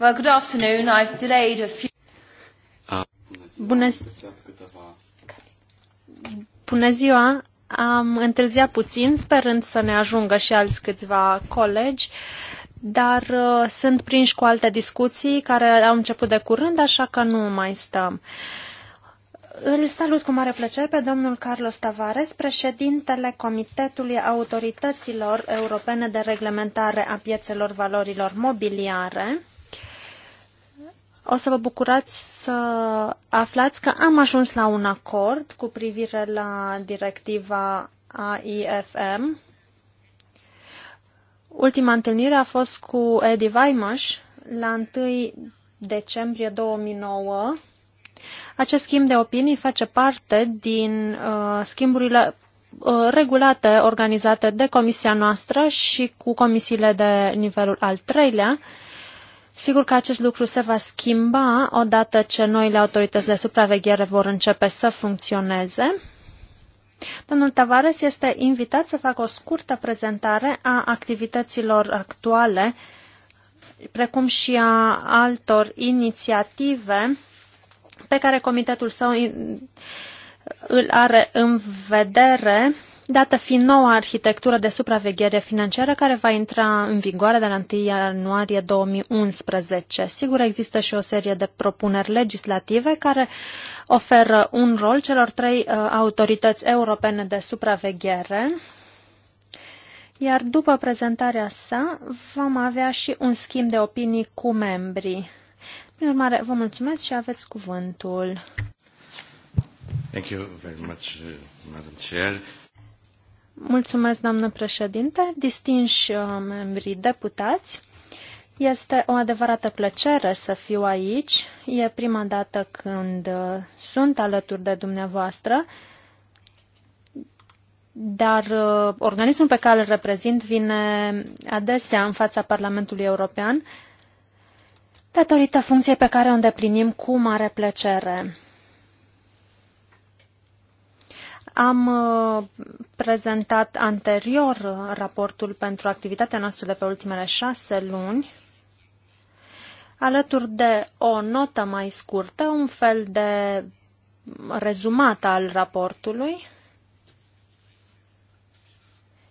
Well, good afternoon. I've delayed a few... Ah, bună, Bună ziua! Am întârziat puțin, sperând să ne ajungă și alți câțiva colegi, dar uh, sunt prinși cu alte discuții care au început de curând, așa că nu mai stăm. Îl salut cu mare plăcere pe domnul Carlos Tavares, președintele Comitetului Autorităților Europene de Reglementare a Piețelor Valorilor Mobiliare o să vă bucurați să aflați că am ajuns la un acord cu privire la directiva AIFM. Ultima întâlnire a fost cu Eddie Weimers la 1 decembrie 2009. Acest schimb de opinii face parte din uh, schimburile uh, regulate organizate de comisia noastră și cu comisiile de nivelul al treilea, uh, Sigur că acest lucru se va schimba odată ce noile autorități de supraveghere vor începe să funcționeze. Domnul Tavares este invitat să facă o scurtă prezentare a activităților actuale, precum și a altor inițiative pe care comitetul său îl are în vedere dată fiind noua arhitectură de supraveghere financiară care va intra în vigoare de la 1 ianuarie 2011. Sigur, există și o serie de propuneri legislative care oferă un rol celor trei uh, autorități europene de supraveghere, iar după prezentarea sa vom avea și un schimb de opinii cu membrii. Prin urmare, vă mulțumesc și aveți cuvântul. Thank you very much, uh, Madam Chair. Mulțumesc, doamnă președinte, distinși uh, membrii deputați. Este o adevărată plăcere să fiu aici. E prima dată când uh, sunt alături de dumneavoastră, dar uh, organismul pe care îl reprezint vine adesea în fața Parlamentului European datorită funcției pe care o îndeplinim cu mare plăcere. Am uh, prezentat anterior uh, raportul pentru activitatea noastră de pe ultimele șase luni, alături de o notă mai scurtă, un fel de rezumat al raportului.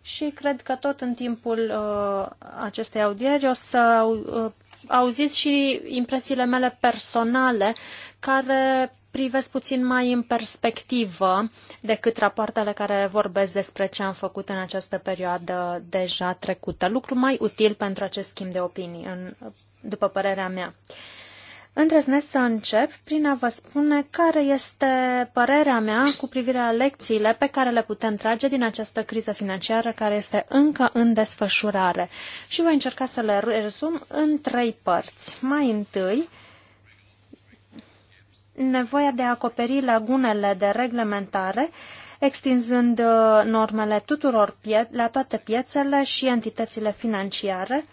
Și cred că tot în timpul uh, acestei audieri o să uh, auziți și impresiile mele personale, care privesc puțin mai în perspectivă decât rapoartele care vorbesc despre ce am făcut în această perioadă deja trecută. Lucru mai util pentru acest schimb de opinii, în, după părerea mea. Îndrăznesc să încep prin a vă spune care este părerea mea cu privire la lecțiile pe care le putem trage din această criză financiară care este încă în desfășurare. Și voi încerca să le rezum în trei părți. Mai întâi, nevoia de a acoperi lagunele de reglementare, extinzând uh, normele tuturor la toate piețele și entitățile financiare,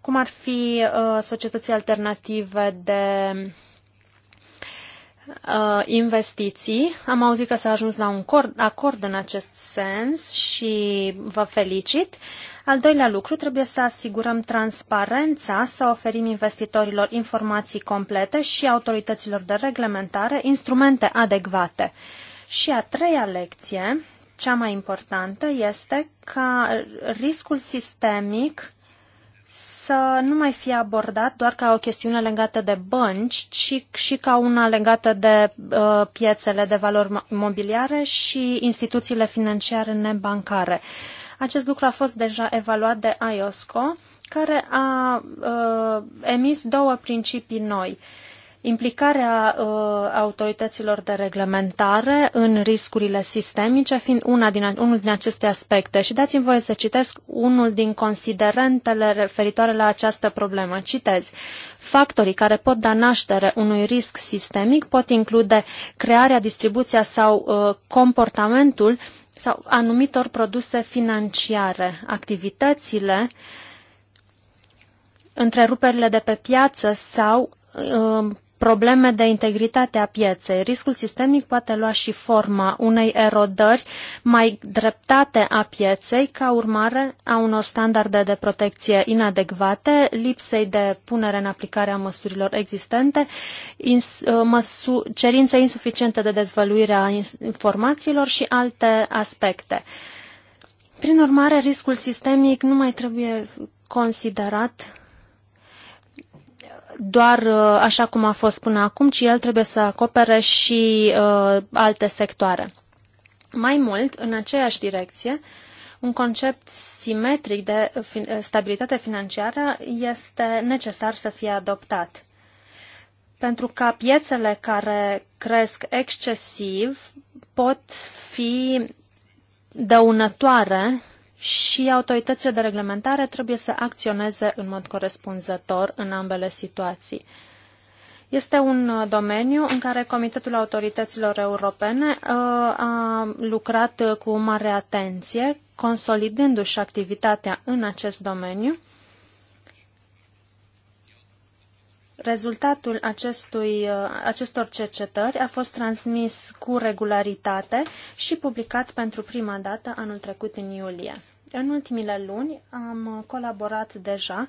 cum ar fi uh, societății alternative de uh, investiții. Am auzit că s-a ajuns la un acord în acest sens și vă felicit. Uh, al doilea lucru, trebuie să asigurăm transparența, să oferim investitorilor informații complete și autorităților de reglementare instrumente adecvate. Și a treia lecție, cea mai importantă, este ca riscul sistemic să nu mai fie abordat doar ca o chestiune legată de bănci, ci și ca una legată de uh, piețele de valori mobiliare și instituțiile financiare nebancare. Uh, acest lucru a fost deja evaluat de IOSCO, care a uh, emis două principii noi. Implicarea uh, autorităților de reglementare în riscurile sistemice fiind una din, unul din aceste aspecte. Și dați-mi voie să citesc unul din considerentele referitoare la această problemă. Citez. Factorii care pot da naștere unui risc sistemic pot include crearea, distribuția sau uh, comportamentul sau anumitor produse financiare. Activitățile, întreruperile de pe piață sau um, probleme de integritate a pieței. Riscul sistemic poate lua și forma unei erodări mai dreptate a pieței ca urmare a unor standarde de protecție inadecvate, lipsei de punere în aplicare a măsurilor existente, ins, uh, măsu, cerințe insuficiente de dezvăluire a informațiilor și alte aspecte. Prin urmare, riscul sistemic nu mai trebuie considerat doar uh, așa cum a fost până acum, ci el trebuie să acopere și uh, alte sectoare. Mai mult, în aceeași direcție, un concept simetric de stabilitate financiară este necesar să fie adoptat. Pentru ca piețele care cresc excesiv pot fi dăunătoare și autoritățile de reglementare trebuie să acționeze în mod corespunzător în ambele situații. Este un uh, domeniu în care Comitetul Autorităților Europene uh, a lucrat uh, cu mare atenție, consolidându-și activitatea în acest domeniu. Rezultatul acestui, acestor cercetări a fost transmis cu regularitate și publicat pentru prima dată anul trecut în iulie. În ultimile luni am colaborat deja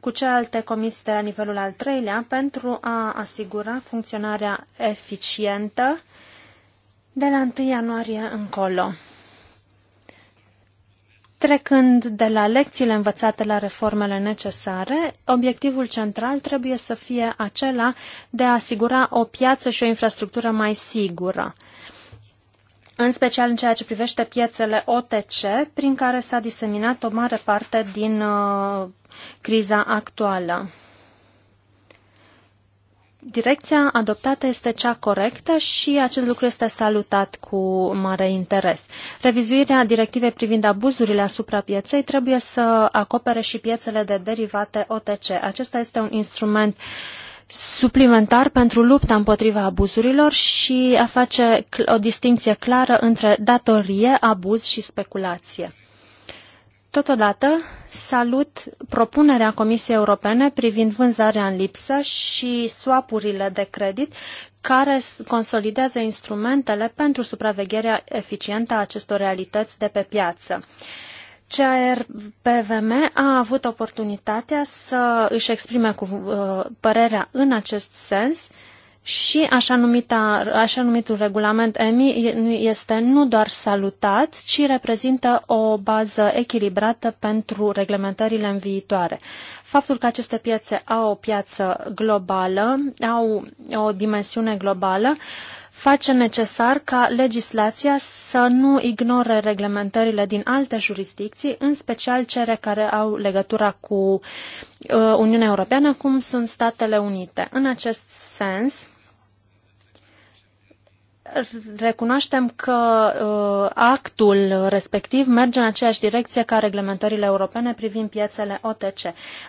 cu celelalte comisii de la nivelul al treilea pentru a asigura funcționarea eficientă de la 1 ianuarie încolo. Trecând de la lecțiile învățate la reformele necesare, obiectivul central trebuie să fie acela de a asigura o piață și o infrastructură mai sigură în special în ceea ce privește piețele OTC, prin care s-a diseminat o mare parte din uh, criza actuală. Direcția adoptată este cea corectă și acest lucru este salutat cu mare interes. Revizuirea directivei privind abuzurile asupra pieței trebuie să acopere și piețele de derivate OTC. Acesta este un instrument uh, suplimentar pentru lupta împotriva abuzurilor și a face o distinție clară între datorie, abuz și speculație. Totodată, salut propunerea Comisiei Europene privind vânzarea în lipsă și swapurile de credit care consolidează instrumentele pentru supravegherea eficientă a acestor realități de pe piață. Uh, CRPVM a avut oportunitatea să își exprime cu uh, părerea în acest sens și așa, numita, așa numitul regulament EMI este nu doar salutat, ci reprezintă o bază echilibrată pentru reglementările în viitoare. Faptul că aceste piețe au o piață globală, au o dimensiune globală, uh, face necesar ca legislația să nu ignore reglementările din alte jurisdicții, în special cele care au legătura cu uh, Uniunea Europeană, cum sunt Statele Unite. În acest sens, recunoaștem că uh, actul respectiv merge în aceeași direcție ca reglementările europene privind piețele OTC.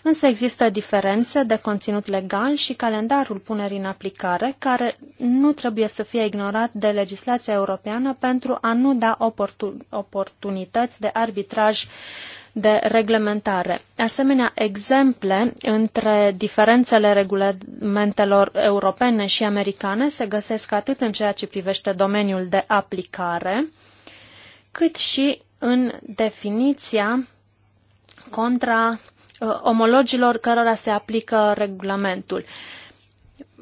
Însă există diferențe de conținut legal și calendarul punerii în aplicare, care nu trebuie să fie ignorat de legislația europeană pentru a nu da oportun- oportunități de arbitraj uh, de reglementare. Asemenea, exemple între diferențele regulamentelor europene și americane se găsesc atât în ceea ce privește domeniul de aplicare, cât și în definiția contra uh, omologilor cărora se aplică regulamentul.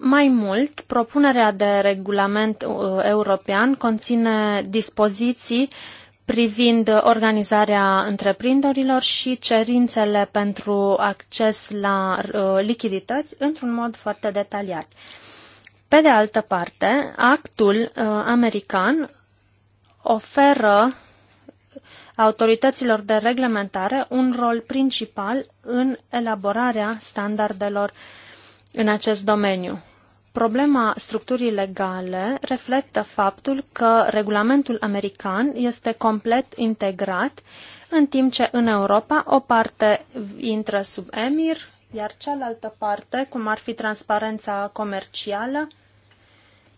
Mai mult, propunerea de regulament uh, european conține dispoziții uh, privind organizarea întreprinderilor și cerințele pentru acces la uh, lichidități într-un mod foarte detaliat. Pe de altă parte, actul uh, american oferă autorităților de reglementare un rol principal în elaborarea standardelor în acest domeniu problema structurii legale reflectă faptul că regulamentul american este complet integrat, în timp ce în Europa o parte intră sub EMIR, iar cealaltă parte, cum ar fi transparența comercială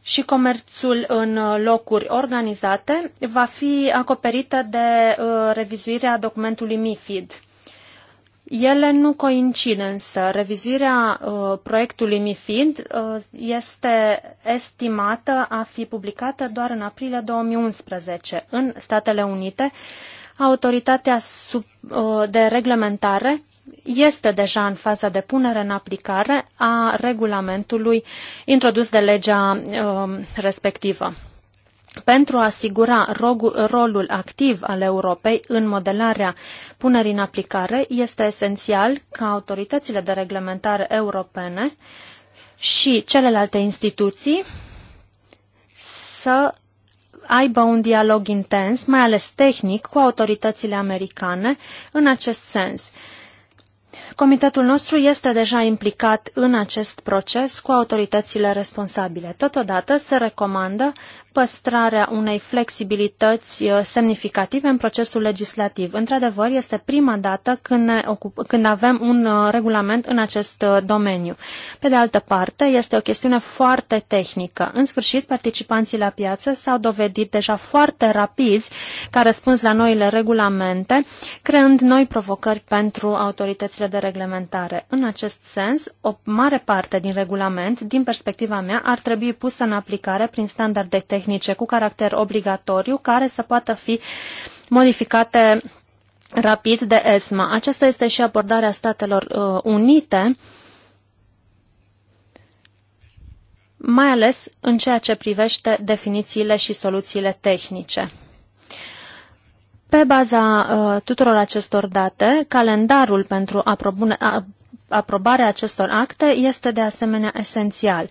și comerțul în locuri organizate, va fi acoperită de uh, revizuirea documentului MIFID. Ele nu coincid însă. Revizuirea uh, proiectului MIFID uh, este estimată a fi publicată doar în aprilie 2011. În Statele Unite, autoritatea sub, uh, de reglementare este deja în faza de punere în aplicare a regulamentului introdus de legea uh, respectivă pentru a asigura rolul activ al Europei în modelarea punerii în aplicare, este esențial ca autoritățile de reglementare europene și celelalte instituții să aibă un dialog intens, mai ales tehnic, cu autoritățile americane în acest sens. Comitetul nostru este deja implicat în acest proces cu autoritățile responsabile. Totodată se recomandă păstrarea unei flexibilități uh, semnificative în procesul legislativ. Într-adevăr, este prima dată când, ne ocup- când avem un uh, regulament în acest uh, domeniu. Pe de altă parte, este o chestiune foarte tehnică. În sfârșit, participanții la piață s-au dovedit deja foarte rapizi ca răspuns la noile regulamente, creând noi provocări pentru autoritățile de reglementare. În acest sens, o mare parte din regulament, din perspectiva mea, ar trebui pusă în aplicare prin standarde tehnice cu caracter obligatoriu, care să poată fi modificate rapid de ESMA. Aceasta este și abordarea Statelor uh, Unite, mai ales în ceea ce privește definițiile și soluțiile tehnice. Pe baza uh, tuturor acestor date, calendarul pentru aprobune, a, aprobarea acestor acte este de asemenea esențial.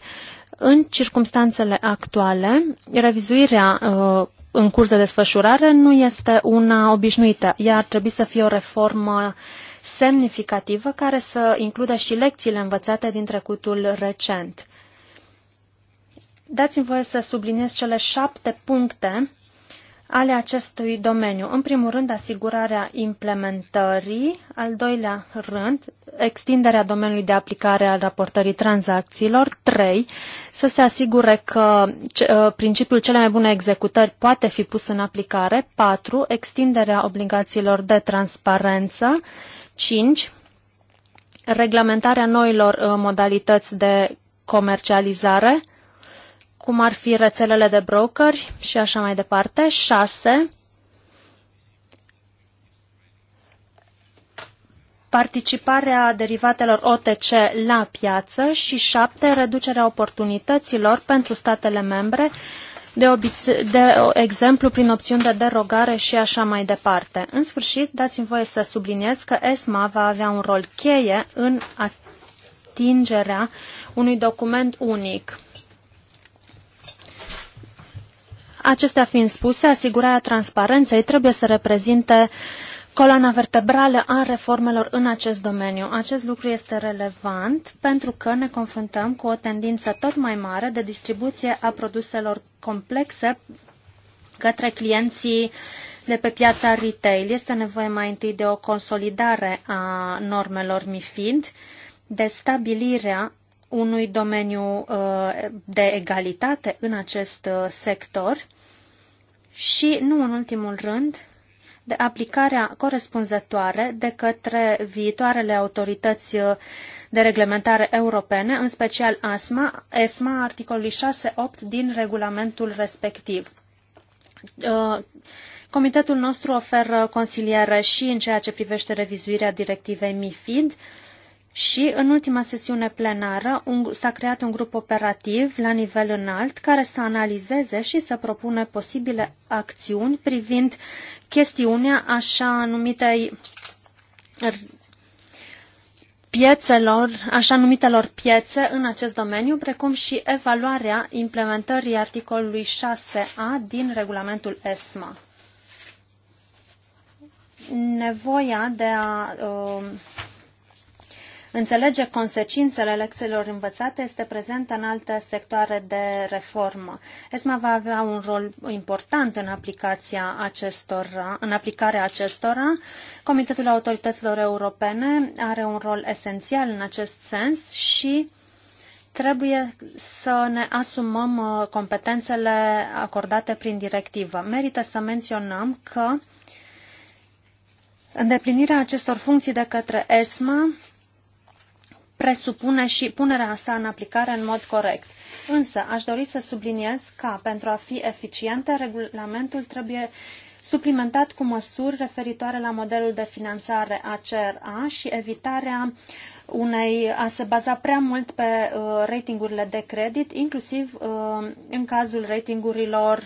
În circumstanțele actuale, revizuirea uh, în curs de desfășurare nu este una obișnuită. Ea ar trebui să fie o reformă semnificativă care să includă și lecțiile învățate din trecutul recent. Dați-mi voie să subliniez cele șapte puncte ale acestui domeniu. În primul rând, asigurarea implementării, al doilea rând, extinderea domeniului de aplicare al raportării tranzacțiilor, trei, să se asigure că ă, principiul cele mai bune executări poate fi pus în aplicare, patru, extinderea obligațiilor de transparență, cinci, reglementarea noilor ă, modalități de comercializare, cum ar fi rețelele de brokeri și așa mai departe. 6. Participarea derivatelor OTC la piață și 7. Reducerea oportunităților pentru statele membre de, de exemplu prin opțiuni de derogare și așa mai departe. În sfârșit, dați-mi voie să subliniez că ESMA va avea un rol cheie în atingerea unui document unic. Acestea fiind spuse, asigurarea transparenței trebuie să reprezinte coloana vertebrală a reformelor în acest domeniu. Acest lucru este relevant pentru că ne confruntăm cu o tendință tot mai mare de distribuție a produselor complexe către clienții de pe piața retail. Este nevoie mai întâi de o consolidare a normelor MIFID, de stabilirea unui domeniu uh, de egalitate în acest uh, sector și, nu în ultimul rând, de aplicarea corespunzătoare de către viitoarele autorități uh, de reglementare europene, în special ASMA, ESMA, articolului 6.8 din regulamentul respectiv. Comitetul nostru oferă consiliere și în ceea ce privește revizuirea directivei MIFID, și în ultima sesiune plenară s-a creat un grup operativ la nivel înalt care să analizeze și să propune posibile acțiuni privind chestiunea așa numitei piețelor, așa numitelor piețe în acest domeniu, precum și evaluarea implementării articolului 6a din regulamentul ESMA. Nevoia de a uh, înțelege consecințele lecțiilor învățate este prezentă în alte sectoare de reformă. ESMA va avea un rol important în, aplicația acestora, în aplicarea acestora. Comitetul Autorităților Europene are un rol esențial în acest sens și trebuie să ne asumăm uh, competențele acordate prin directivă. Merită să menționăm că îndeplinirea acestor funcții de către ESMA presupune și punerea sa în aplicare în mod corect. Însă, aș dori să subliniez că, pentru a fi eficientă, regulamentul trebuie suplimentat cu măsuri referitoare la modelul de finanțare ACRA și evitarea unei a se baza prea mult pe uh, ratingurile de credit, inclusiv uh, în cazul ratingurilor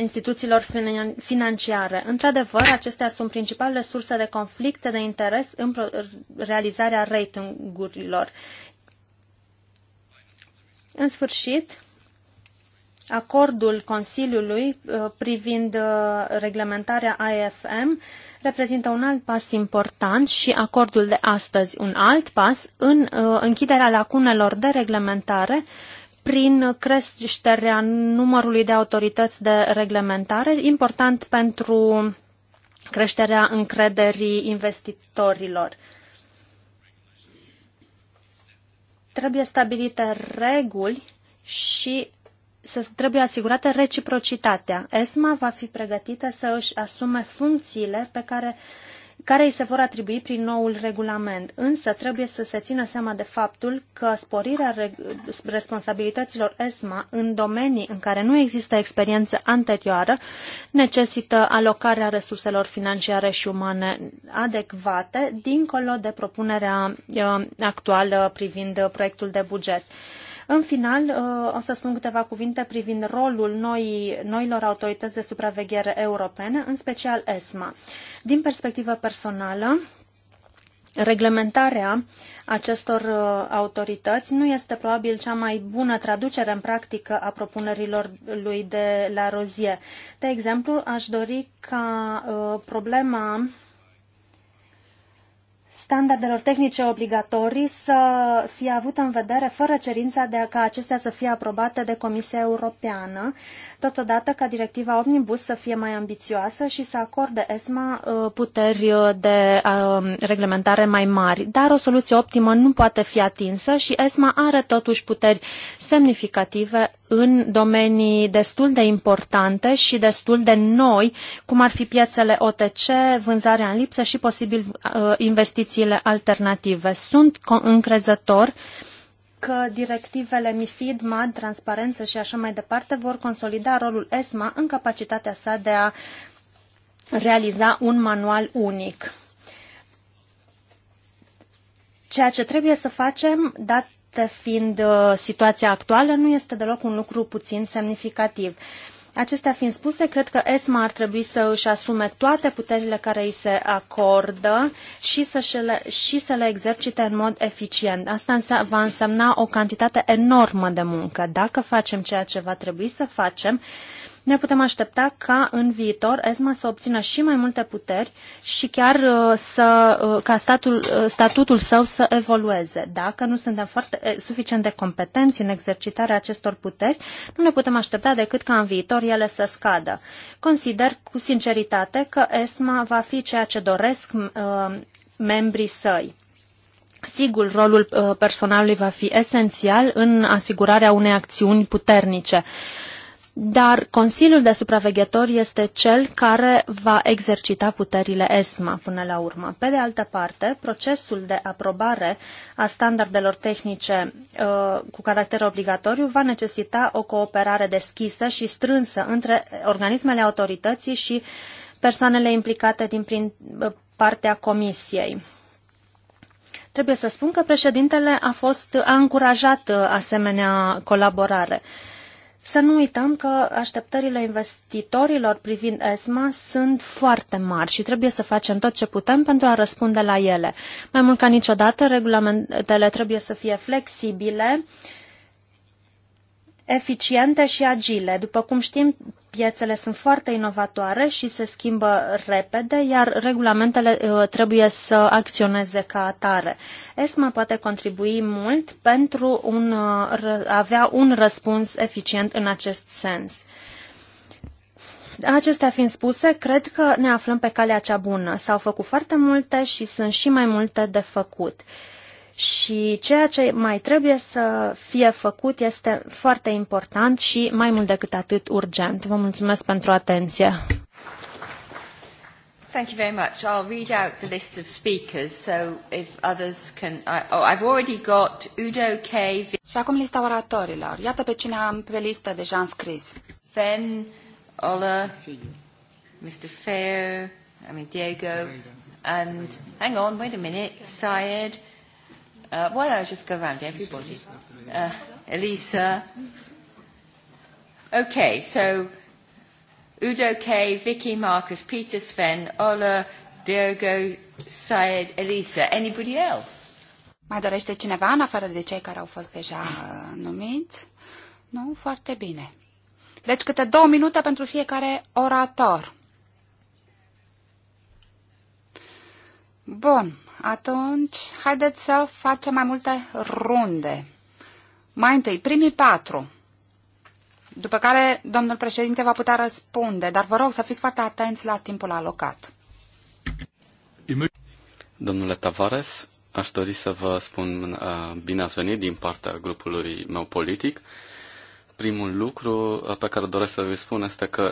instituțiilor financiare. Într-adevăr, acestea sunt principalele surse de conflicte de interes în realizarea ratingurilor. În sfârșit, acordul Consiliului uh, privind uh, reglementarea AFM reprezintă un alt pas important și acordul de astăzi un alt pas în uh, închiderea lacunelor de reglementare prin creșterea numărului de autorități de reglementare, important pentru creșterea încrederii investitorilor. Trebuie stabilite reguli și să trebuie asigurată reciprocitatea. ESMA va fi pregătită să își asume funcțiile pe care uh, care îi se vor atribui prin noul regulament. Însă trebuie să se țină seama de faptul că sporirea responsabilităților ESMA în domenii în care nu există experiență anterioară necesită alocarea resurselor financiare și umane adecvate, dincolo de propunerea uh, actuală privind proiectul de buget. În final, uh, o să spun câteva cuvinte privind rolul noi, noilor autorități de supraveghere europene, în special ESMA. Din perspectivă personală, reglementarea acestor uh, autorități nu este probabil cea mai bună traducere în practică a propunerilor lui de la Rozie. De exemplu, aș dori ca uh, problema standardelor tehnice obligatorii să fie avută în vedere fără cerința de a, ca acestea să fie aprobate de Comisia Europeană, totodată ca directiva Omnibus să fie mai ambițioasă și să acorde ESMA uh, puteri uh, de uh, reglementare mai mari. Dar o soluție optimă nu poate fi atinsă și ESMA are totuși puteri semnificative în domenii destul de importante și destul de noi, cum ar fi piețele OTC, vânzarea în lipsă și posibil investiții soluțiile alternative. Sunt încrezător că directivele MIFID, MAD, transparență și așa mai departe vor consolida rolul ESMA în capacitatea sa de a realiza un manual unic. Ceea ce trebuie să facem, dat fiind uh, situația actuală, nu este deloc un lucru puțin semnificativ. Uh, Acestea fiind spuse, cred că ESMA ar trebui să își asume toate puterile care îi se acordă și să, le, și să le exercite în mod eficient. Asta va însemna o cantitate enormă de muncă. Dacă facem ceea ce va trebui să facem, ne putem aștepta ca în viitor ESMA să obțină și mai multe puteri și chiar uh, să, uh, ca statul, uh, statutul său să evolueze. Dacă nu suntem foarte, eh, suficient de competenți în exercitarea acestor puteri, nu ne putem aștepta decât ca în viitor ele să scadă. Consider cu sinceritate că ESMA va fi ceea ce doresc uh, membrii săi. Sigur, rolul personalului va fi esențial în asigurarea unei acțiuni puternice dar Consiliul de Supraveghetori este cel care va exercita puterile ESMA până la urmă. Pe de altă parte, procesul de aprobare a standardelor tehnice uh, cu caracter obligatoriu va necesita o cooperare deschisă și strânsă între organismele autorității și persoanele implicate din prin, uh, partea Comisiei. Trebuie să spun că președintele a, fost, a încurajat uh, asemenea colaborare. Uh, să nu uităm că așteptările investitorilor privind ESMA sunt foarte mari și trebuie să facem tot ce putem pentru a răspunde la ele. Mai mult ca niciodată, regulamentele trebuie să fie flexibile eficiente și agile. După cum știm, piețele sunt foarte inovatoare și se schimbă repede, iar regulamentele uh, trebuie să acționeze ca atare. ESMA poate contribui mult pentru un, a uh, avea un răspuns eficient în acest sens. Acestea fiind spuse, cred că ne aflăm pe calea cea bună. S-au făcut foarte multe și sunt și mai multe de făcut. Uh, și ceea ce mai trebuie să fie făcut este foarte important și mai mult decât atât urgent. Vă mulțumesc pentru atenție. Thank you very much. I'll read out the list of speakers, so if others can... I, oh, I've already got Udo K. Și acum lista oratorilor. Iată pe cine am pe listă deja înscris. Fen, Ola, Mr. Fair, I mean Diego, and hang on, wait a minute, Syed, Uh, why don't I just go around everybody? Uh, Elisa. Okay, so Udo K, Vicky, Marcus, Peter, Sven, Ola, Diogo, Syed, Elisa. Anybody else? Mai dorește cineva în afară de cei care au fost deja uh, numiți? Nu? Foarte bine. Deci câte două minute pentru fiecare orator. Bun atunci haideți să facem mai multe runde. Mai întâi, primii patru, după care domnul președinte va putea răspunde, dar vă rog să fiți foarte atenți la timpul alocat. Domnule Tavares, aș dori să vă spun uh, bine ați venit din partea grupului meu politic. Uh, Primul lucru uh, pe care doresc să vi spun este că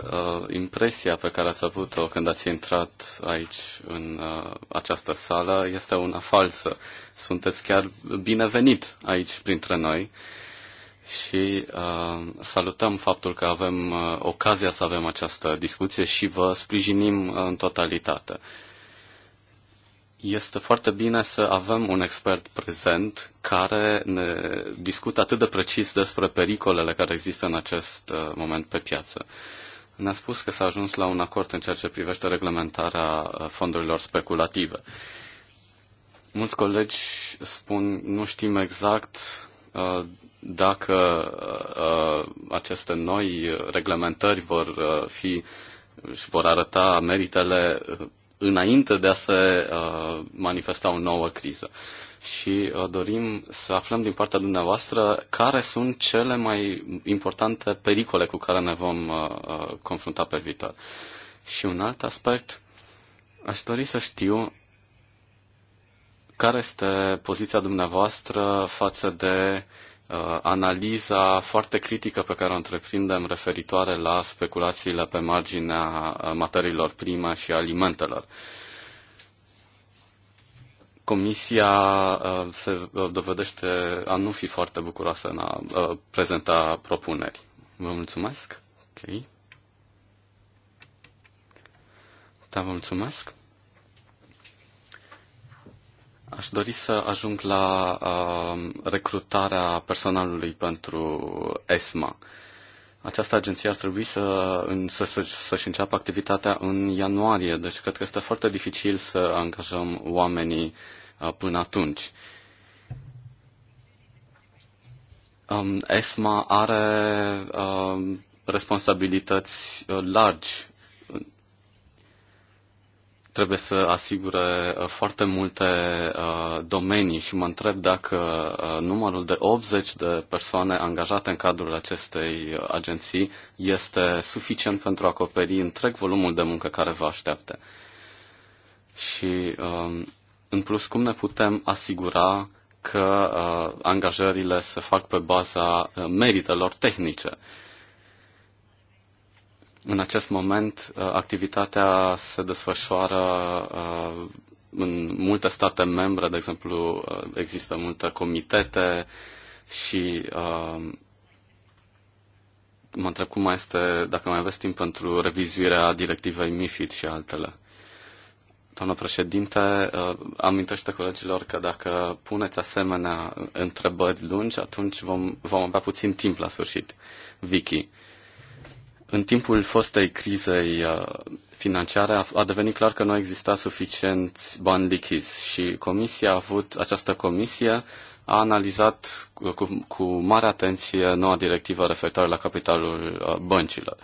uh, impresia pe care ați avut-o când ați intrat aici în uh, această sală este una falsă. Sunteți chiar binevenit aici printre noi și uh, salutăm faptul că avem uh, ocazia să avem această discuție și vă sprijinim uh, în totalitate. Uh, este foarte bine să avem un expert prezent care ne discută atât de precis despre pericolele care există în acest uh, moment pe piață. Ne-a spus că s-a ajuns la un acord în ceea ce privește reglementarea uh, fondurilor speculative. Mulți colegi spun, nu știm exact uh, dacă aceste noi reglementări vor fi și vor arăta meritele înainte de a se uh, manifesta o nouă criză. Și uh, dorim să aflăm din partea dumneavoastră care sunt cele mai importante pericole cu care ne vom uh, confrunta pe viitor. Și un alt aspect, aș dori să știu care este poziția dumneavoastră față de uh, Uh, analiza foarte critică pe care o întreprindem referitoare la speculațiile pe marginea uh, materiilor prime și alimentelor. Comisia uh, se dovedește a nu fi foarte bucuroasă în a prezenta propuneri. Vă mulțumesc. Ok. Da, vă mulțumesc. Aș dori să ajung la uh, recrutarea personalului pentru ESMA. Această agenție ar trebui să, să, să, să-și înceapă activitatea în ianuarie, deci cred că este foarte dificil să angajăm oamenii uh, până atunci. Um, ESMA are uh, responsabilități uh, largi trebuie să asigure uh, foarte multe uh, domenii și mă întreb dacă uh, numărul de 80 de persoane angajate în cadrul acestei agenții este suficient pentru a acoperi întreg volumul de muncă care vă așteaptă. Și, um, în plus, cum ne putem asigura că angajările se fac pe baza meritelor tehnice? În acest moment, uh, activitatea se desfășoară uh, în multe state membre, de exemplu, uh, există multe comitete și mă întreb cum mai este, dacă mai aveți timp pentru revizuirea directivei MIFID și altele. Doamna președinte, amintește colegilor că dacă puneți asemenea întrebări lungi, atunci vom, vom avea puțin timp la sfârșit. Vicky. În timpul fostei crizei uh, financiare a devenit clar că nu exista suficienți bani lichizi și comisia a avut, această comisie a analizat cu, cu mare atenție noua directivă referitoare la capitalul uh, băncilor.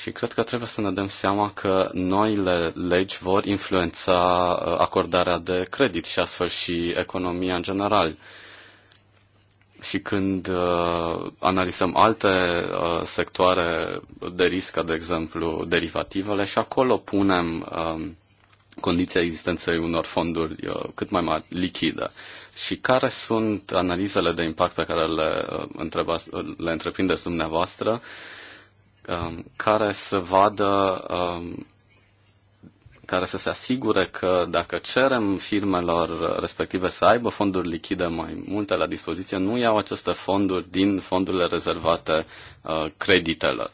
Și cred că trebuie să ne dăm seama că noile legi vor influența uh, acordarea de credit și astfel și economia în general și când uh, analizăm alte uh, sectoare de risc, ca de exemplu derivativele, și acolo punem uh, condiția existenței unor fonduri uh, cât mai mari, lichide. Și care sunt analizele de impact pe care le, uh, întreba, le întreprindeți dumneavoastră, uh, care să vadă uh, care să se asigure că dacă cerem firmelor respective să aibă fonduri lichide mai multe la dispoziție, nu iau aceste fonduri din fondurile rezervate uh, creditelor.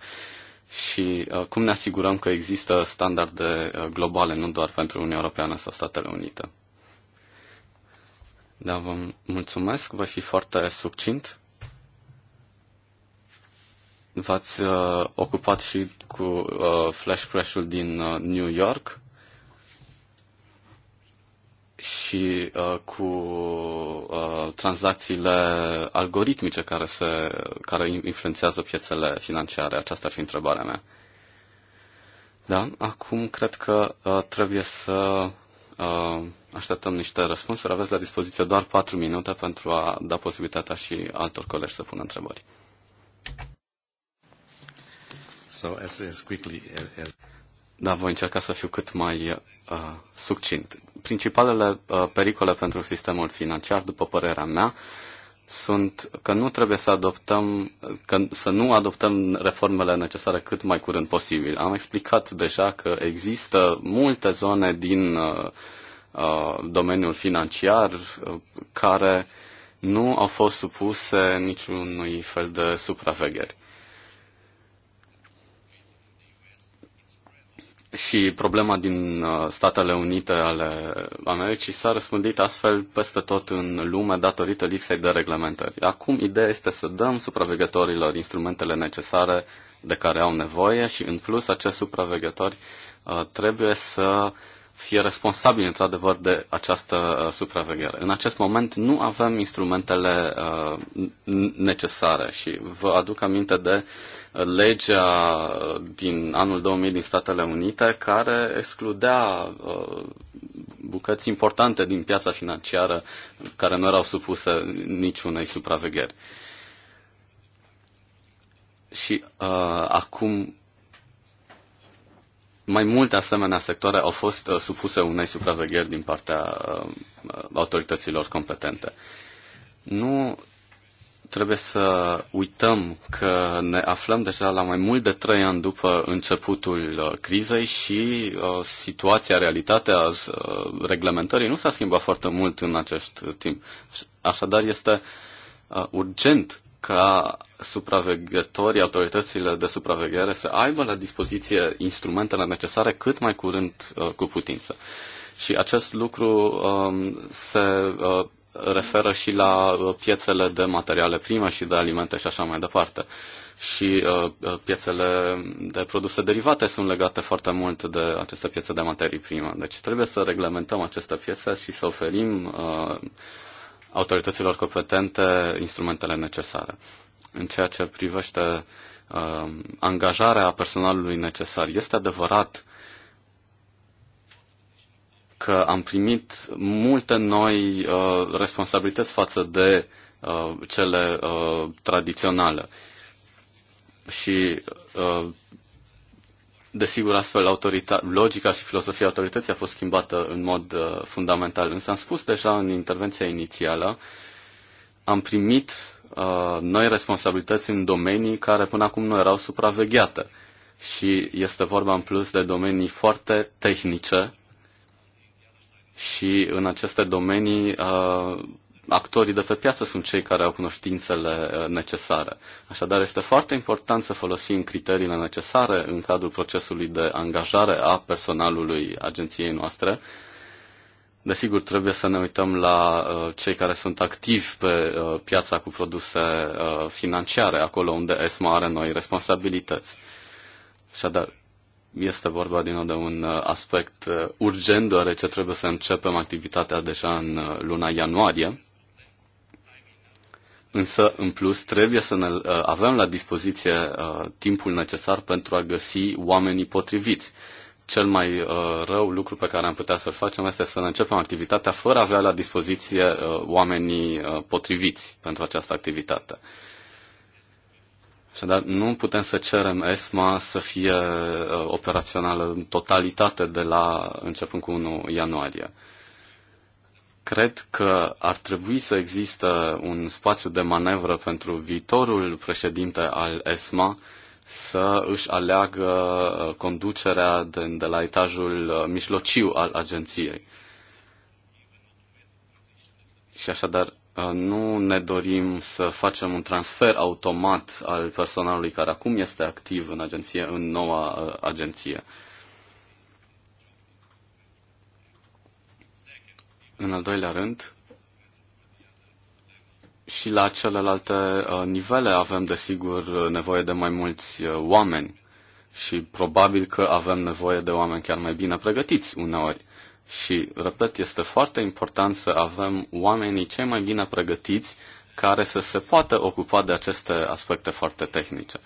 Și uh, cum ne asigurăm că există standarde uh, globale, nu doar pentru Uniunea Europeană sau Statele Unite? Da, vă mulțumesc, voi fi foarte succint. V-ați uh, ocupat și cu uh, flash crash-ul din uh, New York și uh, cu uh, tranzacțiile algoritmice care, se, care influențează piețele financiare? Aceasta ar fi întrebarea mea. Da, acum cred că uh, trebuie să uh, așteptăm niște răspunsuri. Aveți la dispoziție doar 4 minute pentru a da posibilitatea și altor colegi să pună întrebări. So as, as quickly as... Da, voi încerca să fiu cât mai uh, succint. Principalele uh, pericole pentru sistemul financiar, după părerea mea, sunt că nu trebuie să adoptăm, că să nu adoptăm reformele necesare cât mai curând posibil. Am explicat deja că există multe zone din uh, uh domeniul financiar uh, care nu au fost supuse niciunui fel de supravegheri. și problema din uh, Statele Unite ale Americii s-a răspândit astfel peste tot în lume datorită lipsei de reglementări. Acum ideea este să dăm supraveghetorilor instrumentele necesare de care au nevoie și în plus acești supravegători uh, trebuie să fie responsabili într-adevăr de această uh, supraveghere. În acest moment nu avem instrumentele necesare și vă aduc aminte de legea din anul 2000 din Statele Unite care excludea uh, bucăți importante din piața financiară care nu erau supuse niciunei supravegheri. Și uh, acum mai multe asemenea sectoare au fost uh, supuse unei supravegheri din partea uh, autorităților competente. Nu trebuie să uităm că ne aflăm deja la mai mult de trei ani după începutul uh, crizei și uh, situația, realitatea uh, reglementării nu s-a schimbat foarte mult în acest timp. Așadar, este urgent ca supraveghetorii, autoritățile de supraveghere să aibă la dispoziție instrumentele necesare cât mai curând cu putință. Și acest lucru um, se referă și la uh, piețele de materiale prime și de alimente și așa mai departe. Și uh, uh, piețele de produse derivate sunt legate foarte mult de aceste piețe de materii prime. Deci trebuie să reglementăm aceste piețe și să oferim uh, autorităților competente instrumentele necesare. În ceea ce privește uh, angajarea personalului necesar, este adevărat că am primit multe noi uh, responsabilități față de uh, cele uh, tradiționale. Și uh, Desigur, astfel autorita- logica și filosofia autorității a fost schimbată în mod uh, fundamental. Însă am spus deja în intervenția inițială, am primit uh, noi responsabilități în domenii care până acum nu erau supravegheate. Și este vorba în plus de domenii foarte tehnice și în aceste domenii uh, actorii de pe piață sunt cei care au cunoștințele uh, necesare. Așadar, este foarte important să folosim criteriile necesare în cadrul procesului de angajare a personalului agenției noastre. Desigur, trebuie să ne uităm la uh, cei care sunt activi pe uh, piața cu produse uh, financiare, acolo unde ESMA are noi responsabilități. Așadar, este vorba din nou de un uh, aspect uh, urgent, deoarece trebuie să începem activitatea deja în uh, luna ianuarie. Însă, în plus, trebuie să ne avem la dispoziție timpul necesar pentru a găsi oamenii potriviți. Cel mai rău lucru pe care am putea să-l facem este să ne începem activitatea fără a avea la dispoziție oamenii potriviți pentru această activitate dar nu putem să cerem ESMA să fie uh, operațională în totalitate de la începând cu 1 ianuarie. Cred că ar trebui să există un spațiu de manevră pentru viitorul președinte al ESMA să își aleagă uh, conducerea de, de la etajul uh, mijlociu al agenției. Și așadar, Uh, nu ne dorim să facem un transfer automat al personalului care acum este activ în agenție, în noua uh, agenție. În al doilea rând, și la celelalte uh, nivele avem, desigur, nevoie de mai mulți oameni și probabil că avem nevoie de oameni chiar mai bine pregătiți uneori. Și, repet, este foarte important să avem oamenii cei mai bine pregătiți care să se poată ocupa de aceste aspecte foarte tehnice.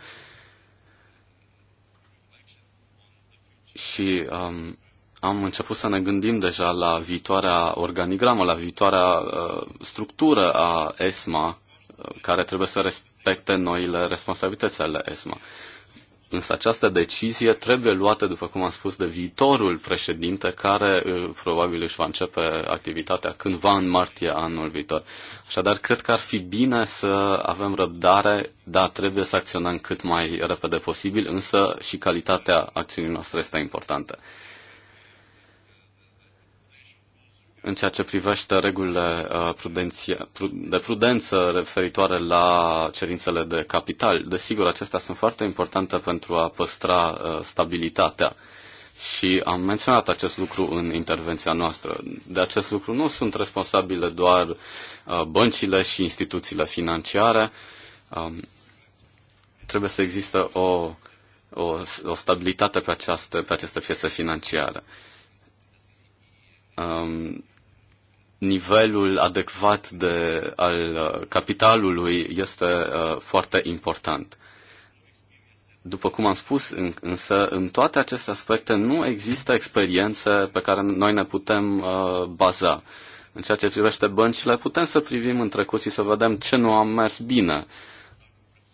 Și um, am început să ne gândim deja la viitoarea organigramă, la viitoarea uh, structură a ESMA, uh, care trebuie să respecte noile responsabilități ale ESMA. Uh, Însă această decizie trebuie luată, după cum am spus, de viitorul președinte, care probabil își va începe activitatea cândva în martie anul viitor. Așadar, cred că ar fi bine să avem răbdare, dar trebuie să acționăm cât mai repede posibil, însă și calitatea acțiunii noastre este importantă. în ceea ce privește regulile uh, de prudență referitoare la cerințele de capital. Desigur, acestea sunt foarte importante pentru a păstra uh, stabilitatea. Și am menționat acest lucru în intervenția noastră. De acest lucru nu sunt responsabile doar uh, băncile și instituțiile financiare. Um, trebuie să există o, o, o stabilitate pe, această, pe aceste piețe financiare um, nivelul adecvat de, al uh, capitalului este uh, foarte important. După cum am spus, în, însă, în toate aceste aspecte nu există experiențe pe care noi ne putem uh, baza. În ceea ce privește băncile, putem să privim în trecut și să vedem ce nu a mers bine.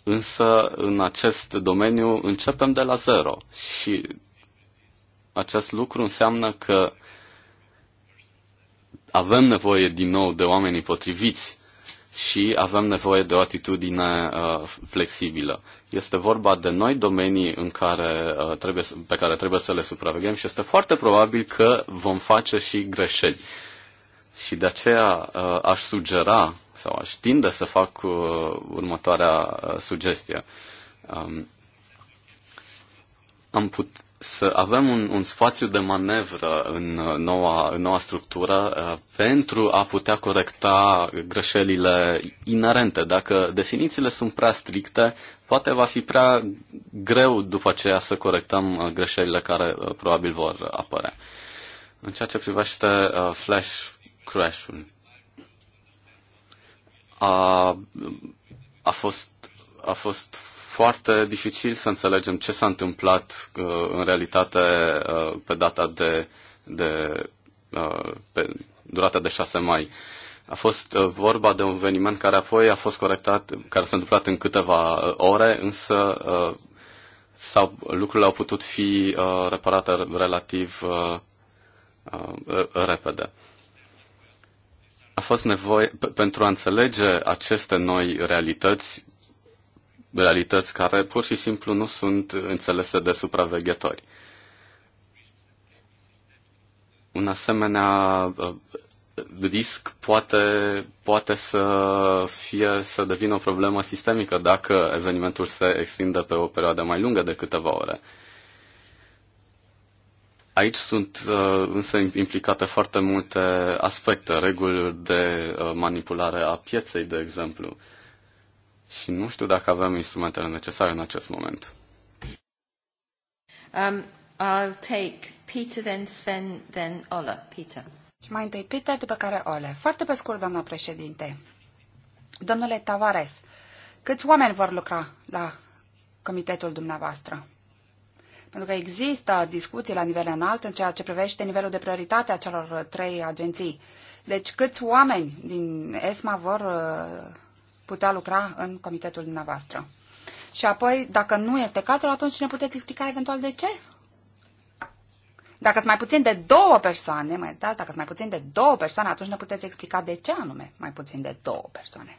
Însă, în acest domeniu, începem de la zero. Și acest lucru înseamnă că avem nevoie din nou de oamenii potriviți și avem nevoie de o atitudine uh, flexibilă. Este vorba de noi domenii în care, uh, trebuie, pe care trebuie să le supraveghem și este foarte probabil că vom face și greșeli. Și de aceea uh, aș sugera sau aș tinde să fac uh, următoarea uh, sugestie. Um, am put, să avem un, un spațiu de manevră în uh, noua, în noua structură uh, pentru a putea corecta greșelile inerente. Dacă definițiile sunt prea stricte, poate va fi prea greu după aceea să corectăm uh, greșelile care probabil vor apărea. În ceea ce privește flash crash-ul, a, a fost a fost foarte dificil să înțelegem ce s-a întâmplat uh, în realitate uh, pe data de, de uh, pe durata de 6 mai. A fost uh, vorba de un eveniment care apoi a fost corectat, care s-a întâmplat în câteva uh, ore, însă uh, sau lucrurile au putut fi uh, reparate relativ uh, uh, repede. A fost nevoie, pentru a înțelege aceste noi realități, realități care pur și simplu nu sunt înțelese de supraveghetori. Un asemenea uh, risc poate, poate să fie să devină o problemă sistemică dacă evenimentul se extinde pe o perioadă mai lungă de câteva ore. Aici sunt uh, însă implicate foarte multe aspecte, reguli de uh, manipulare a pieței, de exemplu și nu știu dacă avem instrumentele necesare în acest moment. Um, I'll take Peter, then Sven, then Ola. Peter. Și mai întâi Peter, după care Ole. Foarte pe scurt, doamna președinte. Domnule Tavares, câți oameni vor lucra la comitetul dumneavoastră? Pentru că există discuții la nivel înalt în ceea ce privește nivelul de prioritate a celor trei agenții. Deci câți oameni din ESMA vor uh, putea lucra în comitetul dumneavoastră. Și apoi, dacă nu este cazul, atunci ne puteți explica eventual de ce? Dacă sunt mai puțin de două persoane, mai dați, dacă sunt mai puțin de două persoane, atunci ne puteți explica de ce anume mai puțin de două persoane.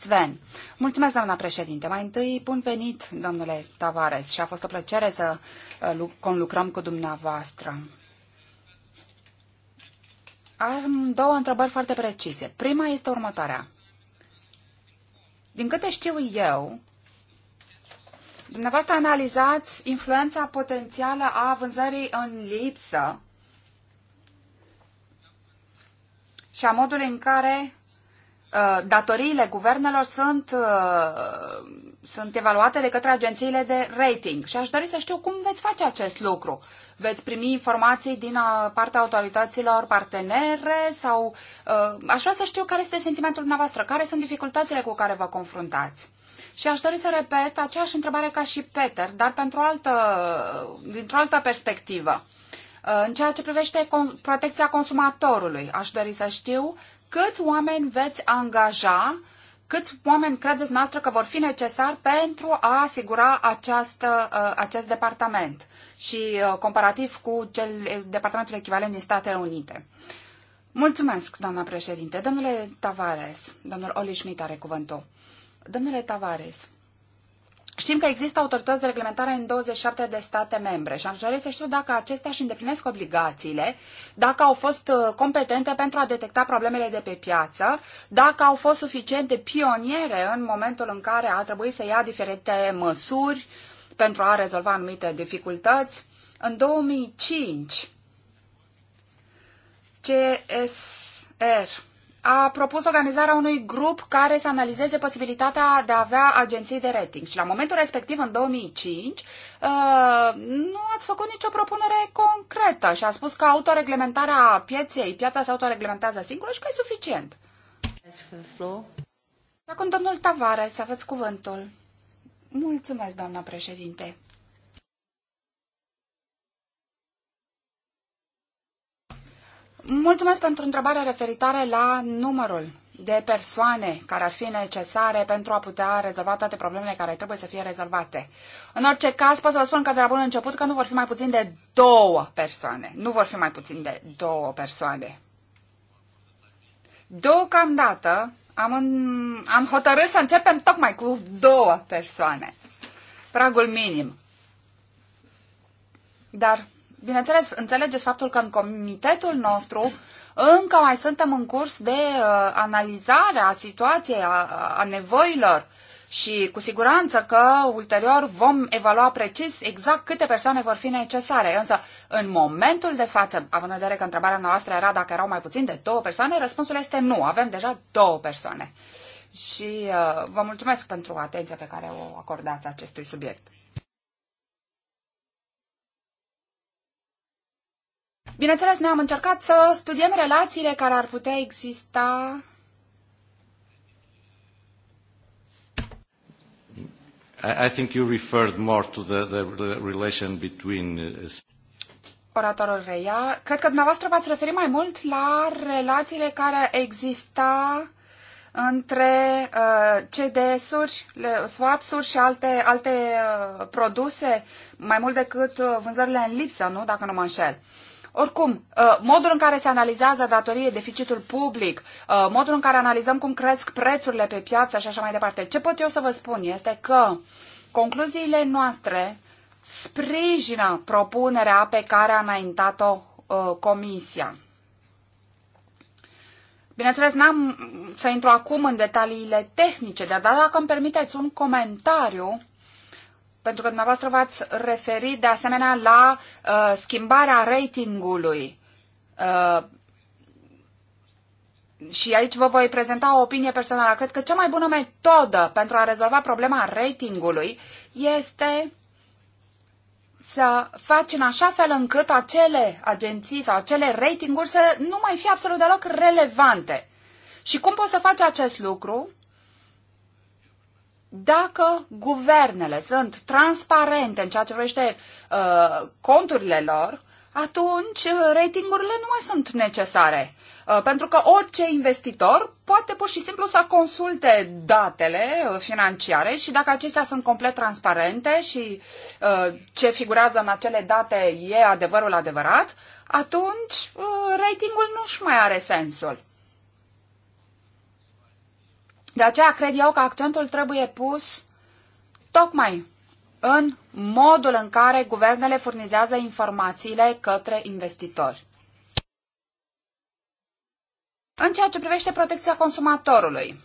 Sven. Mulțumesc, doamna președinte. Mai întâi, bun venit, domnule Tavares, și a fost o plăcere să uh, conlucrăm cu dumneavoastră. Am două întrebări foarte precise. Prima este următoarea. Din câte știu eu, dumneavoastră analizați influența potențială a vânzării în lipsă și a modului în care uh, datoriile guvernelor sunt uh, sunt evaluate de către agențiile de rating și aș dori să știu cum veți face acest lucru. Veți primi informații din uh, partea autorităților partenere sau uh, aș vrea să știu care este sentimentul dumneavoastră, care sunt dificultățile cu care vă confruntați. Și aș dori să repet aceeași întrebare ca și Peter, dar pentru altă, dintr-o altă perspectivă. Uh, în ceea ce privește con- protecția consumatorului, aș dori să știu câți oameni veți angaja uh, Câți oameni credeți noastră că vor fi necesari pentru a asigura această, uh, acest departament și uh, comparativ cu cel, departamentul echivalent din Statele Unite? Mulțumesc, doamna președinte. Domnule Tavares, domnul Oli Schmidt are cuvântul. Domnule Tavares, Știm că există autorități de reglementare în 27 de state membre și aș dori să știu dacă acestea își îndeplinesc obligațiile, dacă au fost uh, competente pentru a detecta problemele de pe piață, dacă au fost suficient de pioniere în momentul în care a trebuit să ia diferite măsuri pentru a rezolva anumite dificultăți. În 2005, CSR a propus organizarea unui grup care să analizeze posibilitatea de a avea agenții de rating. Și la momentul respectiv, în 2005, uh, nu ați făcut nicio propunere concretă și a spus că autoreglementarea pieței, piața se autoreglementează singură și că e suficient. Acum, domnul Tavares, aveți cuvântul. Mulțumesc, doamna președinte. Mulțumesc pentru întrebarea referitoare la numărul de persoane care ar fi necesare pentru a putea rezolva toate problemele care trebuie să fie rezolvate. În orice caz, pot să vă spun că de la bun început că nu vor fi mai puțin de două persoane. Nu vor fi mai puțin de două persoane. Deocamdată am, în, am hotărât să începem tocmai cu două persoane. Pragul minim. Dar bineînțeles, înțelegeți faptul că în comitetul nostru încă mai suntem în curs de uh, analizare a situației, a, a nevoilor și cu siguranță că ulterior vom evalua precis exact câte persoane vor fi necesare. Însă, în momentul de față, având în vedere că întrebarea noastră era dacă erau mai puțin de două persoane, răspunsul este nu, avem deja două persoane. Și uh, vă mulțumesc pentru atenția pe care o acordați acestui subiect. Bineînțeles, noi am încercat să studiem relațiile care ar putea exista I think you referred more to the, the relation between... Uh, Oratorul reia. Cred că dumneavoastră v-ați referit mai mult la relațiile care exista între uh, CDS-uri, swaps-uri și alte, alte uh, produse, mai mult decât uh, vânzările în lipsă, nu? Dacă nu mă înșel. Uh, oricum, uh, modul în care se analizează datorie, deficitul public, uh, modul în care analizăm cum cresc prețurile pe piață și așa mai departe, ce pot eu să vă spun este că concluziile noastre sprijină propunerea pe care a înaintat-o uh, Comisia. Bineînțeles, n-am să intru acum în detaliile tehnice, dar dacă îmi permiteți un comentariu, pentru că dumneavoastră v-ați referit de asemenea la uh, schimbarea ratingului. Uh, și aici vă voi prezenta o opinie personală. Cred că cea mai bună metodă pentru a rezolva problema ratingului este să faci în așa fel încât acele agenții sau acele ratinguri să nu mai fie absolut deloc relevante. Și cum poți să faci acest lucru? dacă guvernele sunt transparente în ceea ce vrește uh, conturile lor, atunci uh, ratingurile nu mai sunt necesare. Uh, pentru că orice investitor poate pur și simplu să consulte datele uh, financiare și dacă acestea sunt complet transparente și ce figurează în acele date e adevărul adevărat, atunci ratingul nu-și mai are sensul. De aceea cred eu că accentul trebuie pus tocmai în modul în care guvernele furnizează informațiile către investitori. În ceea ce privește protecția consumatorului,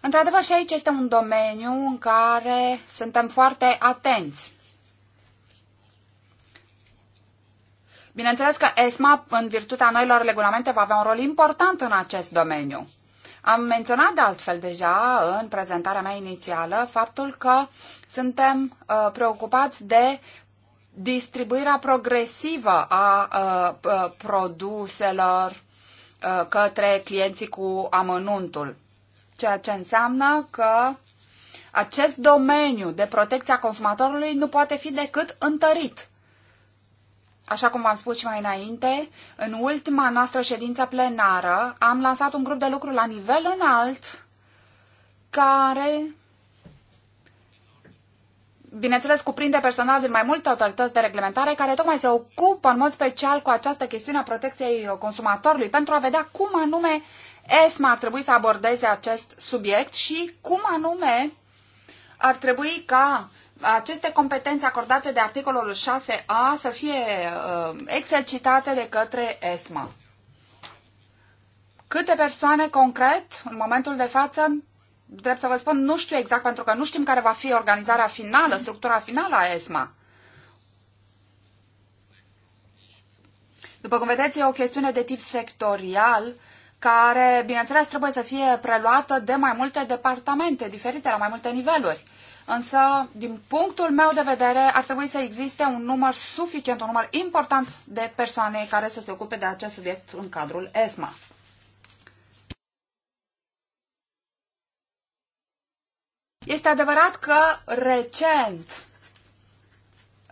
într-adevăr și aici este un domeniu în care suntem foarte atenți. Bineînțeles că ESMA, în virtutea noilor regulamente, va avea un rol important în acest domeniu. Am menționat de altfel deja în prezentarea mea inițială faptul că suntem uh, preocupați de distribuirea progresivă a uh, uh produselor uh, către clienții cu amănuntul, ceea ce înseamnă că acest domeniu de protecția consumatorului nu poate fi decât întărit. Așa cum v-am spus și mai înainte, în ultima noastră ședință plenară am lansat un grup de lucru la nivel înalt care, bineînțeles, cuprinde personal din mai multe autorități de reglementare care tocmai se ocupă în mod special cu această chestiune a protecției consumatorului pentru a vedea cum anume ESMA ar trebui să abordeze acest subiect și cum anume ar trebui ca aceste competențe acordate de articolul 6a să fie uh, exercitate de către ESMA. Câte persoane concret, în momentul de față, drept să vă spun, nu știu exact, pentru că nu știm care va fi organizarea finală, structura finală a ESMA. După cum vedeți, e o chestiune de tip sectorial, care, bineînțeles, trebuie să fie preluată de mai multe departamente diferite, la mai multe niveluri însă, din punctul meu de vedere, ar trebui să existe un număr suficient, un număr important de persoane care să se ocupe de acest subiect în cadrul ESMA. Este adevărat că recent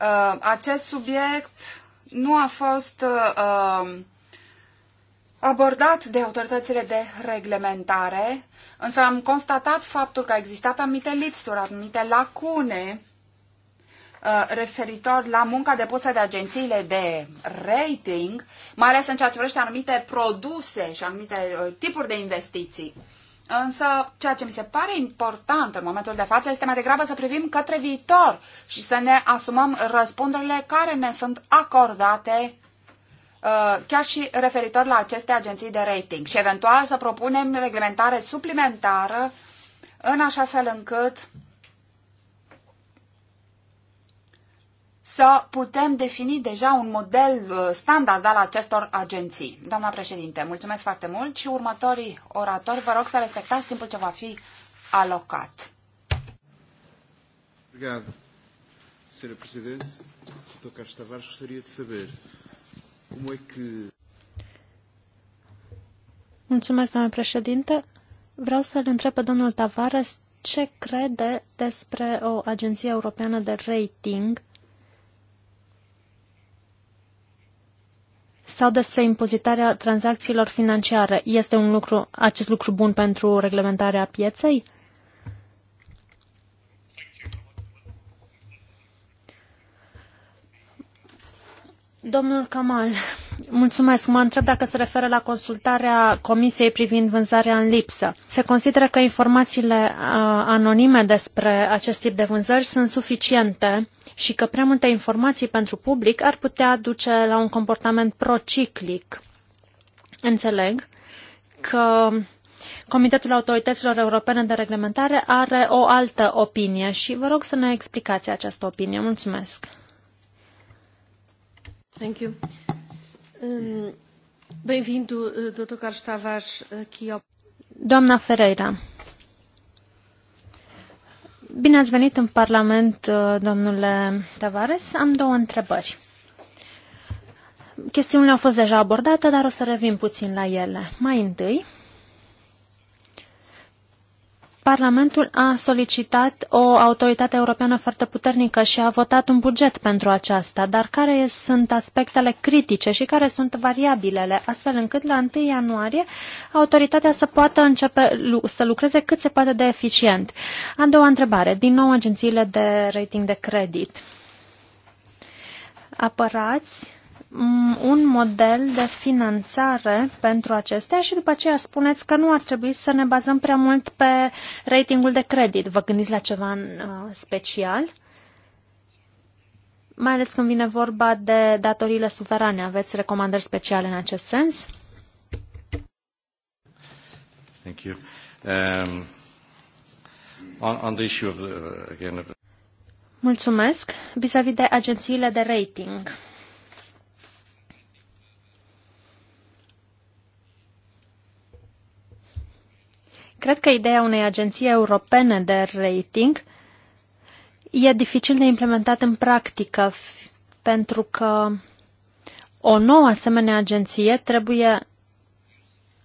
uh, acest subiect nu a fost uh, um, abordat de autoritățile de reglementare, însă am constatat faptul că a existat anumite lipsuri, anumite lacune uh, referitor la munca depusă de agențiile de rating, mai ales în ceea ce privește anumite produse și anumite uh, tipuri de investiții. Însă, ceea ce mi se pare important în momentul de față este mai degrabă să privim către viitor și să ne asumăm răspunderile care ne sunt acordate Uh, chiar și referitor la aceste agenții de rating și eventual să propunem reglementare suplimentară în așa fel încât să putem defini deja un model uh, standard al acestor agenții. Doamna președinte, mulțumesc foarte mult și următorii oratori, vă rog să respectați timpul ce va fi alocat. Obrigado, Sra. Presidente. Dr. Carlos Tavares, gostaria de saber Mulțumesc, domnule președinte. Vreau să-l întreb pe domnul Tavares ce crede despre o agenție europeană de rating sau despre impozitarea tranzacțiilor financiare. Este un lucru, acest lucru bun pentru reglementarea pieței? Domnul Kamal, mulțumesc. Mă întreb dacă se referă la consultarea Comisiei privind vânzarea în lipsă. Se consideră că informațiile anonime despre acest tip de vânzări sunt suficiente și că prea multe informații pentru public ar putea duce la un comportament prociclic. Înțeleg că Comitetul Autorităților Europene de Reglementare are o altă opinie și vă rog să ne explicați această opinie. Mulțumesc. Thank you. Um, Bem-vindo, uh, Dr. Carlos Tavares, aqui ao... Doamna Ferreira. Bine ați venit în Parlament, uh, domnule Tavares. Am două întrebări. Chestiunile au fost deja abordate, dar o să revin puțin la ele. Mai întâi, Parlamentul a solicitat o autoritate europeană foarte puternică și a votat un buget pentru aceasta, dar care sunt aspectele critice și care sunt variabilele, astfel încât la 1 ianuarie autoritatea să poată începe să lucreze cât se poate de eficient. A doua întrebare, din nou agențiile de rating de credit. Apărați un model de finanțare pentru acestea și după aceea spuneți că nu ar trebui să ne bazăm prea mult pe ratingul de credit. Vă gândiți la ceva în uh, special? Mai ales când vine vorba de datoriile suverane. Aveți recomandări speciale în acest sens? Thank you. Um, on, on the issue of the, uh, again, Mulțumesc. Vis-a-vis -vis de agențiile de rating. Cred că ideea unei agenții europene de rating e dificil de implementat în practică, pentru că o nouă asemenea agenție trebuie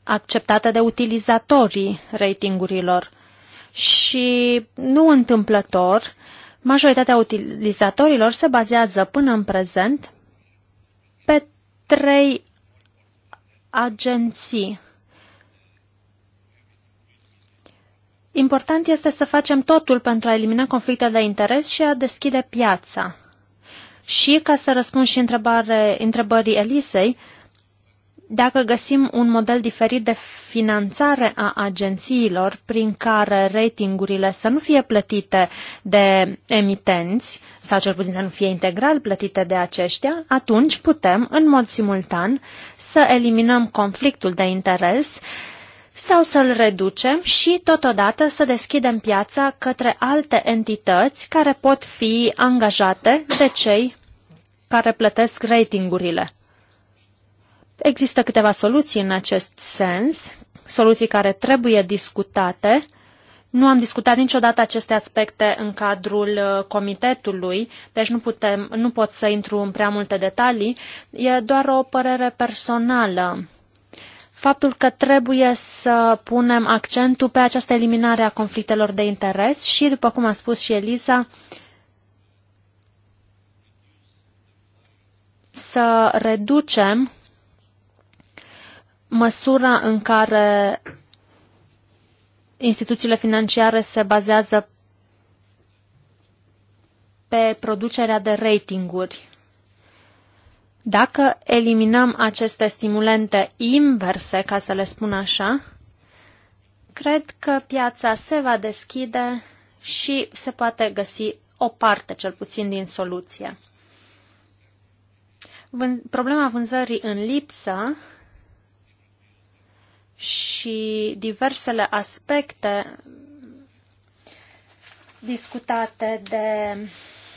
acceptată de utilizatorii ratingurilor. Și nu întâmplător, majoritatea utilizatorilor se bazează până în prezent pe trei agenții Important este să facem totul pentru a elimina conflictele de interes și a deschide piața. Și ca să răspund și întrebare, întrebării Elisei, dacă găsim un model diferit de finanțare a agențiilor prin care ratingurile să nu fie plătite de emitenți sau cel puțin să nu fie integral plătite de aceștia, atunci putem în mod simultan să eliminăm conflictul de interes uh, sau să-l reducem și totodată să deschidem piața către alte entități care pot fi angajate de cei care plătesc ratingurile. Există câteva soluții în acest sens, soluții care trebuie discutate. Nu am discutat niciodată aceste aspecte în cadrul uh, comitetului, deci nu, putem, nu pot să intru în prea multe detalii. E doar o părere personală faptul că trebuie să punem accentul pe această eliminare a conflictelor de interes și, după cum a spus și Elisa, să reducem măsura în care instituțiile financiare se bazează pe producerea de ratinguri. Dacă eliminăm aceste stimulente inverse, ca să le spun așa, cred că piața se va deschide și se poate găsi o parte, cel puțin, din soluție. Vân problema vânzării în lipsă și diversele aspecte discutate de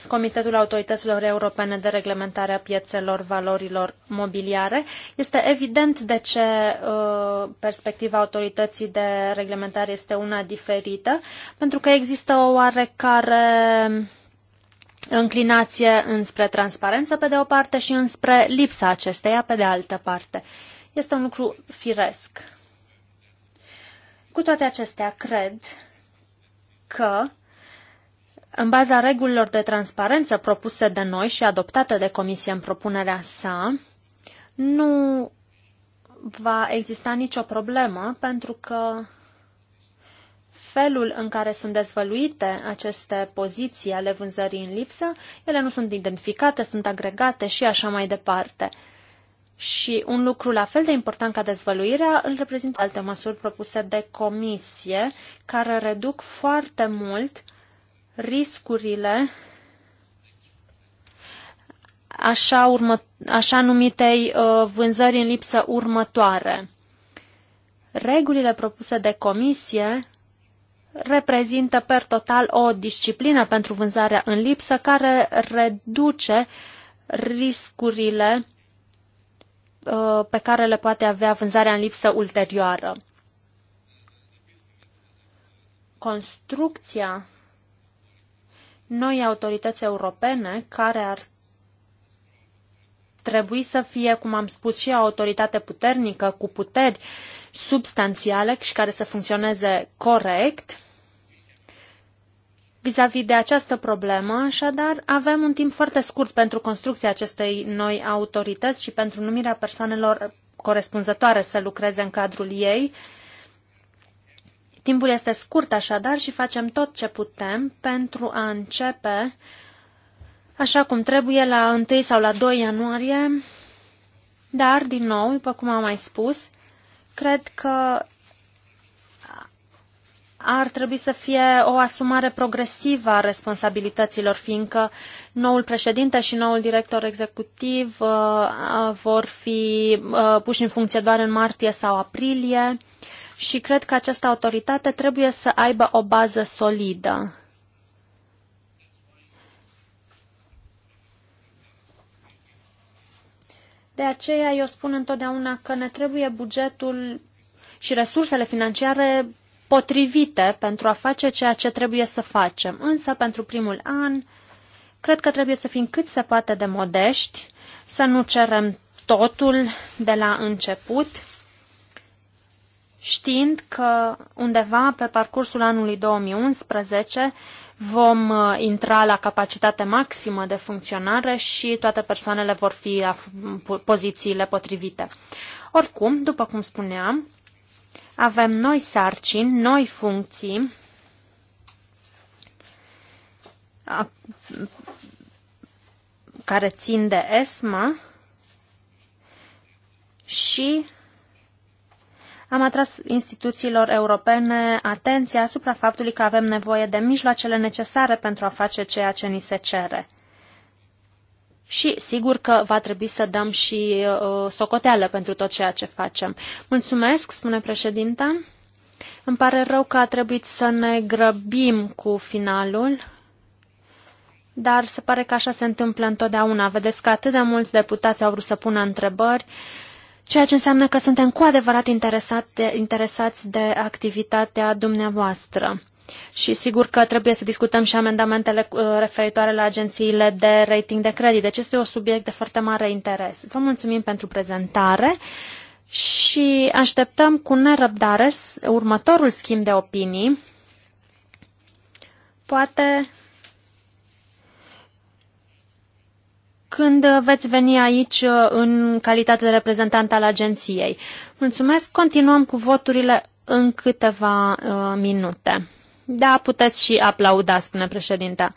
Comitetul Autorităților Europene de Reglementare a Piețelor Valorilor Mobiliare. Este evident de ce uh, perspectiva autorității de reglementare este una diferită, pentru că există o oarecare înclinație înspre transparență pe de o parte și înspre lipsa acesteia pe de altă parte. Este un lucru firesc. Cu toate acestea, cred că în baza regulilor de transparență propuse de noi și adoptate de Comisie în propunerea sa, nu va exista nicio problemă pentru că felul în care sunt dezvăluite aceste poziții ale vânzării în lipsă, ele nu sunt identificate, sunt agregate și așa mai departe. Și un lucru la fel de important ca dezvăluirea îl reprezintă alte măsuri propuse de comisie, care reduc foarte mult uh, riscurile așa, urmă, așa numitei uh, vânzări în lipsă următoare. Regulile propuse de comisie reprezintă per total o disciplină pentru vânzarea în lipsă care reduce riscurile uh, pe care le poate avea vânzarea în lipsă ulterioară. Construcția noi autorități europene care ar trebui să fie, cum am spus, și o autoritate puternică, cu puteri substanțiale și care să funcționeze corect. Vis-a-vis -vis de această problemă, așadar, avem un timp foarte scurt pentru construcția acestei noi autorități și pentru numirea persoanelor corespunzătoare să lucreze în cadrul ei, Timpul este scurt așadar și facem tot ce putem pentru a începe așa cum trebuie la 1 sau la 2 ianuarie, dar, din nou, după cum am mai spus, cred că ar trebui să fie o asumare progresivă a responsabilităților, fiindcă noul președinte și noul director executiv uh, vor fi uh, puși în funcție doar în martie sau aprilie și cred că această autoritate trebuie să aibă o bază solidă. De aceea eu spun întotdeauna că ne trebuie bugetul și resursele financiare potrivite pentru a face ceea ce trebuie să facem. Însă, pentru primul an, cred că trebuie să fim cât se poate de modești, să nu cerem totul de la început știind că undeva pe parcursul anului 2011 vom uh, intra la capacitate maximă de funcționare și toate persoanele vor fi la pozițiile potrivite. Oricum, după cum spuneam, avem noi sarcini, noi funcții, care țin de ESMA și am atras instituțiilor europene atenția asupra faptului că avem nevoie de mijloacele necesare pentru a face ceea ce ni se cere. Și sigur că va trebui să dăm și uh, socoteală pentru tot ceea ce facem. Mulțumesc, spune președinta. Îmi pare rău că a trebuit să ne grăbim cu finalul, dar se pare că așa se întâmplă întotdeauna. Vedeți că atât de mulți deputați au vrut să pună întrebări ceea ce înseamnă că suntem cu adevărat interesate, interesați de activitatea dumneavoastră. Și sigur că trebuie să discutăm și amendamentele uh, referitoare la agențiile de rating de credit. Deci este un subiect de foarte mare interes. Vă mulțumim pentru prezentare și așteptăm cu nerăbdare următorul schimb de opinii. Poate când uh, veți veni aici uh, în calitate de reprezentant al agenției. Mulțumesc, continuăm cu voturile în câteva uh, minute. Da, puteți și aplauda, spune președinta.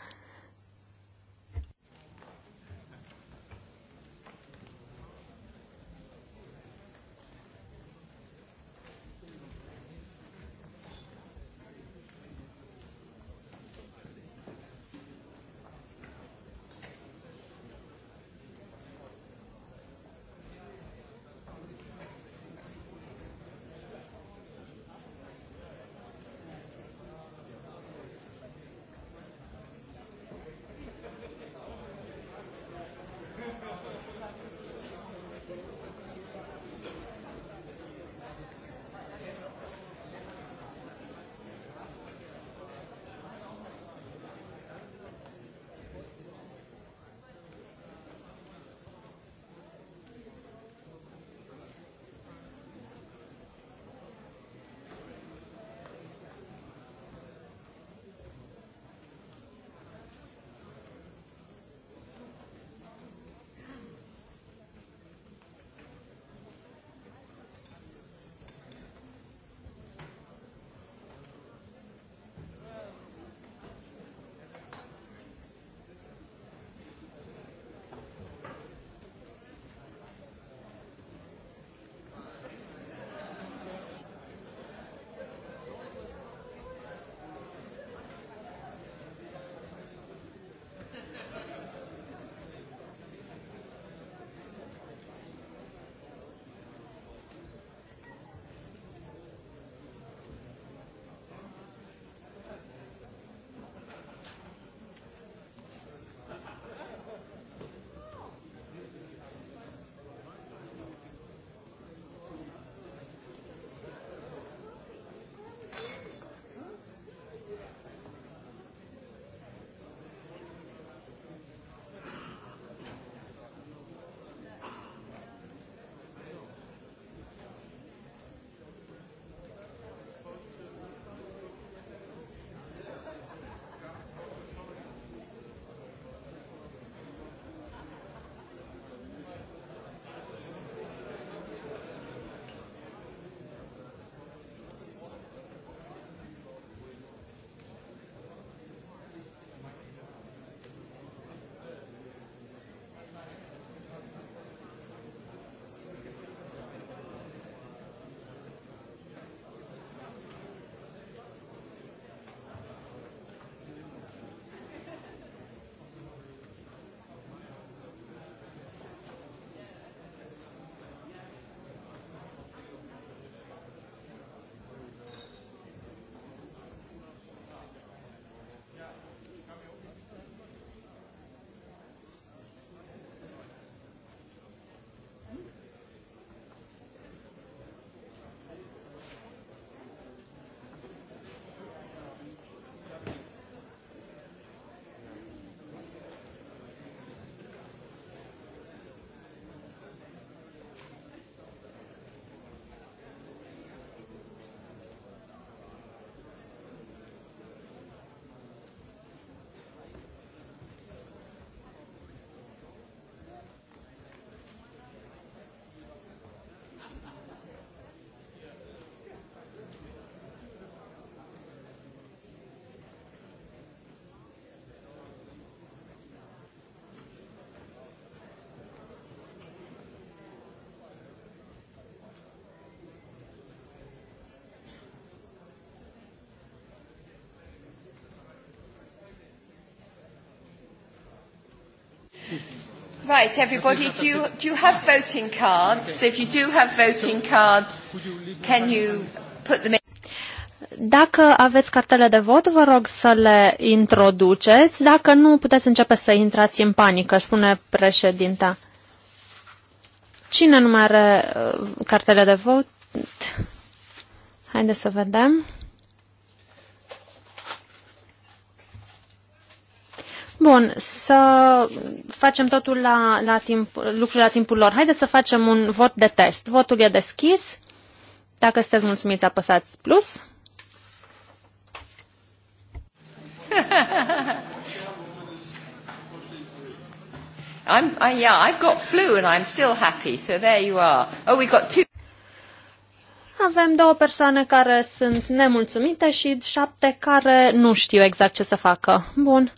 Right, everybody, do you, do you have voting cards? If you do have voting cards, can you put them in? Dacă aveți cartele de vot, vă rog să le introduceți. Dacă nu, puteți începe să intrați în panică, spune președinta. Cine nu mai are uh, cartele de vot? Haideți să vedem. Bun, să facem totul la, la timp, lucrurile la timpul lor. Haideți să facem un vot de test. Votul e deschis. Dacă sunteți mulțumiți, apăsați plus. I'm, I, yeah, I've got flu and I'm still happy, so there you are. Oh, we got two. Avem două persoane care sunt nemulțumite și șapte care nu știu exact ce să facă. Bun.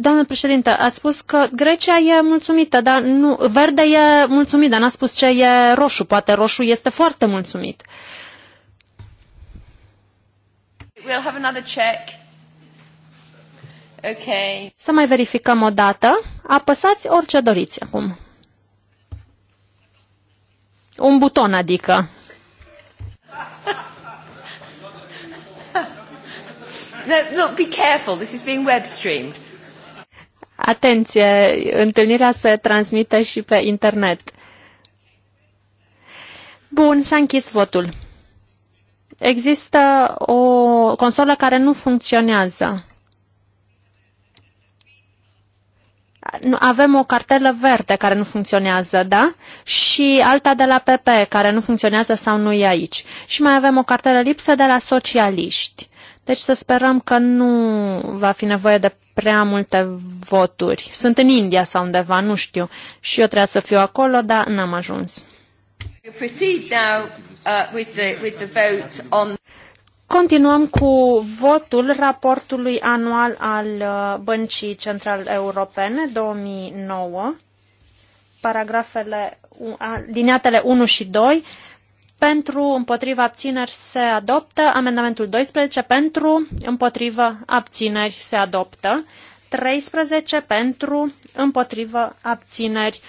Doamnă președintă, ați spus că Grecia e mulțumită, dar nu, verde e mulțumit, dar n-a spus ce e roșu. Poate roșu este foarte mulțumit. We'll have another check. Okay. Să mai verificăm o dată. Apăsați orice doriți acum. Un buton, adică. no, look, be careful. This is being web streamed. Atenție, întâlnirea se transmite și pe internet. Bun, s-a închis votul. Există o consolă care nu funcționează. Avem o cartelă verde care nu funcționează, da? Și alta de la PP care nu funcționează sau nu e aici. Și mai avem o cartelă lipsă de la socialiști. Deci să sperăm că nu va fi nevoie de prea multe voturi. Sunt în India sau undeva, nu știu. Și eu trebuia să fiu acolo, dar n-am ajuns. Uh, Continuăm cu votul raportului anual al uh, Băncii Central Europene 2009, paragrafele, liniatele 1 și 2, pentru, împotriva abțineri se adoptă. Amendamentul 12 pentru, împotriva abțineri se adoptă. 13 pentru, împotriva abțineri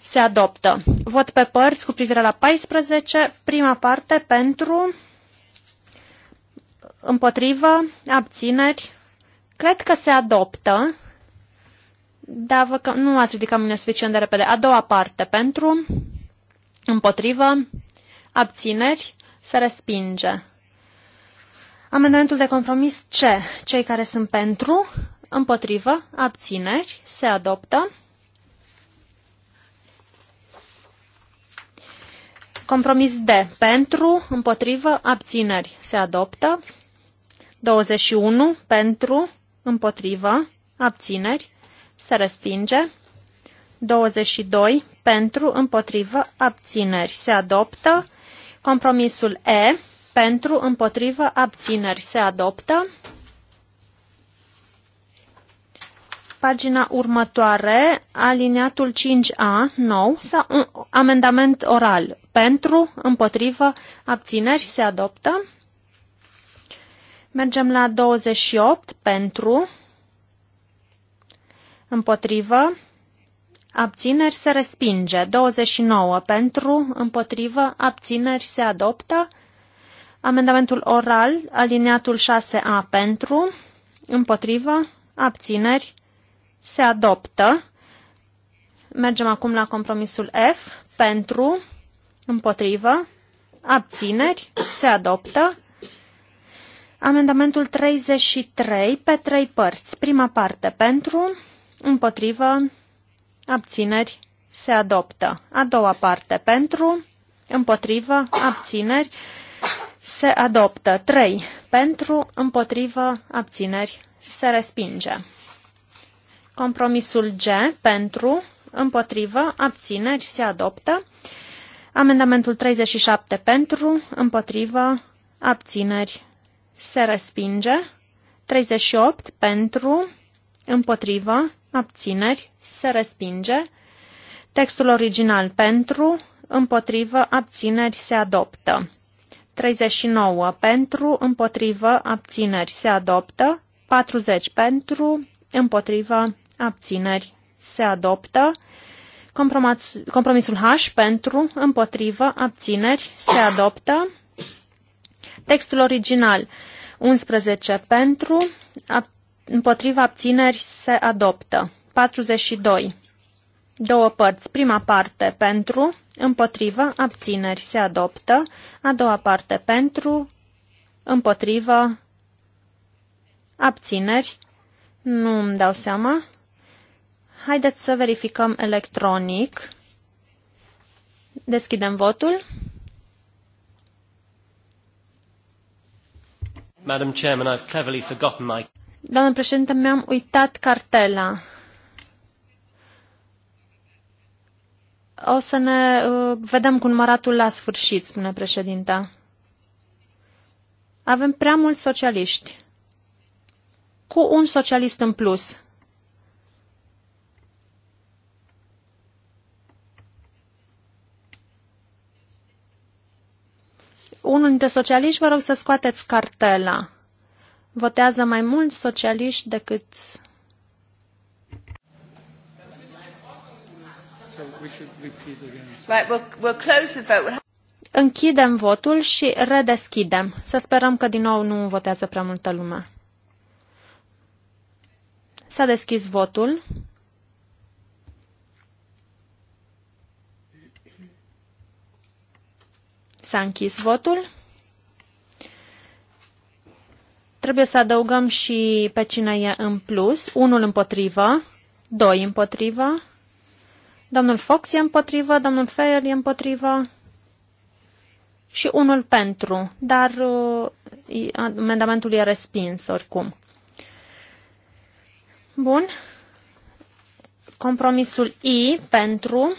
se adoptă. Vot pe părți cu privire la 14. Prima parte pentru, împotriva abțineri. Cred că se adoptă, dar vă, nu ați ridicat mine suficient de repede. A doua parte pentru, împotrivă, abțineri, se respinge. Amendamentul de compromis C. Cei care sunt pentru, împotrivă, abțineri, se adoptă. Compromis D. Pentru, împotrivă, abțineri, se adoptă. 21. Pentru, împotrivă, abțineri, se respinge. 22. Pentru, împotrivă, abțineri, se adoptă. Compromisul E pentru, împotrivă, abțineri se adoptă. Pagina următoare, aliniatul 5A, nou, sau amendament oral. Pentru, împotrivă, abțineri se adoptă. Mergem la 28, pentru, împotrivă, Abțineri se respinge. 29 pentru, împotrivă, abțineri se adoptă. Amendamentul oral, aliniatul 6A pentru, împotrivă, abțineri se adoptă. Mergem acum la compromisul F. Pentru, împotrivă, abțineri se adoptă. Amendamentul 33 pe trei părți. Prima parte pentru, împotrivă, abțineri, se adoptă. A doua parte pentru, împotrivă, abțineri, se adoptă. 3. Pentru, împotrivă, abțineri, se respinge. Compromisul G pentru, împotrivă, abțineri, se adoptă. Amendamentul 37 pentru, împotrivă, abțineri, se respinge. 38 pentru, împotrivă, abțineri, se respinge. Textul original pentru, împotrivă, abțineri, se adoptă. 39 pentru, împotrivă, abțineri, se adoptă. 40 pentru, împotrivă, abțineri, se adoptă. Compromisul H pentru, împotrivă, abțineri, se adoptă. Textul original 11 pentru, împotriva abțineri se adoptă. 42. Două părți. Prima parte pentru, împotriva, abțineri se adoptă. A doua parte pentru, împotriva, abțineri. Nu îmi dau seama. Haideți să verificăm electronic. Deschidem votul. Madam Chairman, I've cleverly forgotten my Doamnă președinte, mi-am uitat cartela. O să ne uh, vedem cu număratul la sfârșit, spune președinta. Avem prea mulți socialiști. Cu un socialist în plus. Unul dintre socialiști, vă rog să scoateți cartela votează mai mulți socialiști decât Închidem votul și redeschidem. Să sperăm că din nou nu votează prea multă lume. S-a deschis votul. S-a închis votul trebuie să adăugăm și pe cine e în plus. Unul împotrivă, doi împotrivă. Domnul Fox e împotrivă, domnul Fair e împotrivă și unul pentru, dar uh, amendamentul e respins oricum. Bun. Compromisul I pentru,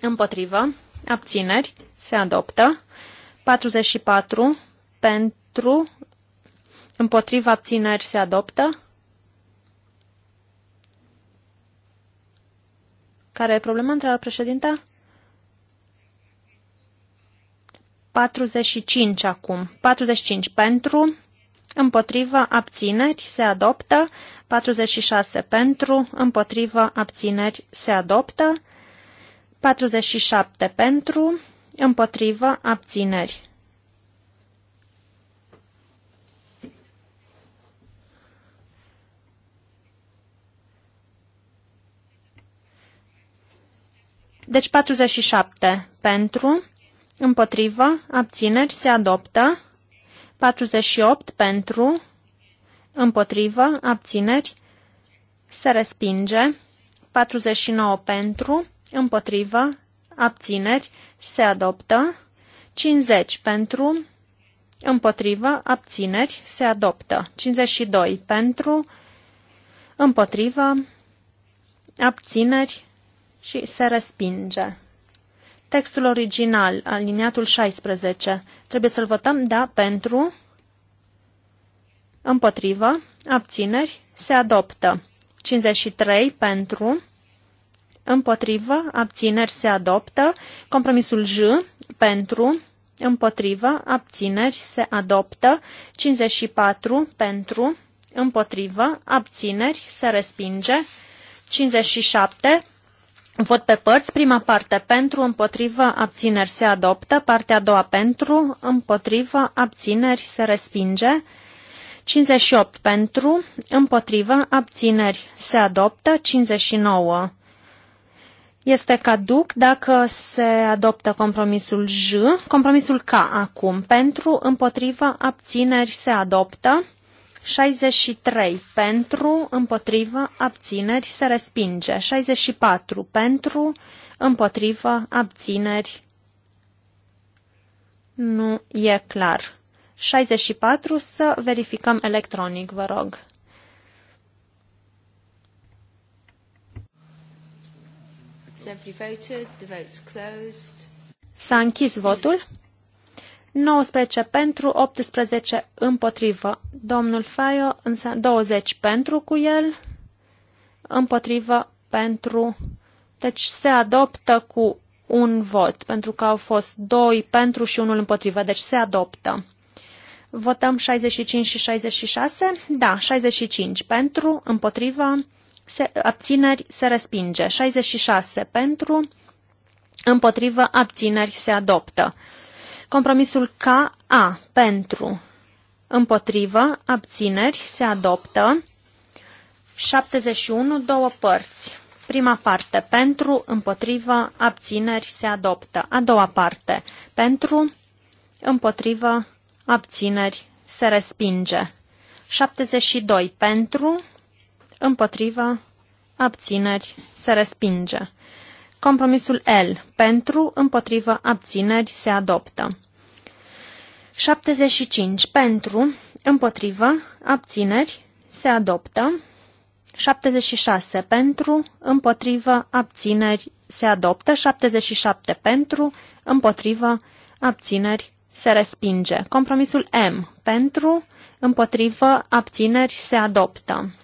împotrivă, abțineri, se adoptă. 44 pentru, Împotriva abțineri se adoptă. Care e problema, întreabă președinte? 45 acum. 45 pentru, împotriva abțineri se adoptă. 46 pentru, împotriva abțineri se adoptă. 47 pentru, împotriva abțineri Deci 47 pentru, împotrivă, abțineri, se adoptă. 48 pentru, împotrivă, abțineri, se respinge. 49 pentru, împotrivă, abțineri, se adoptă. 50 pentru, împotrivă, abțineri, se adoptă. 52 pentru, împotrivă, abțineri, și se respinge. Textul original, aliniatul 16. Trebuie să-l votăm, da, pentru, împotrivă, abțineri, se adoptă. 53 pentru, împotrivă, abțineri, se adoptă. Compromisul J, pentru, împotrivă, abțineri, se adoptă. 54 pentru, împotrivă, abțineri, se respinge. 57 Vot pe părți, prima parte pentru, împotrivă, abțineri se adoptă, partea a doua pentru, împotrivă, abțineri se respinge, 58 pentru, împotrivă, abțineri se adoptă, 59 este caduc dacă se adoptă compromisul J, compromisul K acum, pentru, împotrivă, abțineri se adoptă, 63 pentru, împotrivă, abțineri, se respinge. 64 pentru, împotrivă, abțineri, nu e clar. 64 să verificăm electronic, vă rog. S-a închis votul. 19 pentru, 18 împotrivă. Domnul Faio, însă 20 pentru cu el, împotrivă pentru. Deci se adoptă cu un vot, pentru că au fost doi pentru și unul împotrivă, deci se adoptă. Votăm 65 și 66? Da, 65 pentru, împotrivă, se, abțineri, se respinge. 66 pentru, împotrivă, abțineri, se adoptă. Compromisul KA pentru împotrivă abțineri se adoptă 71 două părți. Prima parte pentru împotrivă abțineri se adoptă. A doua parte pentru împotrivă abțineri se respinge. 72 pentru împotrivă abțineri se respinge. Compromisul L. Pentru, împotrivă, abțineri se adoptă. 75. Pentru, împotrivă, abțineri se adoptă. 76. Pentru, împotrivă, abțineri se adoptă. 77. Pentru, împotrivă, abțineri se respinge. Compromisul M. Pentru, împotrivă, abțineri se adoptă.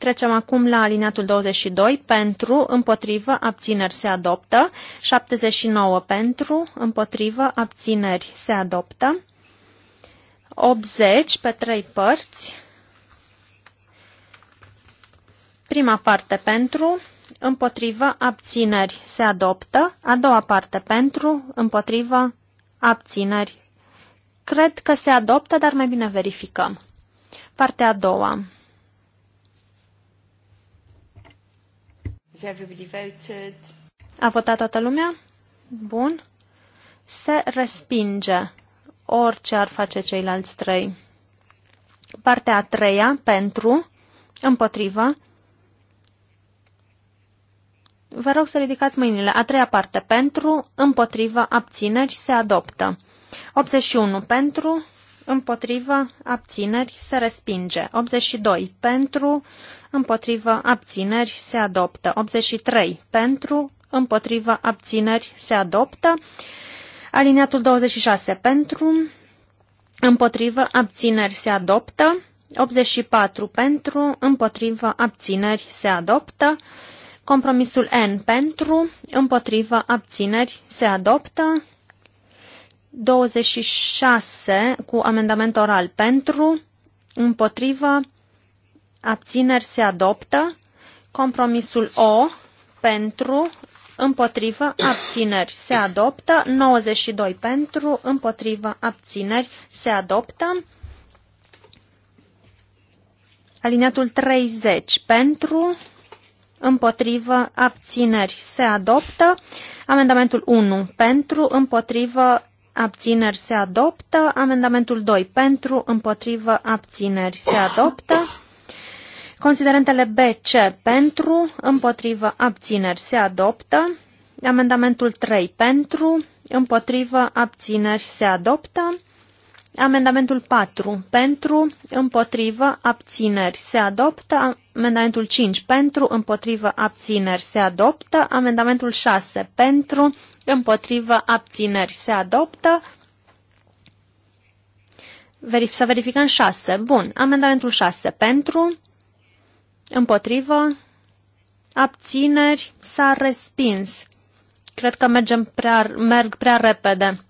Trecem acum la alineatul 22. Pentru, împotrivă, abțineri se adoptă. 79 pentru, împotrivă, abțineri se adoptă. 80 pe trei părți. Prima parte pentru, împotrivă, abțineri se adoptă. A doua parte pentru, împotrivă, abțineri. Cred că se adoptă, dar mai bine verificăm. Partea a doua. A votat toată lumea? Bun. Se respinge orice ar face ceilalți trei. Partea a treia, pentru, împotriva. Vă rog să ridicați mâinile. A treia parte, pentru, împotriva, abțineri, se adoptă. 81, pentru, împotriva, abțineri, se respinge. 82, pentru, împotrivă abțineri se adoptă. 83 pentru, împotrivă abțineri se adoptă. Aliniatul 26 pentru, împotrivă abțineri se adoptă. 84 pentru, împotrivă abțineri se adoptă. Compromisul N pentru, împotrivă abțineri se adoptă. 26 cu amendament oral pentru, împotrivă, abțineri se adoptă. Compromisul O pentru, împotrivă, abțineri se adoptă. 92 pentru, împotrivă, abțineri se adoptă. Aliniatul 30 pentru, împotrivă, abțineri se adoptă. Amendamentul 1 pentru, împotrivă, abțineri se adoptă. Amendamentul 2 pentru, împotrivă, abțineri se adoptă. Considerentele BC pentru, împotrivă, abțineri se adoptă. Amendamentul 3 pentru, împotrivă, abțineri se adoptă. Amendamentul 4 pentru, împotrivă, abțineri se adoptă. Amendamentul 5 pentru, împotrivă, abțineri se adoptă. Amendamentul 6 pentru, împotrivă, abțineri se adoptă. Verif să verificăm 6. Bun. Amendamentul 6 pentru, Împotrivă? Abțineri? S-a respins. Cred că mergem prea, merg prea repede.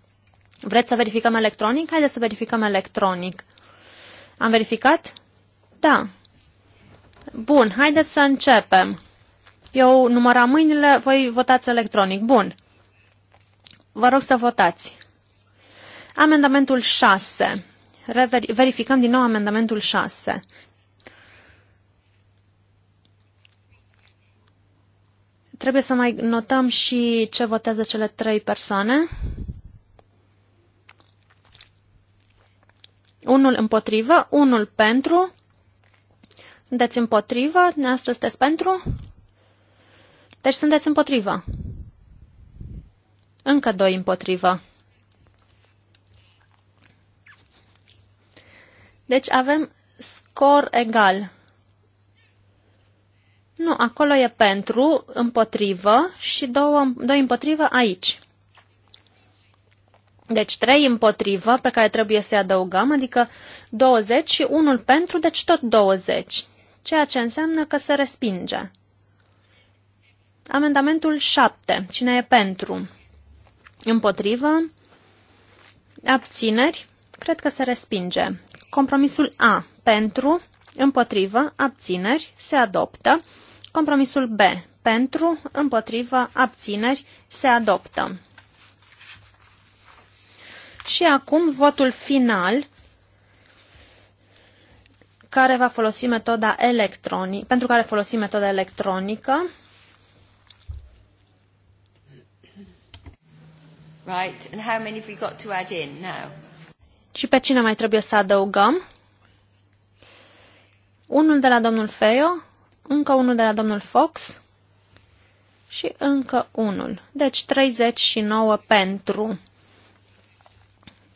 Vreți să verificăm electronic? Haideți să verificăm electronic. Am verificat? Da. Bun, haideți să începem. Eu număram mâinile, voi votați electronic. Bun. Vă rog să votați. Amendamentul 6. Reveri- verificăm din nou amendamentul 6. Trebuie să mai notăm și ce votează cele trei persoane. Unul împotrivă, unul pentru. Sunteți împotrivă? Dumneavoastră sunteți pentru? Deci sunteți împotrivă. Încă doi împotrivă. Deci avem scor egal. Nu, acolo e pentru, împotrivă și două, doi împotrivă aici. Deci trei împotrivă pe care trebuie să-i adăugăm, adică 20 și unul pentru, deci tot 20, ceea ce înseamnă că se respinge. Amendamentul 7. Cine e pentru? Împotrivă? Abțineri? Cred că se respinge. Compromisul A. Pentru? Împotrivă? Abțineri? Se adoptă. Compromisul B. Pentru, împotrivă, abțineri, se adoptă. Și acum votul final, care va folosi metoda electronică, pentru care folosim metoda electronică. Right, and how many have we got to add in now? Și pe cine mai trebuie să adăugăm? Unul de la domnul Feo, încă unul de la domnul Fox și încă unul. Deci 39 pentru.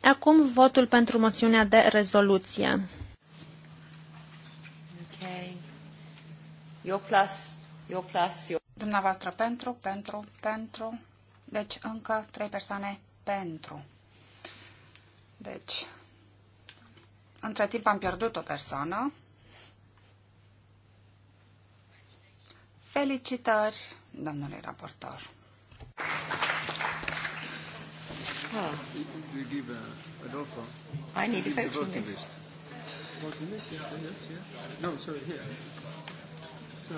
Acum votul pentru moțiunea de rezoluție. Okay. Eu plus, eu plus, eu... Dumneavoastră pentru, pentru, pentru. Deci încă trei persoane pentru. Deci, între timp am pierdut o persoană. Felicitări, domnule raportor. Oh. I need a voting list. Voting list, yes, yes, yes. No, sorry, here. So,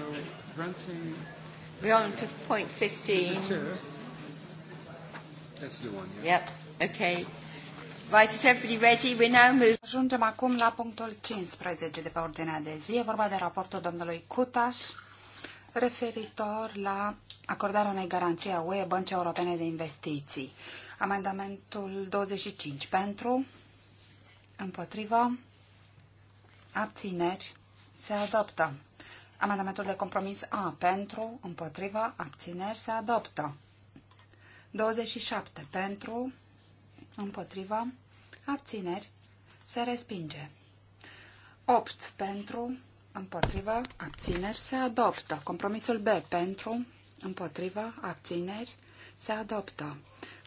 granting... We're on to point 15. That's the one, yeah. Yep, okay. Right, is everybody ready? We now move... Ajungem acum la punctul 15 de pe ordinea de zi. E vorba de raportul domnului Cutaș referitor la acordarea unei garanții a UE Băncii Europene de Investiții. Amendamentul 25 pentru, împotriva, abțineri, se adoptă. Amendamentul de compromis A pentru, împotriva, abțineri, se adoptă. 27 pentru, împotriva, abțineri, se respinge. 8 pentru, împotriva, abțineri, se adoptă. Compromisul B, pentru, împotriva, abțineri, se adoptă.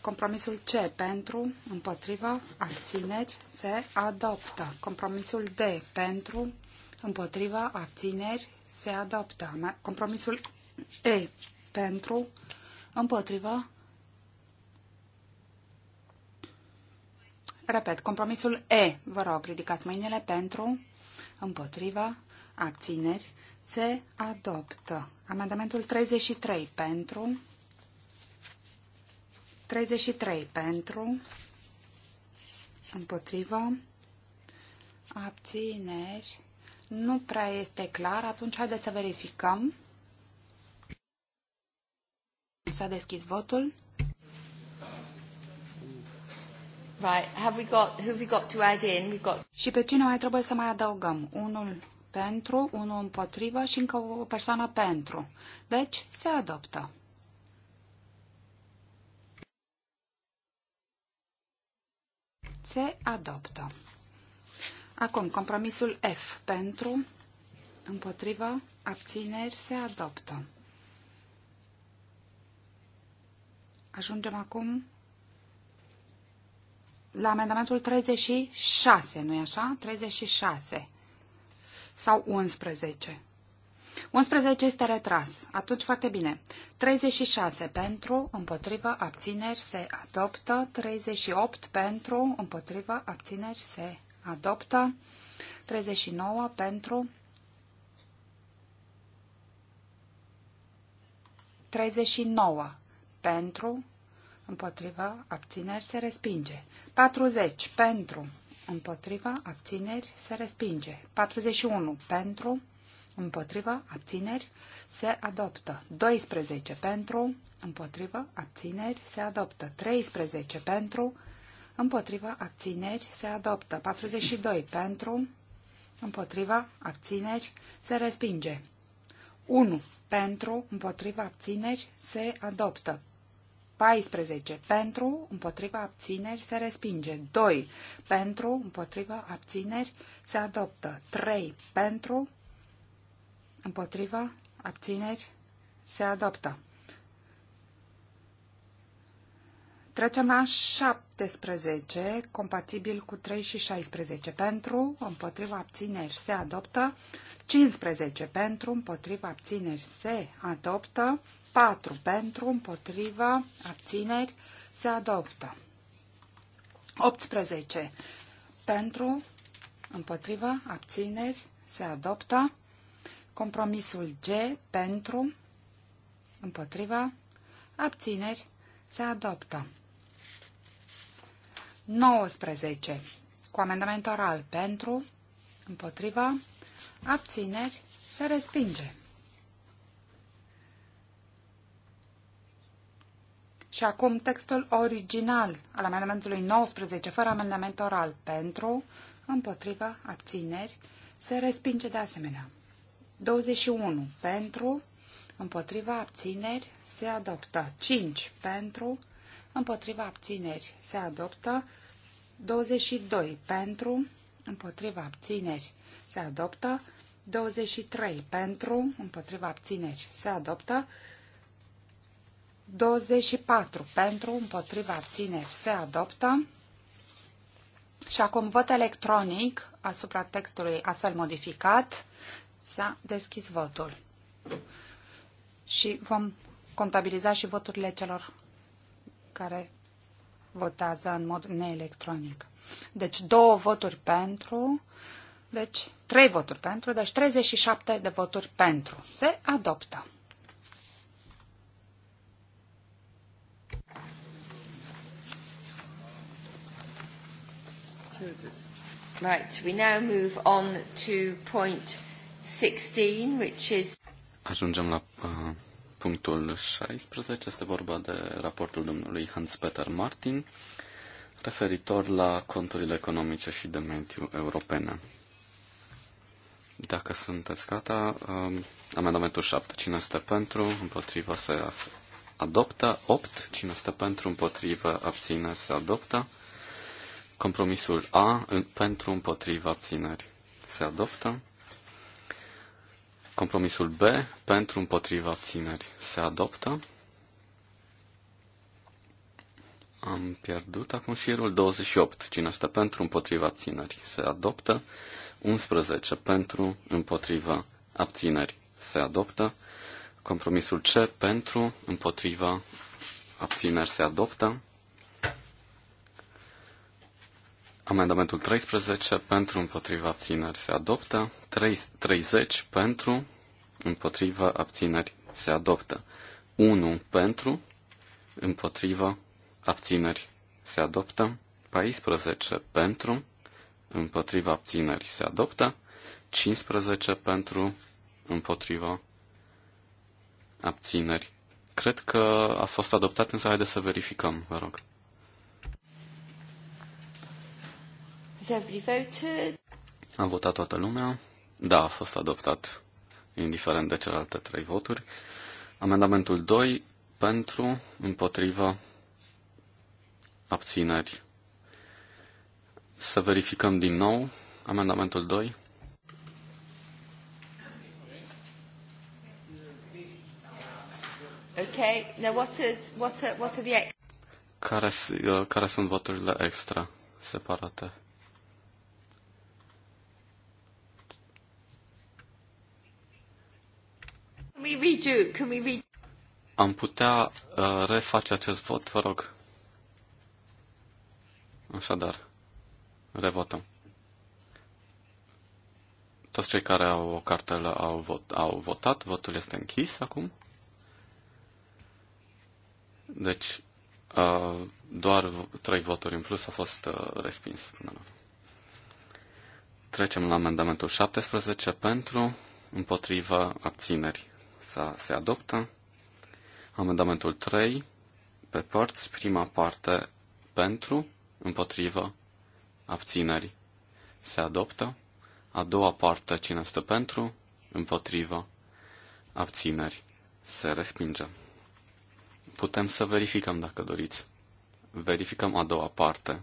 Compromisul C, pentru, împotriva, abțineri, se adoptă. Compromisul D, pentru, împotriva, abțineri, se adoptă. Compromisul E, pentru, împotriva, Repet, compromisul E. Vă rog, ridicați mâinile pentru, împotriva, abțineri, se adoptă. Amendamentul 33 pentru, 33 pentru, împotrivă, abțineri, nu prea este clar, atunci haideți să verificăm. S-a deschis votul. Right, have we got, who have we got to add in? We've got... Și pe cine mai trebuie să mai adăugăm? Unul pentru, unul împotrivă și încă o persoană pentru. Deci, se adoptă. Se adoptă. Acum, compromisul F pentru, împotrivă, abțineri, se adoptă. Ajungem acum la amendamentul 36, nu-i așa? 36 sau 11. 11 este retras. Atunci foarte bine. 36 pentru, împotrivă, abțineri, se adoptă. 38 pentru, împotrivă, abțineri, se adoptă. 39 pentru, 39 pentru, împotrivă, abțineri, se respinge. 40 pentru, împotriva, abțineri, se respinge. 41 pentru, împotriva, abțineri, se adoptă. 12 pentru, împotriva, abțineri, se adoptă. 13 pentru, împotriva, abțineri, se adoptă. 42 pentru, împotriva, abțineri, se respinge. 1 pentru, împotriva, abțineri, se adoptă. 14 pentru, împotriva abțineri se respinge. 2 pentru, împotriva abțineri se adoptă. 3 pentru, împotriva abțineri se adoptă. Trecem la 17, compatibil cu 3 și 16. Pentru, împotriva abțineri se adoptă. 15 pentru, împotriva abțineri se adoptă. 4 pentru, împotriva, abțineri, se adoptă. 18 pentru, împotriva, abțineri, se adoptă. Compromisul G pentru, împotriva, abțineri, se adoptă. 19. Cu amendament oral pentru, împotriva, abțineri, se respinge. Și acum textul original al amendamentului 19, fără amendament oral, pentru, împotriva, abțineri, se respinge de asemenea. 21. Pentru, împotriva, abțineri, se adoptă. 5. Pentru, împotriva, abțineri, se adoptă. 22. Pentru, împotriva, abțineri, se adoptă. 23. Pentru, împotriva, abțineri, se adoptă. 24 pentru, împotriva abțineri se adoptă. Și acum vot electronic asupra textului astfel modificat. S-a deschis votul. Și vom contabiliza și voturile celor care votează în mod neelectronic. Deci două voturi pentru, deci trei voturi pentru, deci 37 de voturi pentru. Se adoptă. Right, we now move on to point 16, which is... Ajungem la uh, punctul 16. Este vorba de raportul domnului Hans-Peter Martin referitor la conturile economice și de mediu europene. Dacă sunteți gata, um, amendamentul 7. Cine este pentru? Împotriva se adoptă. 8. Cine este pentru? Împotriva abține se adoptă. Compromisul A pentru împotriva abțineri se adoptă. Compromisul B pentru împotriva abțineri se adoptă. Am pierdut acum șirul 28. Cine stă pentru împotriva abțineri se adoptă. 11 pentru împotriva abțineri se adoptă. Compromisul C pentru împotriva abțineri se adoptă. Amendamentul 13 pentru împotriva abțineri se adoptă. 30 pentru împotriva abțineri se adoptă. 1 pentru împotriva abțineri se adoptă. 14 pentru împotriva abțineri se adoptă. 15 pentru împotriva abțineri. Cred că a fost adoptat, însă haideți să verificăm, vă rog. A votat toată lumea. Da, a fost adoptat, indiferent de celelalte trei voturi. Amendamentul 2 pentru, împotriva, abțineri. Să verificăm din nou amendamentul 2. Okay. Now what is what are, what are the care, uh, care sunt voturile extra separate? We Can we Am putea uh, reface acest vot, vă rog. Așadar, revotăm. Toți cei care au o cartelă au, vot, au votat, votul este închis acum. Deci, uh, doar trei voturi în plus a fost uh, respins Trecem la amendamentul 17 pentru, împotriva, abțineri să se adoptă. Amendamentul 3, pe părți, prima parte pentru, împotrivă, abțineri, se adoptă. A doua parte, cine stă pentru, împotrivă, abțineri, se respinge. Putem să verificăm dacă doriți. Verificăm a doua parte.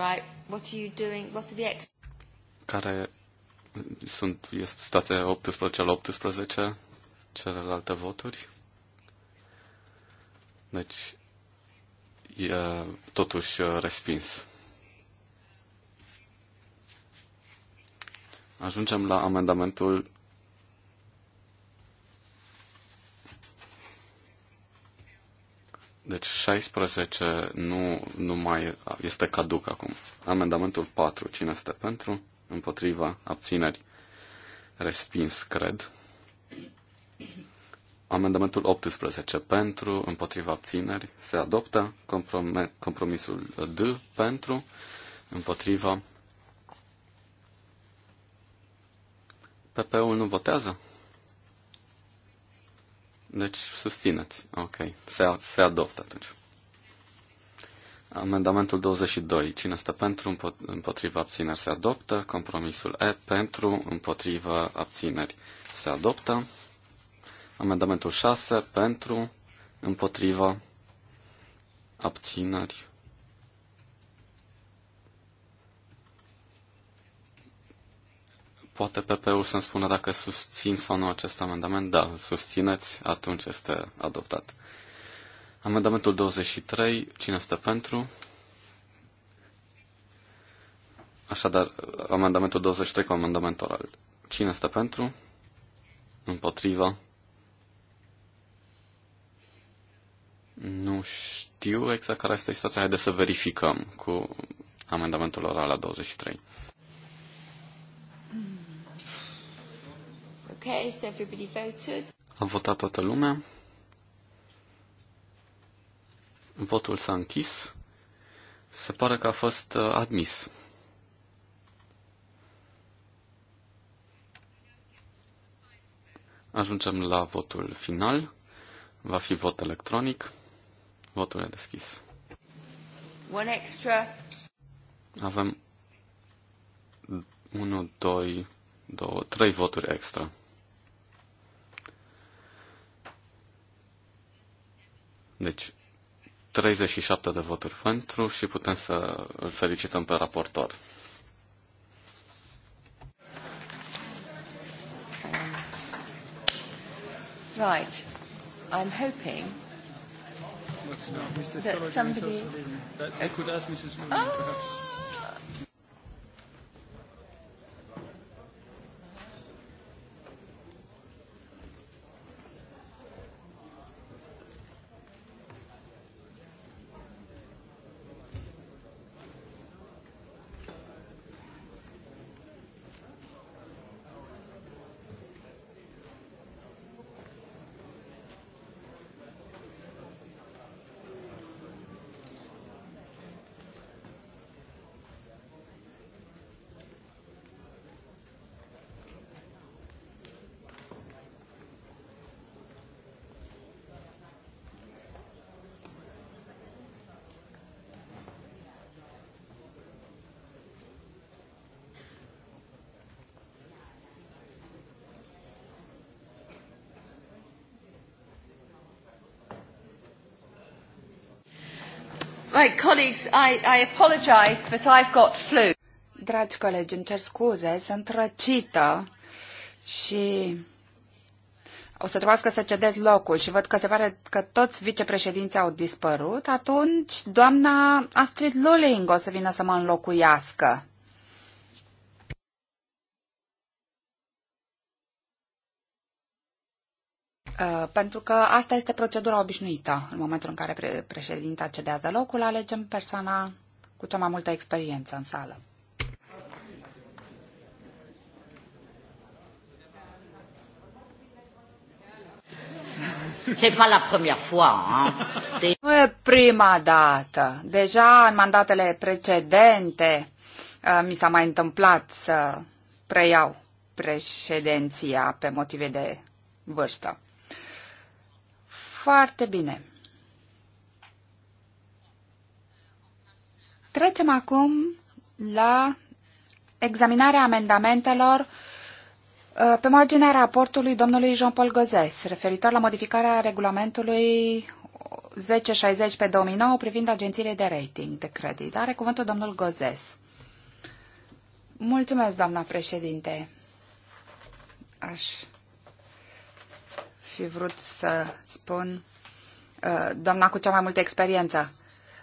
right? What are you doing? What are the ex- Care sunt, este state 18 la 18 celelalte voturi? Deci, e totuși uh, respins. Ajungem la amendamentul Deci 16 nu, nu mai este caduc acum. Amendamentul 4, cine este pentru? Împotriva abțineri. Respins, cred. Amendamentul 18 pentru, împotriva abțineri, se adoptă. compromisul D pentru, împotriva. PP-ul nu votează? Deci susțineți. Ok. Se, se adoptă atunci. Amendamentul 22. Cine stă pentru, împotriva abțineri se adoptă. Compromisul E pentru, împotriva abțineri se adoptă. Amendamentul 6 pentru, împotriva abțineri Poate PP-ul să-mi spună dacă susțin sau nu acest amendament. Da, susțineți, atunci este adoptat. Amendamentul 23, cine este pentru? Așadar, amendamentul 23 cu amendament oral. Cine este pentru? Împotriva? Nu știu exact care este situația. Haideți să verificăm cu amendamentul oral la 23. Okay, everybody voted. A votat toată lumea. Votul s-a închis. Se pare că a fost uh, admis. Ajungem la votul final. Va fi vot electronic. Votul e deschis. One extra. Avem 1, 2, 2, 3 voturi extra. Deci, 37 de voturi pentru și putem să îl felicităm pe raportor. Right. I'm hoping that somebody... Oh. could ask Mrs. oh. perhaps. Right, colleagues, I, I apologize, but I've got flu. Dragi colegi, îmi cer scuze, sunt răcită și o să trebuiască să cedez locul și văd că se pare că toți vicepreședinții au dispărut, atunci doamna Astrid Luling o să vină să mă înlocuiască. Uh, pentru că asta este procedura obișnuită. În momentul în care pre președinta cedează locul, alegem persoana cu cea mai multă experiență în sală. C'est pas la première fois, hein? De... Nu e prima dată. Deja în mandatele precedente uh, mi s-a mai întâmplat să preiau președinția pe motive de vârstă. Foarte bine. Trecem acum la examinarea amendamentelor uh, pe marginea raportului domnului Jean-Paul Gozes, referitor la modificarea regulamentului 1060 pe 2009 privind agențiile de rating de credit. Are cuvântul domnul Gozes. Mulțumesc, doamna președinte. Așa fi vrut să spun uh, doamna cu cea mai multă experiență.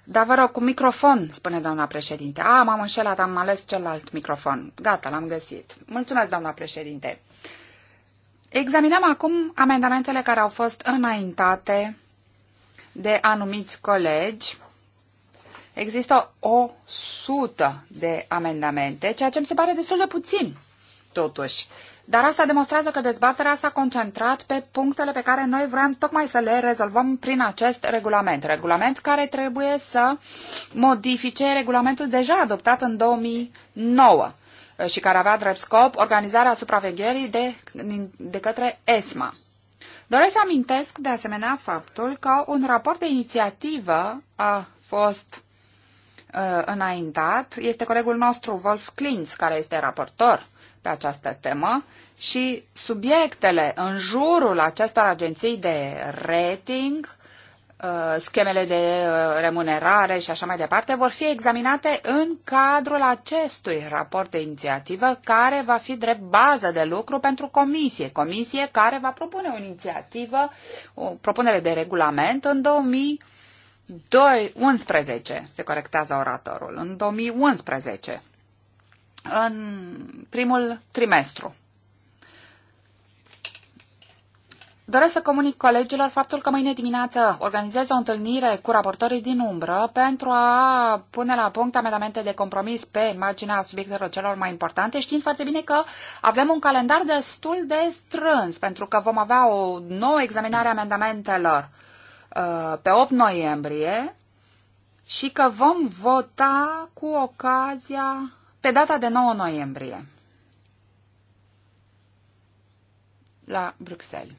Dar vă rog, cu microfon, spune doamna președinte. A, m-am înșelat, am ales celălalt microfon. Gata, l-am găsit. Mulțumesc, doamna președinte. Examinăm acum amendamentele care au fost înaintate de anumiți colegi. Există o sută de amendamente, ceea ce îmi se pare destul de puțin, totuși. Dar asta demonstrează că dezbaterea s-a concentrat pe punctele pe care noi vrem tocmai să le rezolvăm prin acest regulament. Regulament care trebuie să modifice regulamentul deja adoptat în 2009 și care avea drept scop organizarea supravegherii de, de către ESMA. Doresc să amintesc de asemenea faptul că un raport de inițiativă a fost uh, înaintat. Este colegul nostru, Wolf Klintz, care este raportor pe această temă și subiectele în jurul acestor agenții de rating, uh, schemele de uh, remunerare și așa mai departe, vor fi examinate în cadrul acestui raport de inițiativă care va fi drept bază de lucru pentru comisie. Comisie care va propune o inițiativă, o propunere de regulament în 2011. Se corectează oratorul. În 2011 în primul trimestru. Doresc să comunic colegilor faptul că mâine dimineață organizez o întâlnire cu raportorii din umbră pentru a pune la punct amendamente de compromis pe marginea subiectelor celor mai importante, știind foarte bine că avem un calendar destul de strâns, pentru că vom avea o nouă examinare a amendamentelor uh, pe 8 noiembrie și că vom vota cu ocazia pe data de 9 noiembrie la Bruxelles.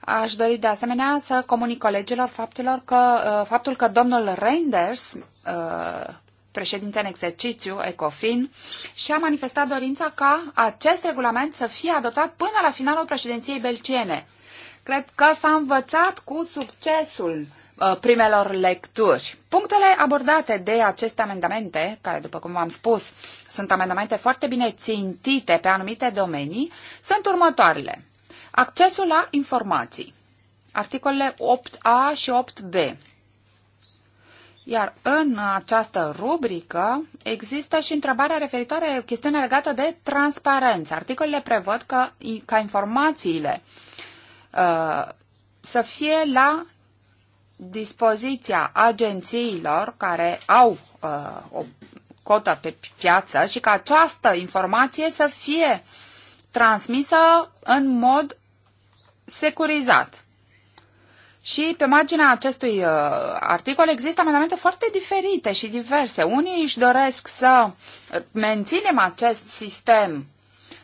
Aș dori de asemenea să comunic colegilor faptelor că, uh, faptul că domnul Reinders, uh, președinte în exercițiu, ECOFIN, și-a manifestat dorința ca acest regulament să fie adoptat până la finalul președinției belgiene. Cred că s-a învățat cu succesul uh, Uh, primelor lecturi. Punctele abordate de aceste amendamente, care, după cum v-am spus, sunt amendamente foarte bine țintite pe anumite domenii, sunt următoarele. Accesul la informații. Articolele 8a și 8b. Iar în această rubrică există și întrebarea referitoare, chestiunea legată de transparență. Articolele prevăd că, ca informațiile uh, să fie la dispoziția agențiilor care au uh, o cotă pe piață și că această informație să fie transmisă în mod securizat. Și pe marginea acestui uh, articol există amendamente foarte diferite și diverse. Unii își doresc să menținem acest sistem,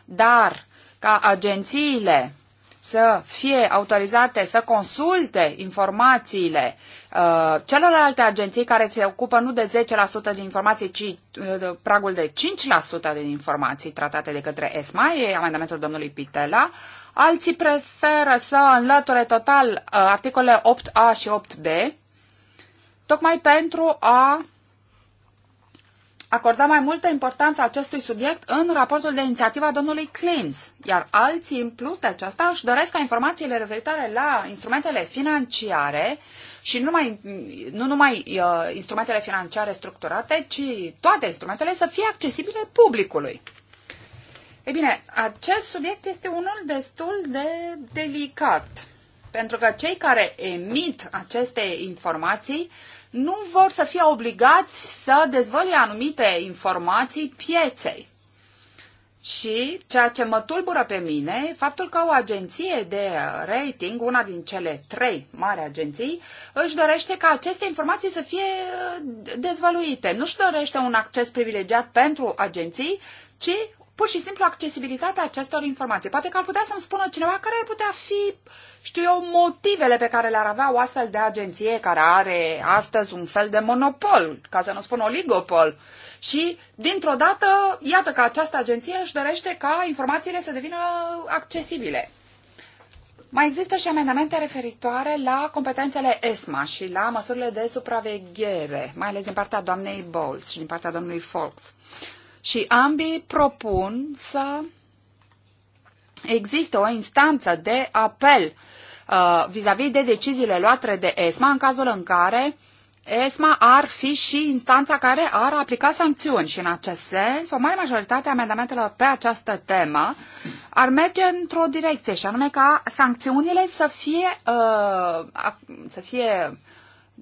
dar ca agențiile să fie autorizate să consulte informațiile uh, celorlalte agenții care se ocupă nu de 10% din informații, ci uh, pragul de 5% din informații tratate de către ESMA, e amendamentul domnului Pitela, alții preferă să înlăture total uh, articolele 8A și 8B, tocmai pentru a acorda mai multă importanță acestui subiect în raportul de inițiativă a domnului Clins, iar alții, în plus de aceasta, își doresc ca informațiile referitoare la instrumentele financiare și nu numai, nu numai uh, instrumentele financiare structurate, ci toate instrumentele să fie accesibile publicului. Ei bine, acest subiect este unul destul de delicat, pentru că cei care emit aceste informații nu vor să fie obligați să dezvăluie anumite informații pieței. Și ceea ce mă tulbură pe mine e faptul că o agenție de rating, una din cele trei mari agenții, își dorește ca aceste informații să fie uh, dezvăluite. nu își dorește un acces privilegiat pentru agenții, ci pur și simplu accesibilitatea acestor informații. Poate că ar putea să-mi spună cineva care ar putea fi, știu eu, motivele pe care le-ar avea o astfel de agenție care are astăzi un fel de monopol, ca să nu spun oligopol. Și, dintr-o dată, iată că această agenție își dorește ca informațiile să devină accesibile. Mai există și amendamente referitoare la competențele ESMA și la măsurile de supraveghere, mai ales din partea doamnei Bowles și din partea domnului Fox. Uh, și ambii propun să există o instanță de apel uh, vis-a-vis uh, -vis de deciziile luate de ESMA în cazul în care ESMA ar fi și instanța care ar aplica sancțiuni și în acest sens o mare majoritate a amendamentelor pe această temă ar merge într-o direcție și anume ca sancțiunile să fie, uh, să fie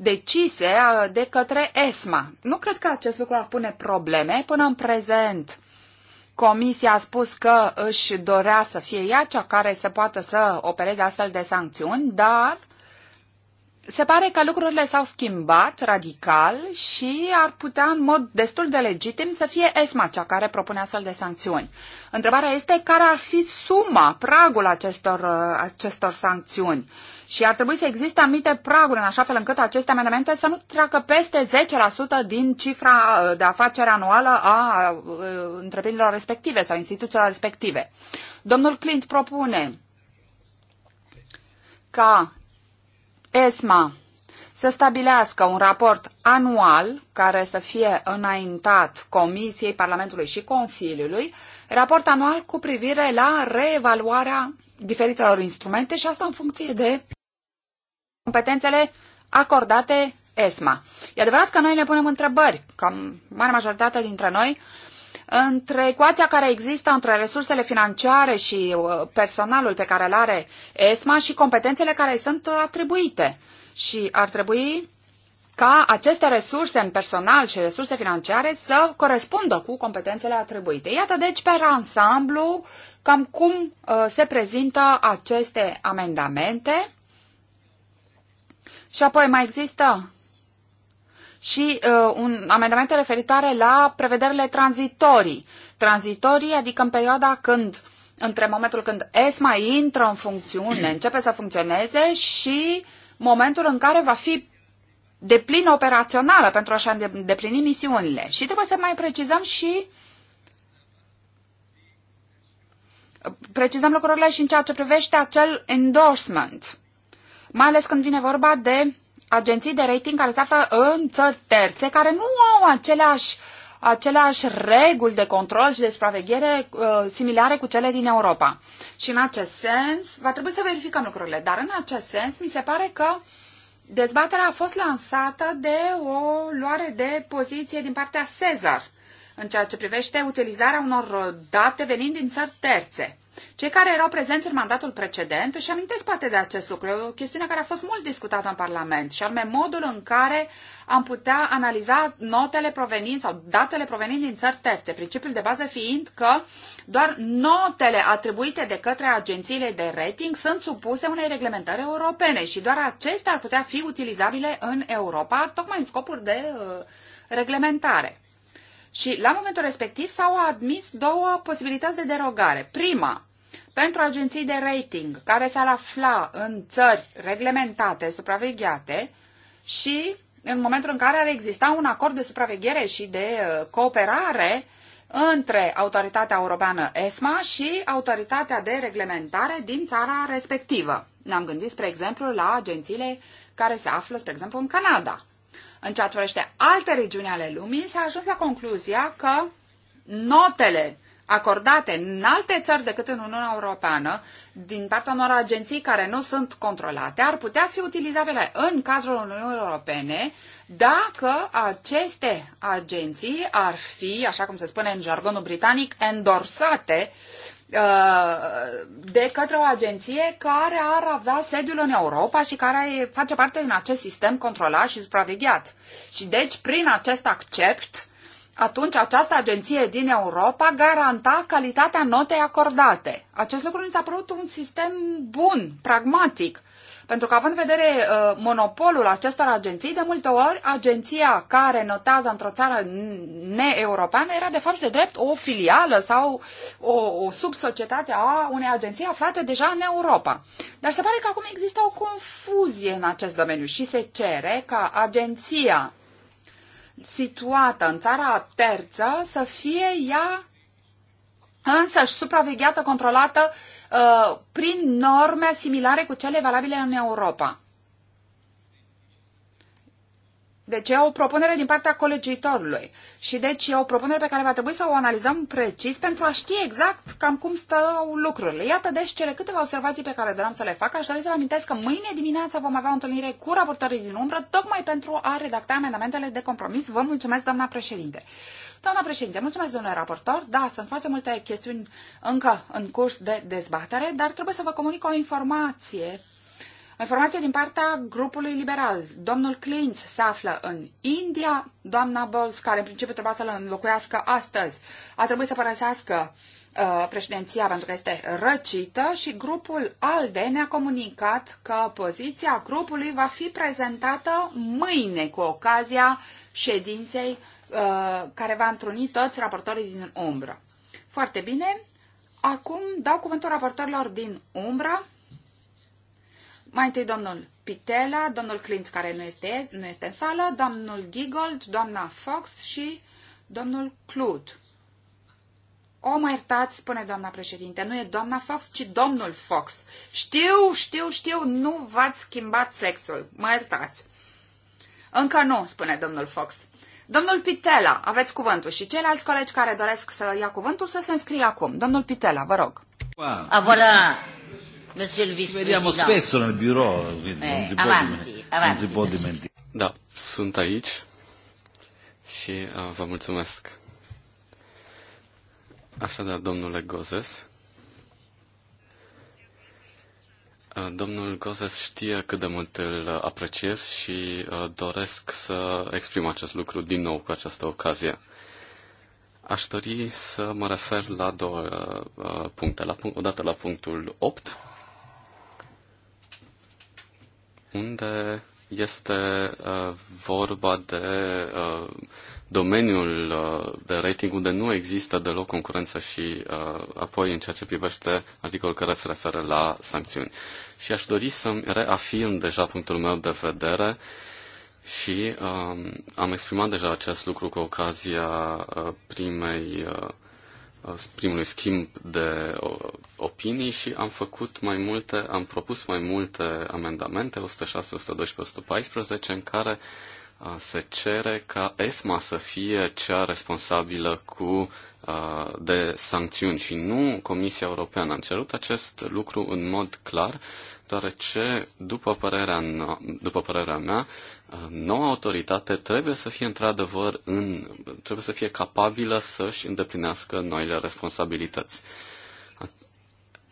decise de către ESMA. Nu cred că acest lucru ar pune probleme. Până în prezent, Comisia a spus că își dorea să fie ea cea care să poată să opereze astfel de sancțiuni, dar se pare că lucrurile s-au schimbat radical și ar putea în mod destul de legitim să fie ESMA cea care propune astfel de sancțiuni. Întrebarea este care ar fi suma, pragul acestor, acestor sancțiuni și ar trebui să existe anumite praguri în așa fel încât aceste amendamente să nu treacă peste 10% din cifra uh, de afacere anuală a uh, întreprinderilor respective sau instituțiilor respective. Domnul Clint propune ca ESMA să stabilească un raport anual care să fie înaintat Comisiei, Parlamentului și Consiliului, raport anual cu privire la reevaluarea diferitelor instrumente și asta în funcție de competențele acordate ESMA. E adevărat că noi ne punem întrebări, cam mare majoritate dintre noi, între ecuația care există între resursele financiare și uh, personalul pe care îl are ESMA și competențele care îi sunt atribuite. Și ar trebui ca aceste resurse în personal și resurse financiare să corespundă cu competențele atribuite. Iată deci pe ansamblu cam cum uh, se prezintă aceste amendamente și apoi mai există și uh, un amendament referitoare la prevederile tranzitorii. Tranzitorii, adică în perioada când, între momentul când ESMA intră în funcțiune, începe să funcționeze și momentul în care va fi de plin operațională pentru a-și îndeplini misiunile. Și trebuie să mai precizăm și precizăm lucrurile și în ceea ce privește acel endorsement mai ales când vine vorba de agenții de rating care se află în țări terțe, care nu au aceleași, aceleași reguli de control și de supraveghere uh, similare cu cele din Europa. Și în acest sens, va trebui să verificăm lucrurile, dar în acest sens mi se pare că dezbaterea a fost lansată de o luare de poziție din partea Cezar în ceea ce privește utilizarea unor date venind din țări terțe. Cei care erau prezenți în mandatul precedent își amintesc poate de acest lucru. o chestiune care a fost mult discutată în Parlament și anume modul în care am putea analiza notele provenind sau datele provenind din țări terțe, principiul de bază fiind că doar notele atribuite de către agențiile de rating sunt supuse unei reglementări europene și doar acestea ar putea fi utilizabile în Europa, tocmai în scopuri de uh, reglementare. Și la momentul respectiv s-au admis două posibilități de derogare. Prima, pentru agenții de rating care s-ar afla în țări reglementate, supravegheate și în momentul în care ar exista un acord de supraveghere și de uh, cooperare între Autoritatea Europeană ESMA și Autoritatea de Reglementare din țara respectivă. Ne-am gândit, spre exemplu, la agențiile care se află, spre exemplu, în Canada în ceea ce privește alte regiuni ale lumii, s-a ajuns la concluzia că notele acordate în alte țări decât în Uniunea Europeană, din partea unor agenții care nu sunt controlate, ar putea fi utilizabile în cadrul Uniunii Europene dacă aceste agenții ar fi, așa cum se spune în jargonul britanic, endorsate Uh, de către o agenție care ar avea sediul în Europa și care face parte din acest sistem controlat și supravegheat. Și deci, prin acest accept, atunci această agenție din Europa garanta calitatea notei acordate. Acest lucru ne s-a părut un sistem bun, pragmatic, pentru că, având în vedere uh, monopolul acestor agenții, de multe ori, agenția care notează într-o țară neeuropeană era, de fapt, de drept o filială sau o, o subsocietate a unei agenții aflate deja în Europa. Dar se pare că acum există o confuzie în acest domeniu și se cere ca agenția situată în țara terță să fie ea însăși supravegheată, controlată uh, Uh, prin norme similare cu cele valabile în Europa. Deci e o propunere din partea colegiuitorului și deci e o propunere pe care va trebui să o analizăm precis pentru a ști exact cam cum stau lucrurile. Iată deci cele câteva observații pe care doream să le fac. Aș dori să vă amintesc că mâine dimineața vom avea o întâlnire cu raportorii din umbră tocmai pentru a redacta amendamentele de compromis. Vă mulțumesc, doamna președinte. Doamna președinte, mulțumesc, domnule raportor. Da, sunt foarte multe chestiuni încă în curs de dezbatere, dar trebuie să vă comunic o informație. O informație din partea grupului liberal. Domnul Clintz se află în India, doamna Bowles, care în principiu trebuia să-l înlocuiască astăzi, a trebuit să părăsească uh, președinția pentru că este răcită și grupul ALDE ne-a comunicat că poziția grupului va fi prezentată mâine cu ocazia ședinței Uh, care va întruni toți raportorii din umbră. Foarte bine. Acum dau cuvântul raportorilor din umbră. Mai întâi domnul Pitela, domnul Clint care nu este, nu este în sală, domnul Gigold, doamna Fox și domnul Clut. O, mă iertați, spune doamna președinte, nu e doamna Fox, ci domnul Fox. Știu, știu, știu, nu v-ați schimbat sexul. Mă iertați. Încă nu, spune domnul Fox. Domnul Pitela, aveți cuvântul și ceilalți colegi care doresc să ia cuvântul să se înscrie acum. Domnul Pitela, vă rog. Wow. A, ah, voilà. Monsieur le vice Vediamo spesso nel bureau, quindi eh, non, si avanti, può Da, sunt aici și uh, vă mulțumesc. Așadar, domnule Gozes, Uh, domnul Gozes știe cât de mult îl apreciez și uh, doresc să exprim acest lucru din nou cu această ocazie. Aș dori să mă refer la două uh, puncte. La, odată la punctul 8, unde este vorba de domeniul uh, de rating unde nu există deloc concurență și uh, apoi în ceea ce privește articolul care se referă la sancțiuni. Și aș dori să reafirm deja punctul meu de vedere și um, am exprimat deja acest lucru cu ocazia uh, primei, primului schimb de opinii și am făcut mai multe, am propus mai multe amendamente, 106, 112, 114, în care se cere ca ESMA să fie cea responsabilă cu, de sancțiuni și nu Comisia Europeană. Am cerut acest lucru în mod clar, deoarece, după părerea, după părerea mea, noua autoritate trebuie să fie într-adevăr în, trebuie să fie capabilă să-și îndeplinească noile responsabilități.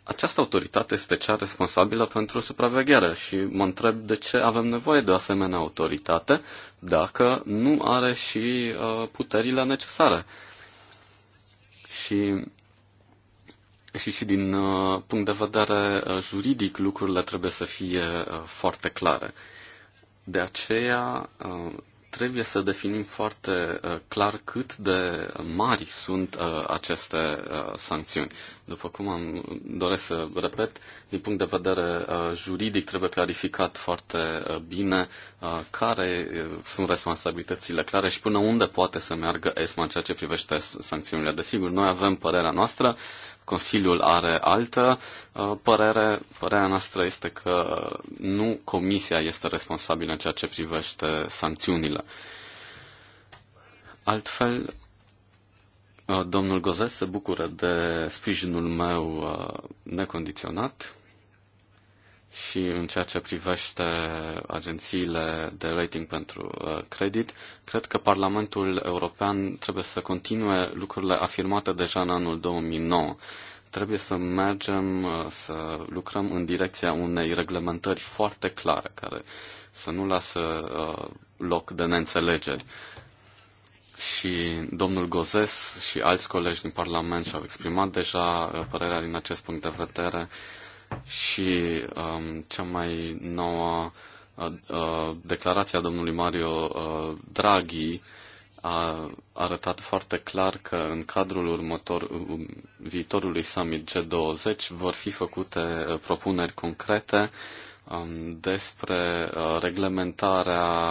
Această autoritate este cea responsabilă pentru supraveghere și mă întreb de ce avem nevoie de o asemenea autoritate dacă nu are și uh, puterile necesare. Și, și, și din uh, punct de vedere uh, juridic lucrurile trebuie să fie uh, foarte clare. De aceea, uh, trebuie să definim foarte uh, clar cât de mari sunt uh, aceste uh, sancțiuni. După cum am doresc să repet, din punct de vedere juridic trebuie clarificat foarte bine care sunt responsabilitățile clare și până unde poate să meargă ESMA în ceea ce privește sancțiunile. Desigur, noi avem părerea noastră, Consiliul are altă uh, părere. Părerea noastră este că nu Comisia este responsabilă în ceea ce privește sancțiunile. Altfel, uh, domnul Gozes se bucură de sprijinul meu uh, necondiționat și în ceea ce privește agențiile de rating pentru uh, credit, cred că Parlamentul European trebuie să continue lucrurile afirmate deja în anul 2009. Trebuie să mergem, uh, să lucrăm în direcția unei reglementări foarte clare, care să nu lasă uh, loc de neînțelegeri. Și domnul Gozes și alți colegi din Parlament și-au exprimat deja părerea din acest punct de vedere. Uh, și um, cea mai nouă uh, uh, declarație a domnului Mario uh, Draghi a arătat foarte clar că în cadrul următor, viitorului summit G20 vor fi făcute uh, propuneri concrete um, despre uh, reglementarea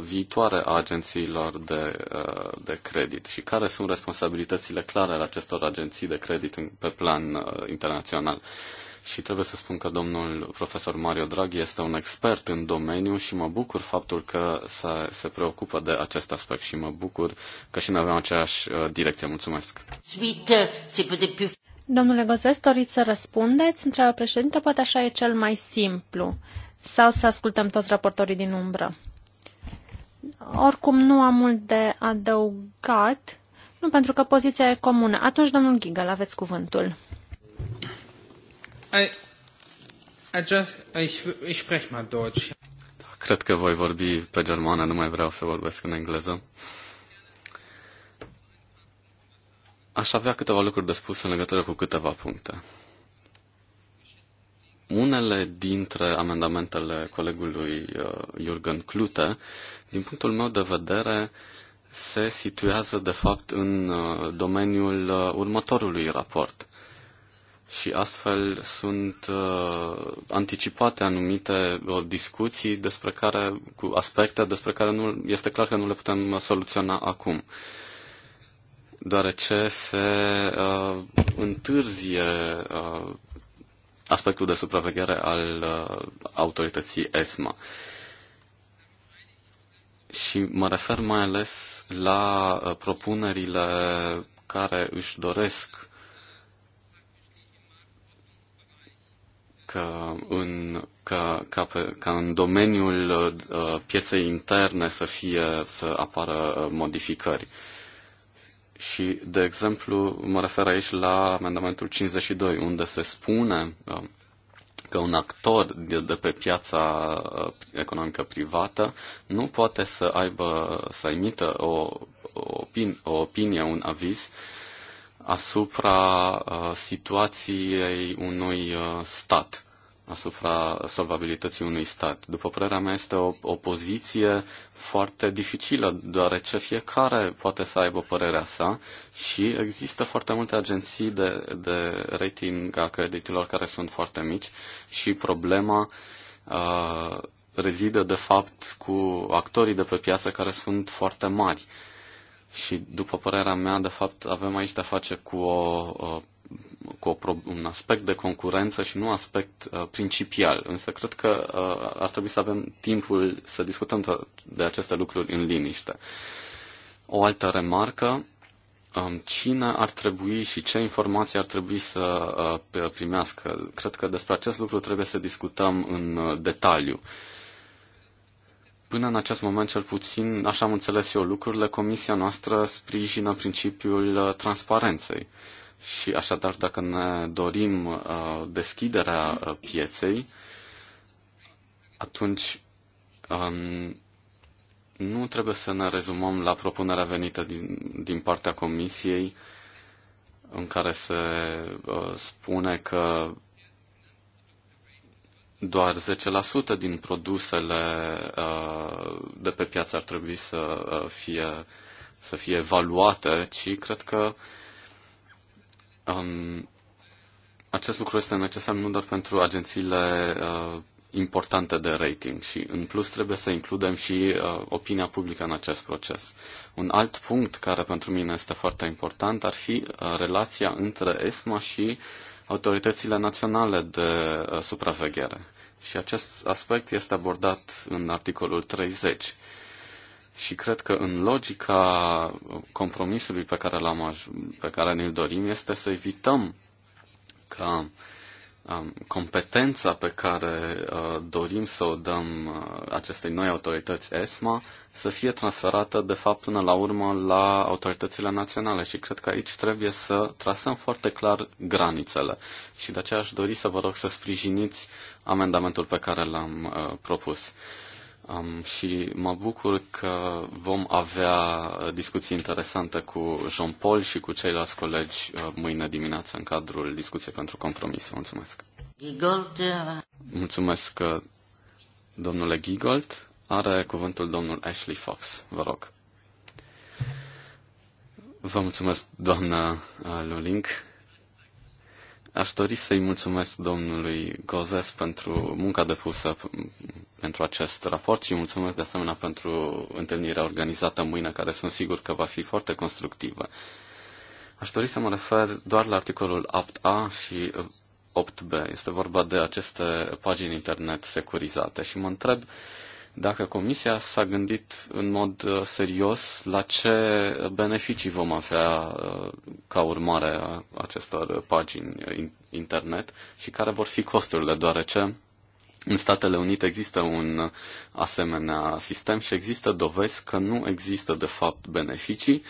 viitoare a agențiilor de, de credit și care sunt responsabilitățile clare ale acestor agenții de credit pe plan internațional și trebuie să spun că domnul profesor Mario Draghi este un expert în domeniu și mă bucur faptul că se, se preocupă de acest aspect și mă bucur că și noi avem aceeași uh, direcție. Mulțumesc! Domnule Gozes, doriți să răspundeți? Întreabă președinte, poate așa e cel mai simplu. Sau să ascultăm toți raportorii din umbră? Oricum, nu am mult de adăugat, nu pentru că poziția e comună. Atunci, domnul Gigal, aveți cuvântul. I, I just, sprech mal Deutsch. Da, cred că voi vorbi pe germană, nu mai vreau să vorbesc în engleză. Aș avea câteva lucruri de spus în legătură cu câteva puncte. Unele dintre amendamentele colegului uh, Jürgen Klute, din punctul meu de vedere, se situează de fapt în uh, domeniul uh, următorului raport și astfel sunt uh, anticipate anumite uh, discuții despre care, cu aspecte despre care nu, este clar că nu le putem uh, soluționa acum deoarece se uh, întârzie uh, aspectul de supraveghere al uh, autorității ESMA. Și mă refer mai ales la uh, propunerile care își doresc că în, ca, ca, pe, ca în domeniul uh, pieței interne să fie să apară uh, modificări. Și, de exemplu, mă refer aici la amendamentul 52, unde se spune uh, că un actor de, de pe piața uh, economică privată nu poate să aibă, să emită o, o, opin, o opinie, un aviz uh, asupra uh, situației unui uh, stat, asupra solvabilității unui stat. După părerea mea, este o, o poziție foarte dificilă, deoarece fiecare poate să aibă părerea sa și există foarte multe agenții de, de rating a creditelor care sunt foarte mici și problema uh, rezidă, de fapt, cu actorii de pe piață care sunt foarte mari. Uh, și după părerea mea, de fapt, avem aici de a face cu, o, cu o, un aspect de concurență și nu aspect uh, principial. Însă cred că uh, ar trebui să avem timpul să discutăm de aceste lucruri în liniște. O altă remarcă, um, cine ar trebui și ce informații ar trebui să uh, primească? Cred că despre acest lucru trebuie să discutăm în uh, detaliu. Uh, Până în acest moment, cel puțin, așa am înțeles eu lucrurile, comisia noastră sprijină principiul uh, transparenței. Și așadar, dacă ne dorim uh, deschiderea uh, pieței, atunci um, nu trebuie să ne rezumăm la propunerea venită din, din partea comisiei în care se uh, spune că doar 10% din produsele uh, de pe piață ar trebui să uh, fie, să fie evaluate, ci cred că um, acest lucru este necesar nu doar pentru agențiile uh, importante de rating și în plus trebuie să includem și uh, opinia publică în acest proces. Un alt punct care pentru mine este foarte important ar fi uh, relația între ESMA și autoritățile naționale de uh, supraveghere. Și acest aspect este abordat în articolul 30. Și cred că în logica compromisului pe care, l-am pe care ne-l dorim este să evităm ca competența pe care uh, dorim să o dăm uh, acestei noi autorități ESMA să fie transferată, de fapt, până la urmă, la autoritățile naționale. Și cred că aici trebuie să trasăm foarte clar granițele. Și de aceea aș dori să vă rog să sprijiniți amendamentul pe care l-am uh, propus. Um, și mă bucur că vom avea discuții interesante cu Jean-Paul și cu ceilalți colegi uh, mâine dimineață în cadrul discuției pentru compromis. Mulțumesc! Gigold. Uh, mulțumesc, uh, domnule Gigold. Are cuvântul domnul Ashley Fox. Vă rog. Vă mulțumesc, doamna Lulink. Aș dori să-i mulțumesc domnului Gozes pentru munca depusă pentru acest raport și mulțumesc de asemenea pentru întâlnirea organizată mâine, care sunt sigur că va fi foarte constructivă. Aș dori să mă refer doar la articolul 8a și 8b. Este vorba de aceste pagini internet securizate și mă întreb dacă Comisia s-a gândit în mod uh, serios la ce beneficii vom avea uh, ca urmare a acestor pagini uh, internet și care vor fi costurile, deoarece în Statele Unite există un asemenea sistem și există dovezi că nu există de fapt beneficii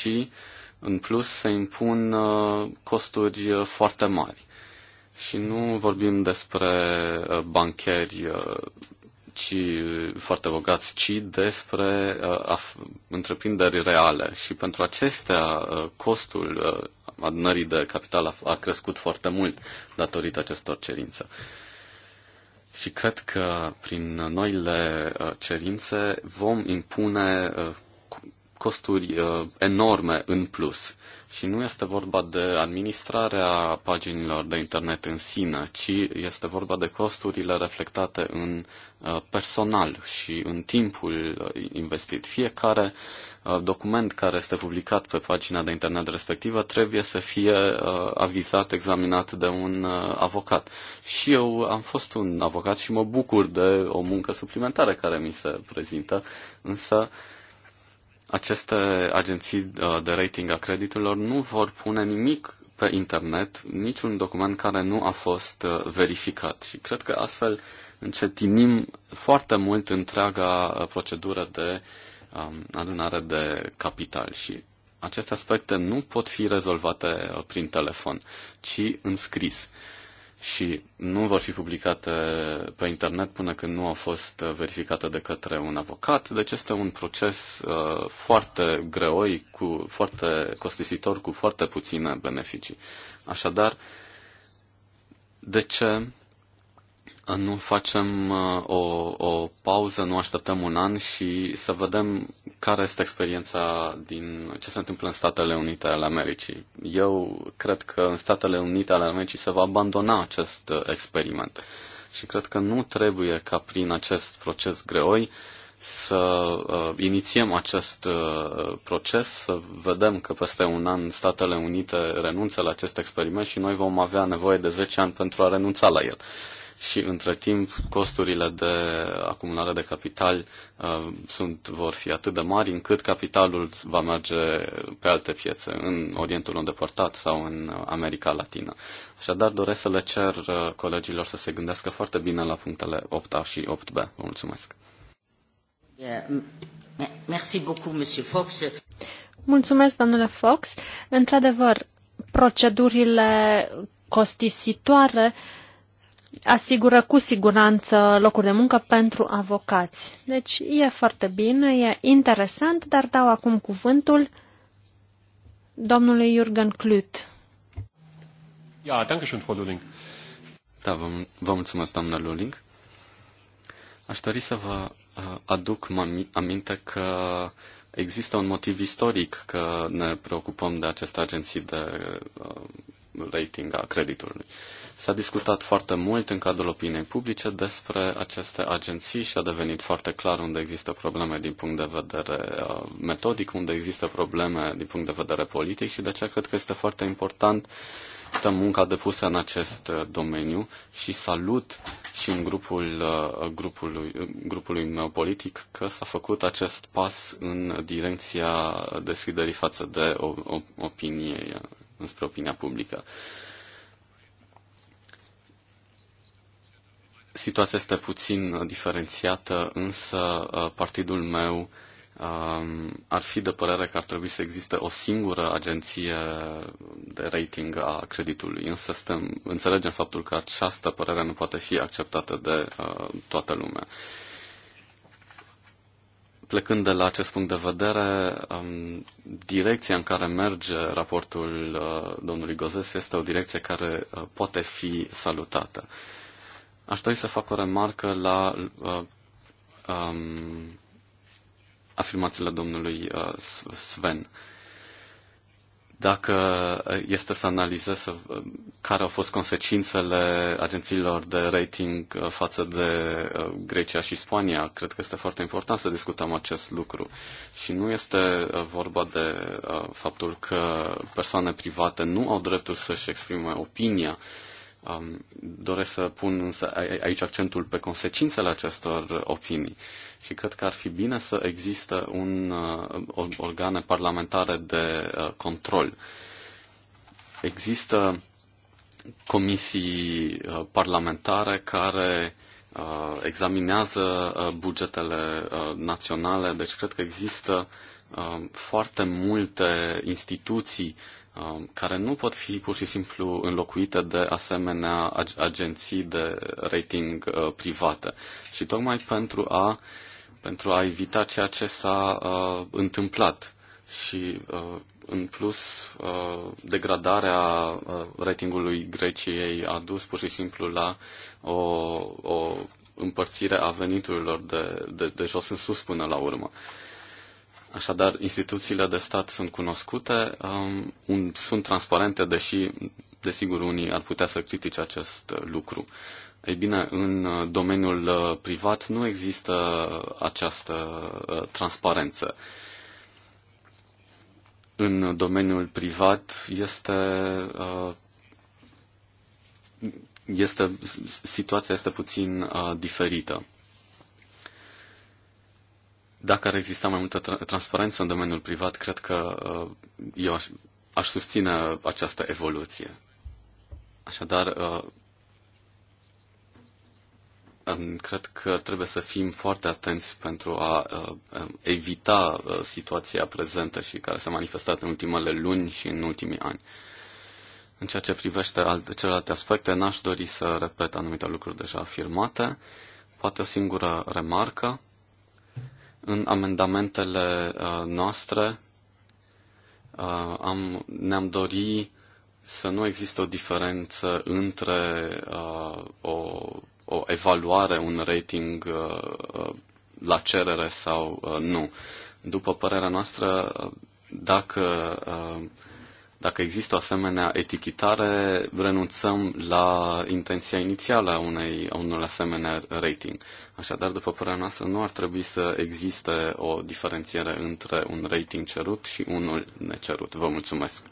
și în plus se impun costuri foarte mari. Și nu vorbim despre bancheri ci, foarte bogați, ci despre uh, întreprinderi reale. Și pentru acestea, uh, costul uh, adunării de capital a, a crescut foarte mult datorită acestor cerințe. Și cred că prin noile uh, cerințe vom impune uh, costuri uh, enorme în plus. Și nu este vorba de administrarea paginilor de internet în sine, ci este vorba de costurile reflectate în Uh, personal și în timpul uh, investit. Fiecare uh, document care este publicat pe pagina de internet respectivă trebuie să fie avizat, examinat de un avocat. Și eu am fost un avocat și mă bucur de o muncă suplimentară care mi se prezintă, însă aceste agenții de rating a creditelor nu vor pune nimic pe internet, niciun document care nu a fost verificat. Și cred că astfel încetinim foarte mult întreaga uh, procedură de um, adunare de capital și aceste aspecte nu pot fi rezolvate uh, prin telefon, ci în scris și nu vor fi publicate uh, pe internet până când nu au fost verificate de către un avocat. Deci este un proces uh, foarte greoi, cu, foarte costisitor, cu foarte puține beneficii. Așadar, de ce nu facem uh, o, o pauză, nu așteptăm un an și să vedem care este experiența din ce se întâmplă în Statele Unite ale Americii. Eu cred că în Statele Unite ale Americii se va abandona acest uh, experiment și cred că nu trebuie ca prin acest proces greoi să uh, inițiem acest uh, proces, să vedem că peste un an Statele Unite renunță la acest experiment și noi vom avea nevoie de 10 ani pentru a renunța la el. Uh, și între timp costurile de acumulare de capital uh, sunt, vor fi atât de mari încât capitalul va merge pe alte piețe, în Orientul îndepărtat sau în America Latină. Așadar doresc să le cer uh, colegilor să se gândească foarte bine la punctele 8A și 8B. Vă mulțumesc! Merci beaucoup, Monsieur Fox. Mulțumesc, domnule Fox. Într-adevăr, procedurile costisitoare uh, asigură cu siguranță locuri de muncă pentru avocați. Deci e foarte bine, e interesant, dar dau acum cuvântul domnului Jürgen Klüt. Ja, danke schön, Frau Luling. Da, vă, vă mulțumesc, doamna Luling. Aș dori să vă uh, aduc aminte că există un motiv istoric că ne preocupăm de aceste agenții de uh, rating a creditului. S-a discutat foarte mult în cadrul opiniei publice despre aceste agenții și a devenit foarte clar unde există probleme din punct de vedere uh, metodic, unde există probleme din punct de vedere politic și de aceea cred că este foarte important munca depusă în acest uh, domeniu și salut și în grupul uh, grupului, grupului meu politic că s-a făcut acest pas în direcția deschiderii față de o, o, înspre opinia publică. Situația este puțin uh, diferențiată, însă uh, partidul meu um, ar fi de părere că ar trebui să existe o singură agenție de rating a creditului, însă stăm înțelegem faptul că această părere nu poate fi acceptată de uh, toată lumea. Plecând de la acest punct de vedere, direcția în care merge raportul uh, domnului Gozes este o direcție care uh, poate fi salutată. Aș dori să fac o remarcă la uh, um, afirmațiile domnului Sven. Dacă eh, este să analizez eh, care au fost consecințele agențiilor de rating eh, față de Grecia și Spania, cred că este foarte important să discutăm acest lucru. Și nu este vorba de faptul că persoane private nu au dreptul să-și exprime opinia. Doresc să pun aici accentul pe consecințele acestor opinii și cred că ar fi bine să existe un uh, organe parlamentare de uh, control. Există comisii uh, parlamentare care uh, examinează uh, bugetele uh, naționale, deci cred că există uh, foarte multe instituții uh, care nu pot fi pur și simplu înlocuite de asemenea agenții de rating uh, private. Și tocmai pentru a pentru a evita ceea ce s-a uh, întâmplat și, uh, în plus, uh, degradarea uh, ratingului Greciei a dus pur și simplu la o, o împărțire a veniturilor de, de, de jos în sus până la urmă. Așadar, instituțiile de stat sunt cunoscute, um, un, sunt transparente, deși, desigur, unii ar putea să critice acest lucru. Uh, ei bine, în uh, domeniul uh, privat nu există uh, această transparență. În domeniul privat este, este situația este puțin diferită. Dacă ar exista mai multă transparență în domeniul privat, cred că eu aș, aș susține această evoluție. Așadar, Cred că trebuie să fim foarte atenți pentru a evita situația prezentă și care s-a manifestat în ultimele luni și în ultimii ani. În ceea ce privește alte, celelalte aspecte, n-aș dori să repet anumite lucruri deja afirmate. Poate o singură remarcă. În amendamentele noastre am, ne-am dorit să nu există o diferență între uh, o o evaluare, un rating uh, uh, la cerere sau uh, nu. După părerea noastră, dacă, dacă există o asemenea etichetare, renunțăm la intenția inițială a, unei, a unor asemenea rating. Așadar, după părerea noastră, nu ar trebui să existe o diferențiere între un rating cerut și unul necerut. Vă mulțumesc!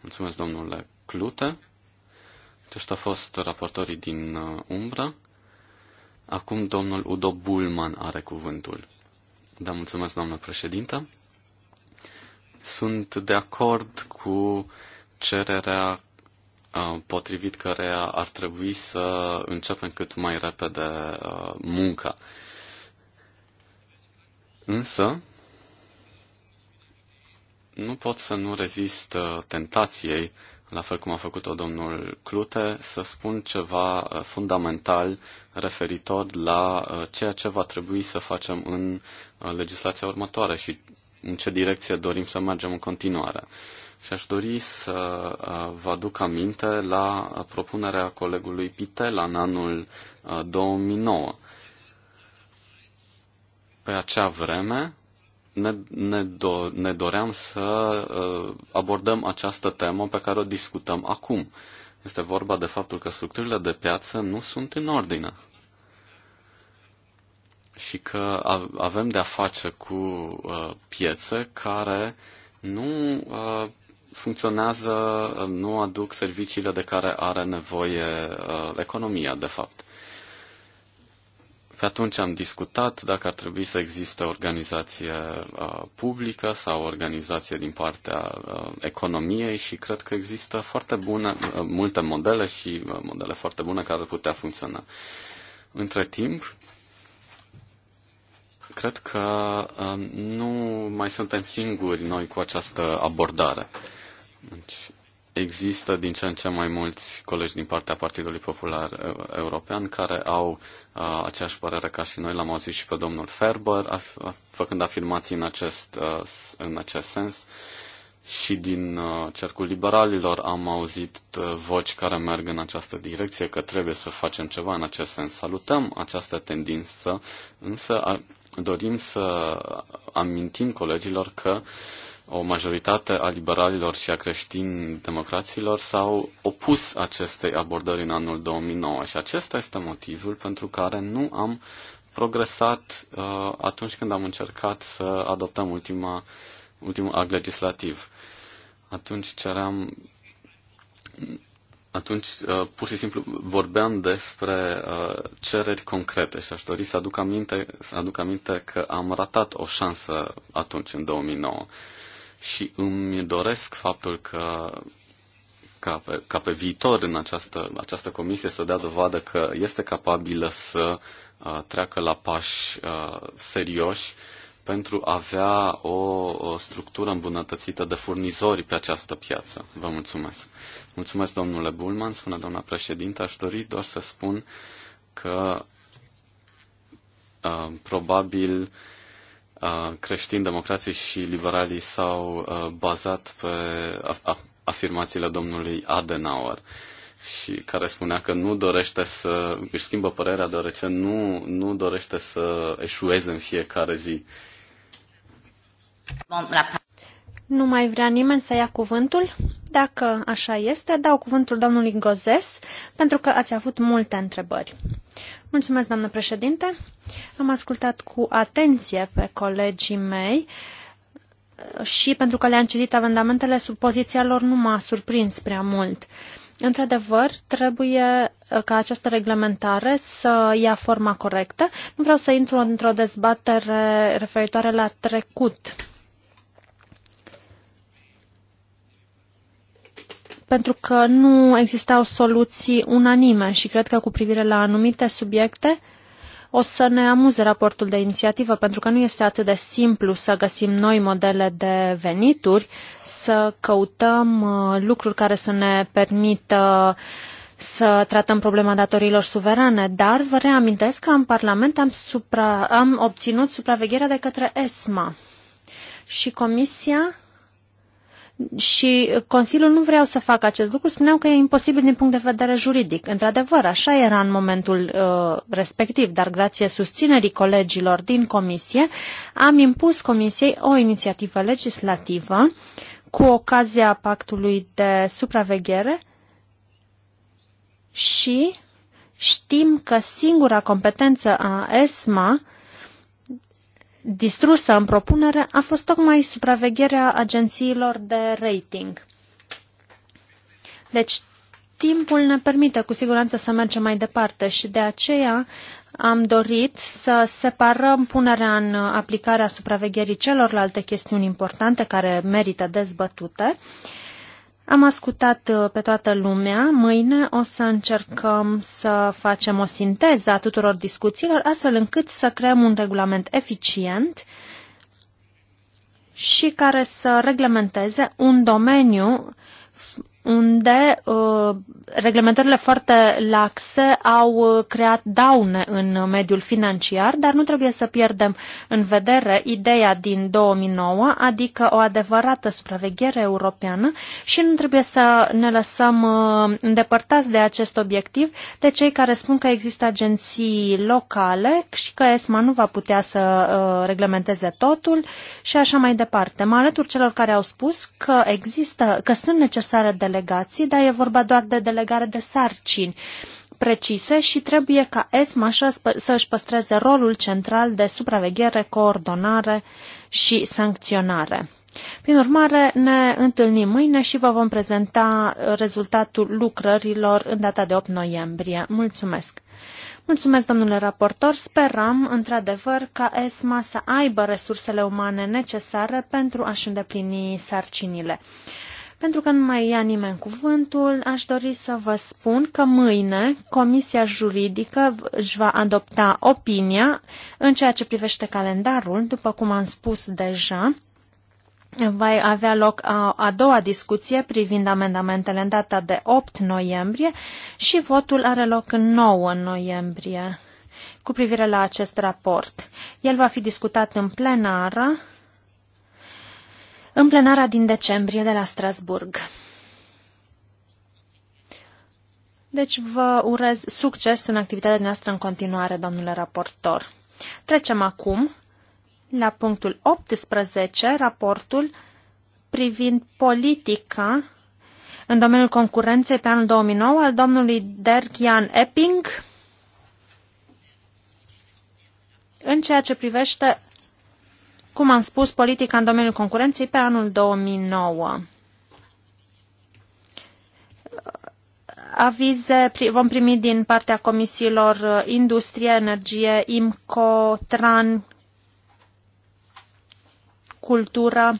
Mulțumesc, domnule Clute. Aceștia au fost raportorii din uh, umbră. Acum domnul Udo Bulman are cuvântul. Da, mulțumesc, doamnă președintă. Sunt de acord cu cererea uh, potrivit care ar trebui să începem cât mai repede uh, munca. Însă, nu pot să nu rezist tentației la fel cum a făcut-o domnul Clute, să spun ceva uh, fundamental referitor la uh, ceea ce va trebui să facem în uh, legislația următoare și în ce direcție dorim să mergem în continuare. Și aș dori să vă aduc aminte la propunerea colegului Pitela în anul 2009. Pe acea vreme, ne, ne, do, ne doream să uh, abordăm această temă pe care o discutăm acum. Este vorba de faptul că structurile de piață nu sunt în ordine și că avem de-a face cu uh, piețe care nu uh, funcționează, nu aduc serviciile de care are nevoie uh, economia, de fapt atunci am discutat dacă ar trebui să existe organizație uh, publică sau organizație din partea uh, economiei și cred că există foarte bune, uh, multe modele și uh, modele foarte bune care ar putea funcționa. Între timp, cred că uh, nu mai suntem singuri noi cu această abordare. Deci, există din ce în ce mai mulți colegi din partea Partidului Popular uh, European care au uh, aceeași părere ca și noi. L-am auzit și pe domnul Ferber af- uh, făcând afirmații în acest, în acest sens. Și din cercul liberalilor am auzit voci care merg în această direcție, că trebuie să facem ceva în acest sens. Salutăm această tendință, însă dorim să amintim colegilor că uh, o majoritate a liberalilor și a creștin-democraților s-au opus acestei abordări în anul 2009 și acesta este motivul pentru care nu am progresat uh, atunci când am încercat să adoptăm ultima, ultimul act legislativ. Atunci ceream atunci uh, pur și simplu vorbeam despre uh, cereri concrete și aș dori să aduc aminte, să aduc aminte că am ratat o șansă atunci, în 2009 și îmi doresc faptul că ca pe, ca pe viitor în această, această comisie să dea dovadă că este capabilă să uh, treacă la pași uh, serioși pentru a avea o, o structură îmbunătățită de furnizori pe această piață. Vă mulțumesc. Mulțumesc, domnule Bulman, spune doamna președinte. Aș dori doar să spun că uh, probabil uh, creștini, democrații și liberalii s-au bazat pe afirmațiile domnului Adenauer și care spunea că nu dorește să își schimbă părerea deoarece nu, nu dorește să eșueze în fiecare zi. Nu mai vrea nimeni să ia cuvântul? Dacă așa este, dau cuvântul domnului Gozes, pentru că ați avut multe întrebări. Mulțumesc, doamnă președinte. Am ascultat cu atenție pe colegii mei și pentru că le-am citit amendamentele, poziția lor nu m-a surprins prea mult. Într-adevăr, trebuie uh, ca această reglementare să ia forma corectă. Nu vreau să intru într-o dezbatere referitoare la trecut pentru că nu existau soluții unanime și cred că cu privire la anumite subiecte o să ne amuze raportul de inițiativă, pentru că nu este atât de simplu să găsim noi modele de venituri, să căutăm uh, lucruri care să ne permită să tratăm problema datorilor suverane, dar vă reamintesc că în Parlament am, supra, am obținut supravegherea de către ESMA și Comisia și Consiliul nu vreau să facă acest lucru, spuneau că e imposibil din punct de vedere juridic. Într-adevăr, așa era în momentul uh, respectiv, dar grație susținerii colegilor din Comisie, am impus Comisiei o inițiativă legislativă cu ocazia pactului de supraveghere și știm că singura competență a ESMA distrusă în propunere a fost tocmai supravegherea agențiilor de rating. Deci, timpul ne permite cu siguranță să mergem mai departe și de aceea am dorit să separăm punerea în aplicare a supravegherii celorlalte chestiuni importante care merită dezbătute uh, am ascultat uh, pe toată lumea. Mâine o să încercăm să facem o sinteză a tuturor discuțiilor, astfel încât să creăm un regulament eficient și care să reglementeze un domeniu unde uh, reglementările foarte laxe au uh, creat daune în mediul financiar, dar nu trebuie să pierdem în vedere ideea din 2009, adică o adevărată supraveghere europeană și nu trebuie să ne lăsăm uh, îndepărtați de acest obiectiv de cei care spun că există agenții locale și că ESMA nu va putea să uh, reglementeze totul și așa mai departe. Mă alătur celor care au spus că există, că sunt necesare de delegații, dar e vorba doar de delegare de sarcini precise și trebuie ca ESMA să își păstreze rolul central de supraveghere, coordonare și sancționare. Prin urmare, ne întâlnim mâine și vă vom prezenta rezultatul lucrărilor în data de 8 noiembrie. Mulțumesc! Mulțumesc, domnule raportor. Sperăm, într-adevăr, ca ESMA să aibă resursele umane necesare pentru a-și îndeplini sarcinile. Pentru că nu mai ia nimeni cuvântul, aș dori să vă spun că mâine Comisia Juridică își va adopta opinia în ceea ce privește calendarul, după cum am spus deja. Va avea loc a, a doua discuție privind amendamentele în data de 8 noiembrie și votul are loc în 9 noiembrie cu privire la acest raport. El va fi discutat în plenară în plenara din decembrie de la Strasburg. Deci vă urez succes în activitatea noastră în continuare, domnule raportor. Trecem acum la punctul 18, raportul privind politica în domeniul concurenței pe anul 2009 al domnului Dirk Jan Epping în ceea ce privește cum am spus, politica în domeniul concurenței pe anul 2009. Avize vom primi din partea comisiilor uh, Industrie, Energie, IMCO, TRAN, Cultură.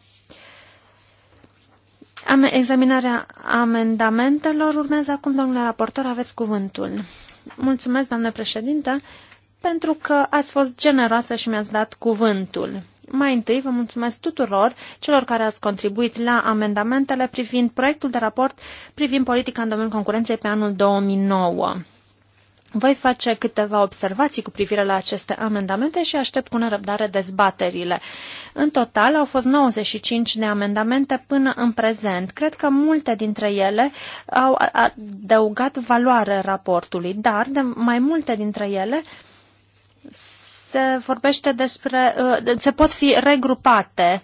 Am Examinarea amendamentelor urmează acum, domnule raportor, aveți cuvântul. Mulțumesc, doamnă președinte, pentru că ați fost generoasă și mi-ați dat cuvântul. Mai întâi vă mulțumesc tuturor celor care ați contribuit la amendamentele privind proiectul de raport privind politica în domeniul concurenței pe anul 2009. Voi face câteva observații cu privire la aceste amendamente și aștept cu nerăbdare dezbaterile. În total au fost 95 de amendamente până în prezent. Cred că multe dintre ele au adăugat valoare raportului, dar de mai multe dintre ele se vorbește despre, uh, se pot fi regrupate.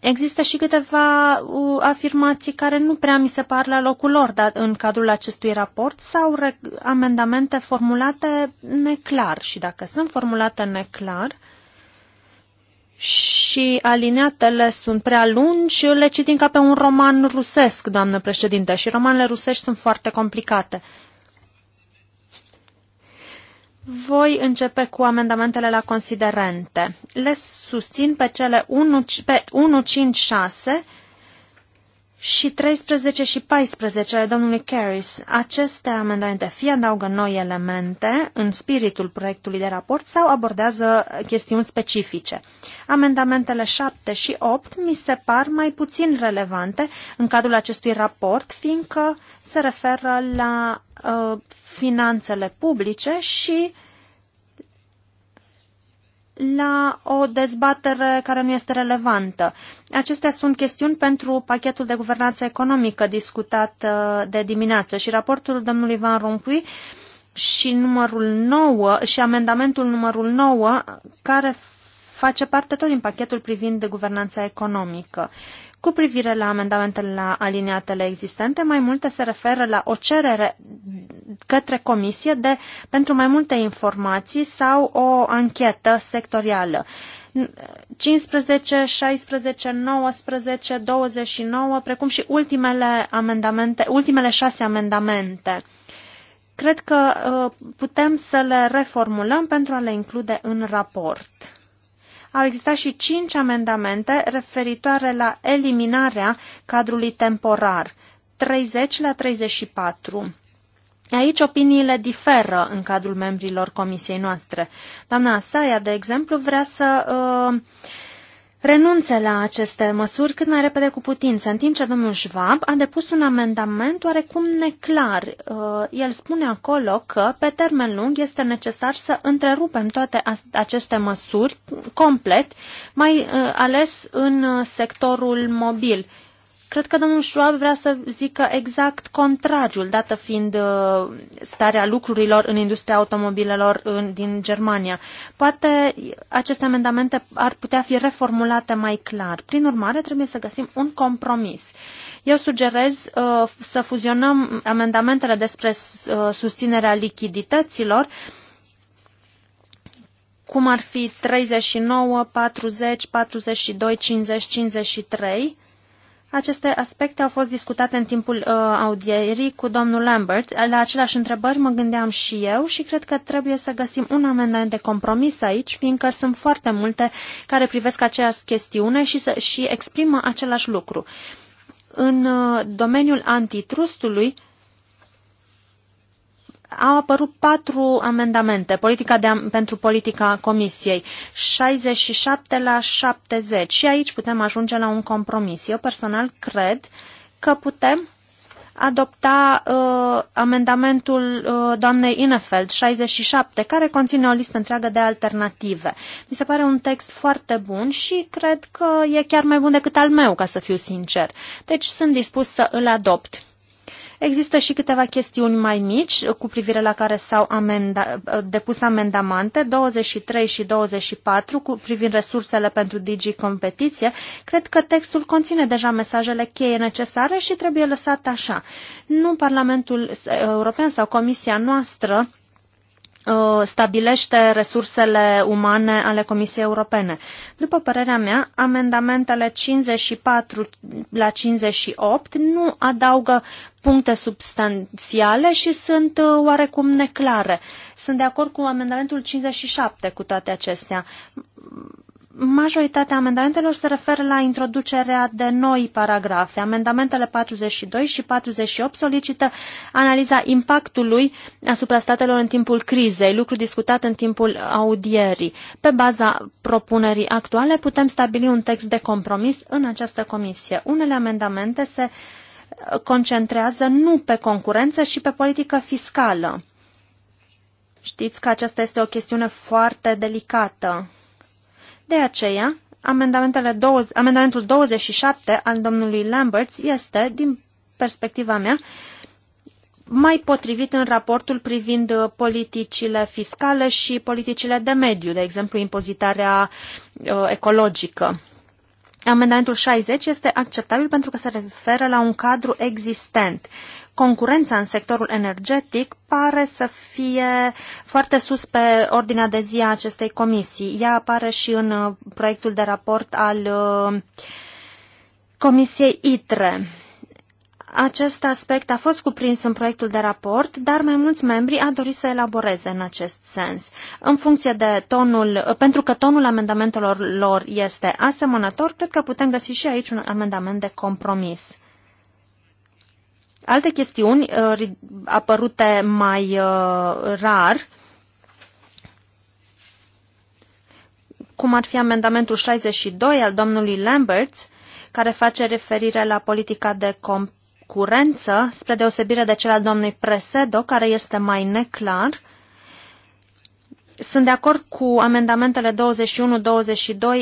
Există și câteva uh, afirmații care nu prea mi se par la locul lor dar în cadrul acestui raport sau amendamente formulate neclar. Și dacă sunt formulate neclar și alineatele sunt prea lungi, le citim ca pe un roman rusesc, doamnă președinte, și romanele rusești sunt foarte complicate. Voi începe cu amendamentele la considerente. Le susțin pe cele 1, pe 6 și 13 și 14 ale domnului Caris. Aceste amendamente fie adaugă noi elemente în spiritul proiectului de raport sau abordează chestiuni specifice. Amendamentele 7 și 8 mi se par mai puțin relevante în cadrul acestui raport, fiindcă se referă la uh, finanțele publice și la o dezbatere care nu este relevantă. Acestea sunt chestiuni pentru pachetul de guvernanță economică discutat uh, de dimineață și raportul domnului Van Rompuy și numărul 9 și amendamentul numărul 9 care face parte tot din pachetul privind de guvernanța economică. Cu privire la amendamentele la aliniatele existente, mai multe se referă la o cerere către comisie de, pentru mai multe informații sau o anchetă sectorială. 15, 16, 19, 29, precum și ultimele, amendamente, ultimele șase amendamente. Cred că uh, putem să le reformulăm pentru a le include în raport au existat și cinci amendamente referitoare la eliminarea cadrului temporar, 30 la 34. Aici opiniile diferă în cadrul membrilor comisiei noastre. Doamna Saia, de exemplu, vrea să uh, renunțe la aceste măsuri cât mai repede cu putință, în timp ce domnul Schwab a depus un amendament oarecum neclar. Uh, el spune acolo că, pe termen lung, este necesar să întrerupem toate aceste măsuri complet, mai uh, ales în uh, sectorul mobil. Cred că domnul Schwab vrea să zică exact contrariul, dată fiind uh, starea lucrurilor în industria automobilelor în, din Germania. Poate aceste amendamente ar putea fi reformulate mai clar. Prin urmare, trebuie să găsim un compromis. Eu sugerez uh, să fuzionăm amendamentele despre uh, susținerea lichidităților cum ar fi 39, 40, 42, 50, 53 aceste aspecte au fost discutate în timpul uh, audierii cu domnul Lambert. La aceleași întrebări mă gândeam și eu și cred că trebuie să găsim un amendament de compromis aici, fiindcă sunt foarte multe care privesc aceeași chestiune și, să, și exprimă același lucru. În uh, domeniul antitrustului, au apărut patru amendamente politica de, pentru politica Comisiei, 67 la 70 și aici putem ajunge la un compromis. Eu personal cred că putem adopta uh, amendamentul uh, doamnei Inefeld 67, care conține o listă întreagă de alternative. Mi se pare un text foarte bun și cred că e chiar mai bun decât al meu, ca să fiu sincer. Deci sunt dispus să îl adopt. Există și câteva chestiuni mai mici cu privire la care s-au amenda, depus amendamente, 23 și 24, cu privind resursele pentru Digi Competiție. Cred că textul conține deja mesajele cheie necesare și trebuie lăsat așa. Nu Parlamentul European sau Comisia noastră Uh, stabilește resursele umane ale Comisiei Europene. După părerea mea, amendamentele 54 la 58 nu adaugă puncte substanțiale și sunt uh, oarecum neclare. Sunt de acord cu amendamentul 57 cu toate acestea. Majoritatea amendamentelor se referă la introducerea de noi paragrafe. Amendamentele 42 și 48 solicită analiza impactului asupra statelor în timpul crizei, lucru discutat în timpul audierii. Pe baza propunerii actuale putem stabili un text de compromis în această comisie. Unele amendamente se concentrează nu pe concurență și pe politică fiscală. Știți că aceasta este o chestiune foarte delicată. De aceea, amendamentele 20, amendamentul 27 al domnului Lamberts este, din perspectiva mea, mai potrivit în raportul privind uh, politicile fiscale și politicile de mediu, de exemplu impozitarea uh, ecologică. Amendamentul 60 este acceptabil pentru că se referă la un cadru existent. Concurența în sectorul energetic pare să fie foarte sus pe ordinea de zi a acestei comisii. Ea apare și în uh, proiectul de raport al uh, Comisiei ITRE. Acest aspect a fost cuprins în proiectul de raport, dar mai mulți membri a dorit să elaboreze în acest sens. În funcție de tonul, pentru că tonul amendamentelor lor este asemănător, cred că putem găsi și aici un amendament de compromis. Alte chestiuni uh, apărute mai uh, rar cum ar fi amendamentul 62 al domnului Lamberts, care face referire la politica de comp curență, spre deosebire de cel al domnului Presedo, care este mai neclar, sunt de acord cu amendamentele 21-22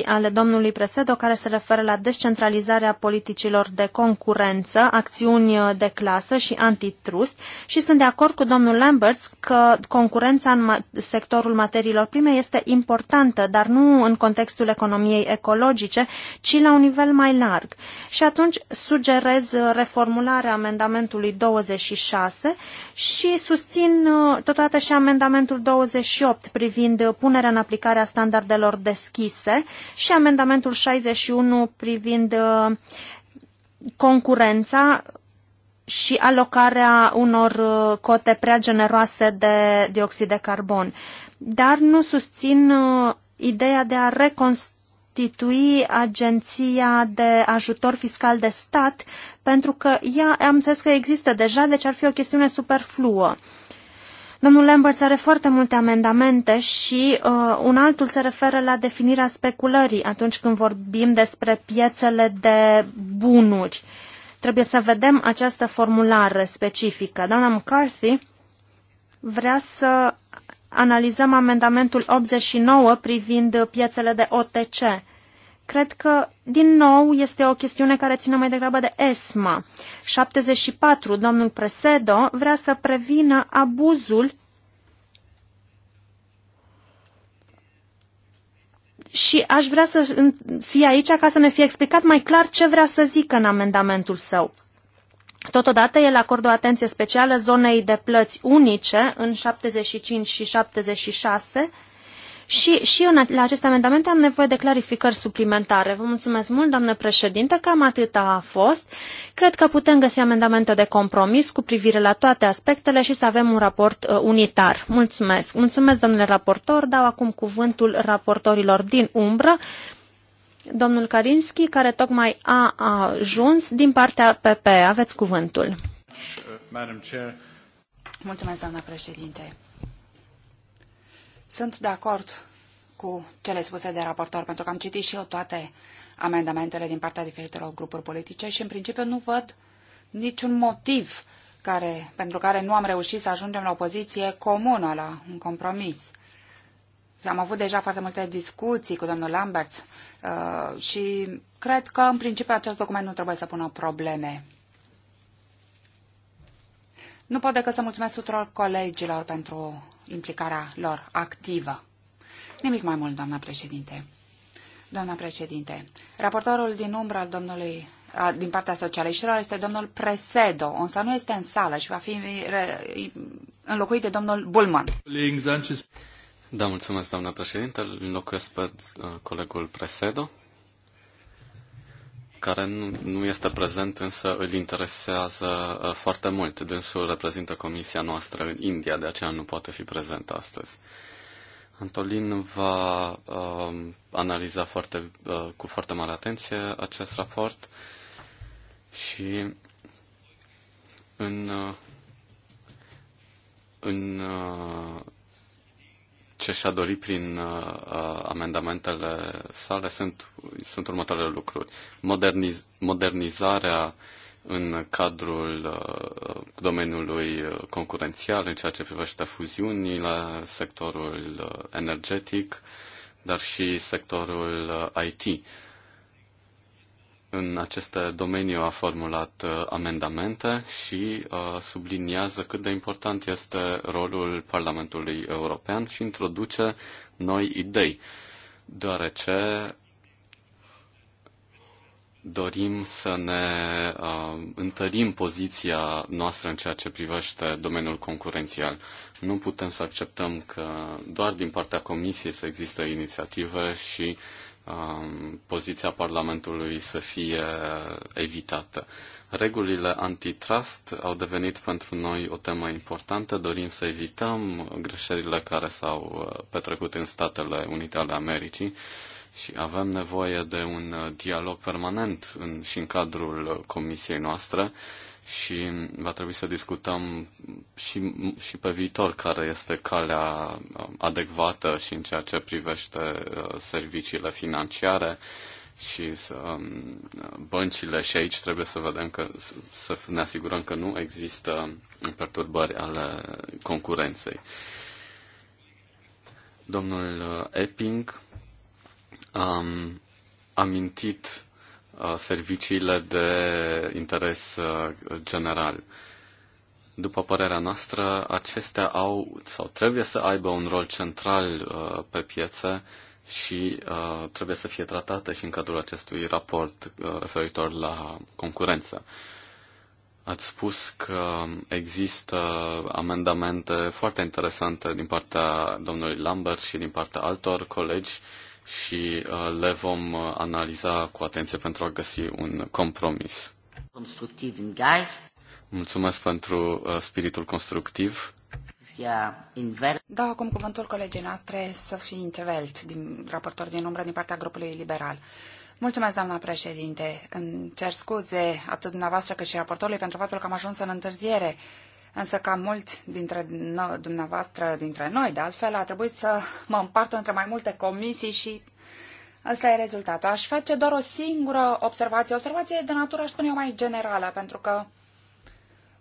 ale domnului Presedo, care se referă la descentralizarea politicilor de concurență, acțiuni de clasă și antitrust și sunt de acord cu domnul Lamberts că concurența în sectorul materiilor prime este importantă, dar nu în contextul economiei ecologice, ci la un nivel mai larg. Și atunci sugerez reformularea amendamentului 26 și susțin uh, totodată și amendamentul 28 privind punerea în aplicare a standardelor deschise și amendamentul 61 privind uh, concurența și alocarea unor uh, cote prea generoase de dioxid de carbon. Dar nu susțin uh, ideea de a Titui agenția de ajutor fiscal de stat, pentru că ea, am înțeles că există deja, deci ar fi o chestiune superfluă. Uh, Domnul Lambert are foarte multe amendamente și uh, un altul se referă la definirea speculării atunci când vorbim despre piețele de bunuri. Trebuie să vedem această formulare specifică. Doamna McCarthy vrea să analizăm amendamentul 89 privind piețele de OTC. Cred că, din nou, este o chestiune care ține mai degrabă de ESMA. 74, domnul Presedo, vrea să prevină abuzul și aș vrea să fie aici ca să ne fie explicat mai clar ce vrea să zică în amendamentul său. Totodată, el acordă o atenție specială zonei de plăți unice în 75 și 76, și, și în, la aceste amendamente am nevoie de clarificări suplimentare. Vă mulțumesc mult, doamnă președinte, cam atât a fost. Cred că putem găsi amendamente de compromis cu privire la toate aspectele și să avem un raport uh, unitar. Mulțumesc. Mulțumesc, domnule raportor. Dau acum cuvântul raportorilor din umbră. Domnul Karinski, care tocmai a ajuns din partea PP. Aveți cuvântul. Mulțumesc, doamna președinte. Sunt de acord cu cele spuse de raportor, pentru că am citit și eu toate amendamentele din partea diferitelor grupuri politice și, în principiu, nu văd niciun motiv care, pentru care nu am reușit să ajungem la o poziție comună, la un compromis. Am avut deja foarte multe discuții cu domnul Lambert uh, și cred că, în principiu, acest document nu trebuie să pună probleme. Nu pot decât să mulțumesc tuturor colegilor pentru implicarea lor activă. Nimic mai mult, doamna președinte. Doamna președinte, raportorul din umbră al domnului din partea socialiștilor este domnul Presedo, însă nu este în sală și va fi înlocuit de domnul Bulman. Da, mulțumesc, doamna președinte. Înlocuiesc pe uh, colegul Presedo care nu, nu este prezent, însă îl interesează uh, foarte mult. Dânsul reprezintă comisia noastră în India, de aceea nu poate fi prezent astăzi. Antolin va uh, analiza foarte, uh, cu foarte mare atenție acest raport și în, uh, în uh, ce și-a dorit prin uh, uh, amendamentele sale sunt, sunt următoarele lucruri. Moderniz, modernizarea în cadrul uh, domeniului concurențial în ceea ce privește fuziunile, sectorul uh, energetic, dar și sectorul uh, IT în acest domeniu a formulat uh, amendamente și uh, subliniază cât de important este rolul Parlamentului European și introduce noi idei, deoarece dorim să ne uh, întărim poziția noastră în ceea ce privește domeniul concurențial. Nu putem să acceptăm că doar din partea Comisiei să există inițiative și Um, poziția Parlamentului să fie evitată. Regulile antitrust au devenit pentru noi o temă importantă. Dorim să evităm greșelile care s-au uh, petrecut în Statele Unite ale Americii și avem nevoie de un uh, dialog permanent în, și în cadrul uh, comisiei noastre și va trebui să discutăm și, și pe viitor care este calea um, adecvată și în ceea ce privește uh, serviciile financiare și um, băncile și aici trebuie să vedem că să ne asigurăm că nu există perturbări ale concurenței. Domnul uh, Epping um, amintit Uh, serviciile de interes uh, general. După părerea noastră, acestea au sau trebuie să aibă un rol central uh, pe piețe și trebuie să fie tratate și în cadrul acestui raport referitor la concurență. Ați spus că există amendamente foarte interesante din partea domnului Lambert și din partea altor colegi uh, și uh, le vom uh, analiza cu atenție pentru a găsi un compromis. Constructiv în geist. Mulțumesc pentru uh, spiritul constructiv. Da, acum cuvântul colegii noastre, Sofie Intervelt din, raportor din umbră din partea grupului liberal. Mulțumesc, doamna președinte. Îmi cer scuze atât dumneavoastră cât și raportorului pentru faptul că am ajuns în întârziere. Însă ca mulți dintre dumneavoastră, dintre noi, de altfel, a trebuit să mă împart între mai multe comisii și ăsta e rezultatul. Aș face doar o singură observație, observație de natură, aș spune eu, mai generală, pentru că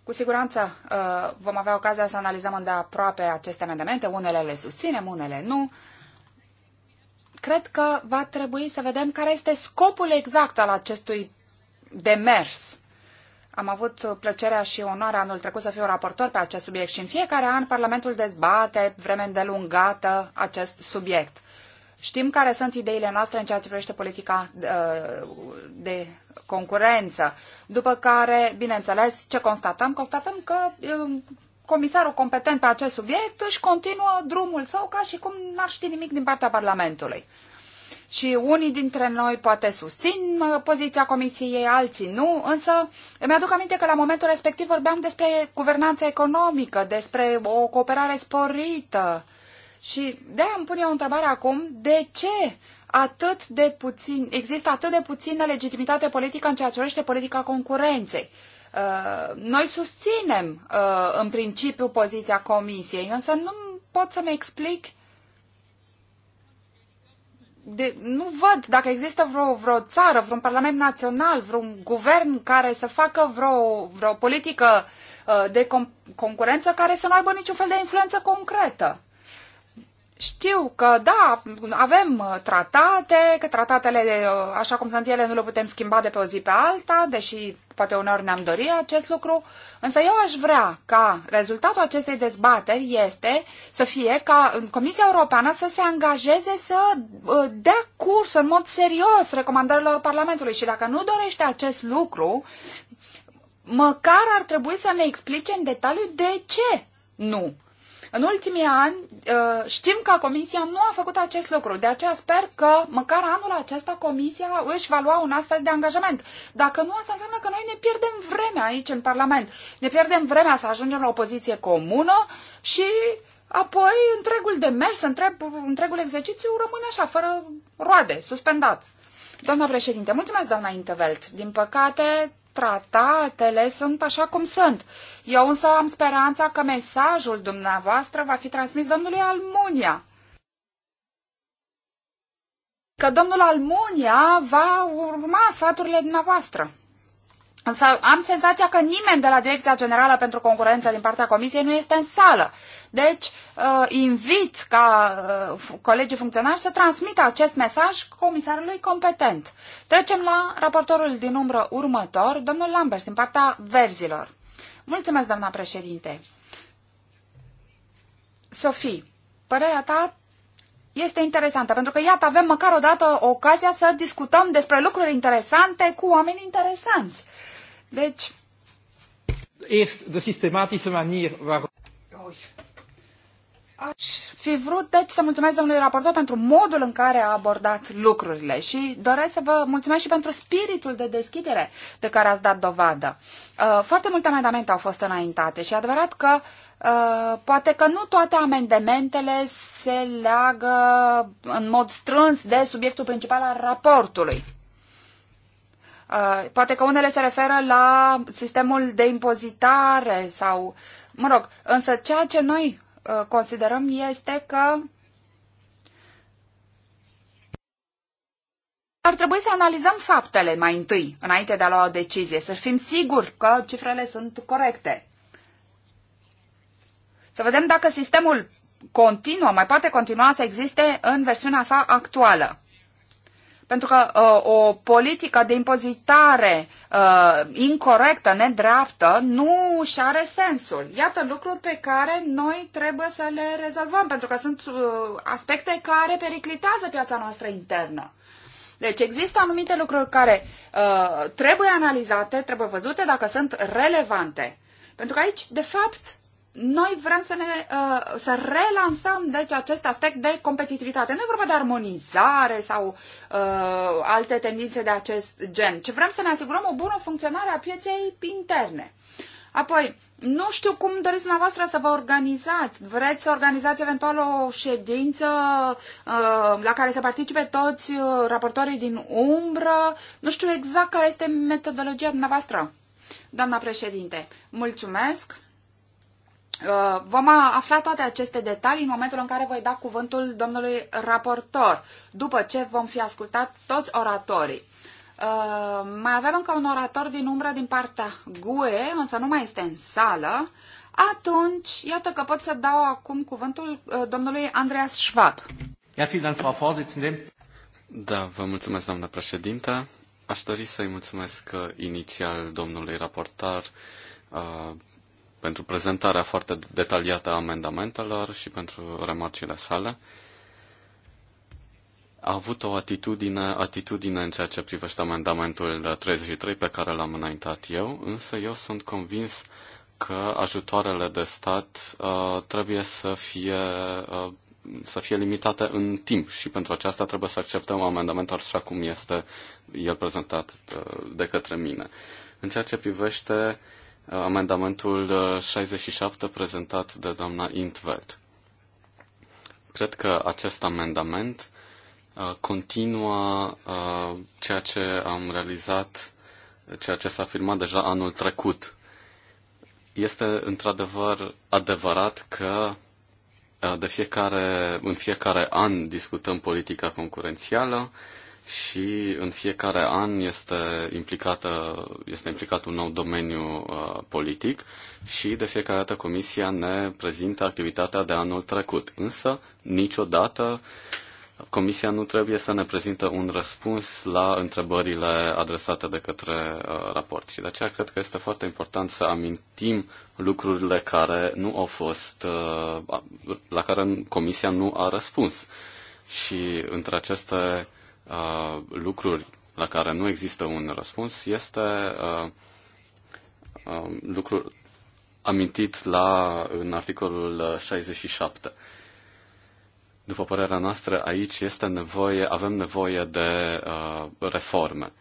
cu siguranță uh, vom avea ocazia să analizăm îndeaproape aceste amendamente, unele le susținem, unele nu. Cred că va trebui să vedem care este scopul exact al acestui demers am avut plăcerea și onoarea anul trecut să fiu raportor pe acest subiect și în fiecare an Parlamentul dezbate vreme îndelungată acest subiect. Știm care sunt ideile noastre în ceea ce privește politica uh, de concurență, după care, bineînțeles, ce constatăm? Constatăm că uh, comisarul competent pe acest subiect își continuă drumul său ca și cum n-ar ști nimic din partea Parlamentului și unii dintre noi poate susțin uh, poziția comisiei, alții nu, însă îmi aduc aminte că la momentul respectiv vorbeam despre guvernanță economică, despre o cooperare sporită. Și de aia îmi pun eu întrebarea acum, de ce atât de puțin, există atât de puțină legitimitate politică în ceea ce urește politica concurenței? Uh, noi susținem uh, în principiu poziția comisiei, însă nu pot să-mi explic uh, de, nu văd dacă există vreo, vreo țară, vreun parlament național, vreun guvern care să facă vreo, vreo politică uh, de com- concurență care să nu aibă niciun fel de influență concretă. Știu că, da, avem uh, tratate, că tratatele, uh, așa cum sunt ele, nu le putem schimba de pe o zi pe alta, deși poate uneori ne-am dori acest lucru, însă eu aș vrea ca rezultatul acestei dezbateri este să fie ca Comisia Europeană să se angajeze să uh, dea curs în mod serios recomandărilor Parlamentului și dacă nu dorește acest lucru, măcar ar trebui să ne explice în detaliu de ce nu. În ultimii ani uh, știm că Comisia nu a făcut acest lucru, de aceea sper că măcar anul acesta Comisia își va lua un astfel de angajament. Dacă nu, asta înseamnă că noi ne pierdem vremea aici în Parlament. Ne pierdem vremea să ajungem la o poziție comună și apoi întregul demers, întreg, întregul exercițiu rămâne așa, fără roade, suspendat. Doamna președinte, mulțumesc, doamna Intevelt. Din păcate, tratatele sunt așa cum sunt. Eu însă am speranța că mesajul dumneavoastră va fi transmis domnului Almunia. Că domnul Almunia va urma sfaturile dumneavoastră. Însă am senzația că nimeni de la Direcția Generală pentru Concurență din partea Comisiei nu este în sală. Deci uh, invit ca uh, colegii funcționari să transmită acest mesaj comisarului competent. Trecem la raportorul din umbră următor, domnul Lambert, din partea verzilor. Mulțumesc, doamna președinte. Sofie, părerea ta este interesantă, pentru că iată, avem măcar o dată ocazia să discutăm despre lucruri interesante cu oameni interesanți. Deci... Eerst de systematische manier waarop... Aș fi vrut, deci, să mulțumesc domnului raportor pentru modul în care a abordat lucrurile și doresc să vă mulțumesc și pentru spiritul de deschidere de care ați dat dovadă. Uh, foarte multe amendamente au fost înaintate și e adevărat că uh, poate că nu toate amendamentele se leagă în mod strâns de subiectul principal al raportului. Uh, poate că unele se referă la sistemul de impozitare sau, mă rog, însă ceea ce noi uh, considerăm este că ar trebui să analizăm faptele mai întâi, înainte de a lua o decizie, să fim siguri că cifrele sunt corecte. Să vedem dacă sistemul continuă, mai poate continua să existe în versiunea sa actuală. Pentru că uh, o politică de impozitare uh, incorrectă, nedreaptă, nu și are sensul. Iată lucruri pe care noi trebuie să le rezolvăm, pentru că sunt uh, aspecte care periclitează piața noastră internă. Deci există anumite lucruri care uh, trebuie analizate, trebuie văzute dacă sunt relevante. Pentru că aici, de fapt, noi vrem să, ne, uh, să relansăm deci, acest aspect de competitivitate. Nu e vorba de armonizare sau uh, alte tendințe de acest gen, ci vrem să ne asigurăm o bună funcționare a pieței interne. Apoi, nu știu cum doriți dumneavoastră să vă organizați. Vreți să organizați eventual o ședință uh, la care să participe toți uh, raportorii din umbră? Nu știu exact care este metodologia dumneavoastră. Doamna președinte, mulțumesc. Uh, vom afla toate aceste detalii în momentul în care voi da cuvântul domnului raportor, după ce vom fi ascultat toți oratorii. Uh, mai avem încă un orator din umbră din partea GUE, însă nu mai este în sală. Atunci, iată că pot să dau acum cuvântul uh, domnului Andreas Schwab. Ja, vielen Dank, Frau Vorsitzende. Da, vă mulțumesc, doamnă președintă. Aș dori să-i mulțumesc inițial domnului raportar pentru prezentarea foarte detaliată a amendamentelor și pentru remarcile sale. A avut o atitudine, atitudine în ceea ce privește amendamentul 33 pe care l-am înaintat eu, însă eu sunt convins că ajutoarele de stat uh, trebuie să fie, uh, să fie limitate în timp și pentru aceasta trebuie să acceptăm amendamentul așa cum este el prezentat uh, de către mine. În ceea ce privește uh, Uh, amendamentul 67 uh, prezentat de doamna Intveld. Cred că acest amendament uh, continuă ceea ce am realizat, ceea ce s-a afirmat deja anul trecut. Este într-adevăr adevărat că de fiecare, în fiecare an discutăm politica concurențială, și în fiecare an este, implicată, este implicat un nou domeniu uh, politic și de fiecare dată Comisia ne prezintă activitatea de anul trecut. Însă, niciodată Comisia nu trebuie să ne prezintă un răspuns la întrebările adresate de către uh, raport. Și de aceea cred că este foarte important să amintim lucrurile care nu au fost, uh, la care Comisia nu a răspuns. Și între aceste Uh, lucruri la care nu există un răspuns este uh, uh, lucru amintit la, în articolul 67. După părerea noastră, aici este nevoie, avem nevoie de uh, reforme.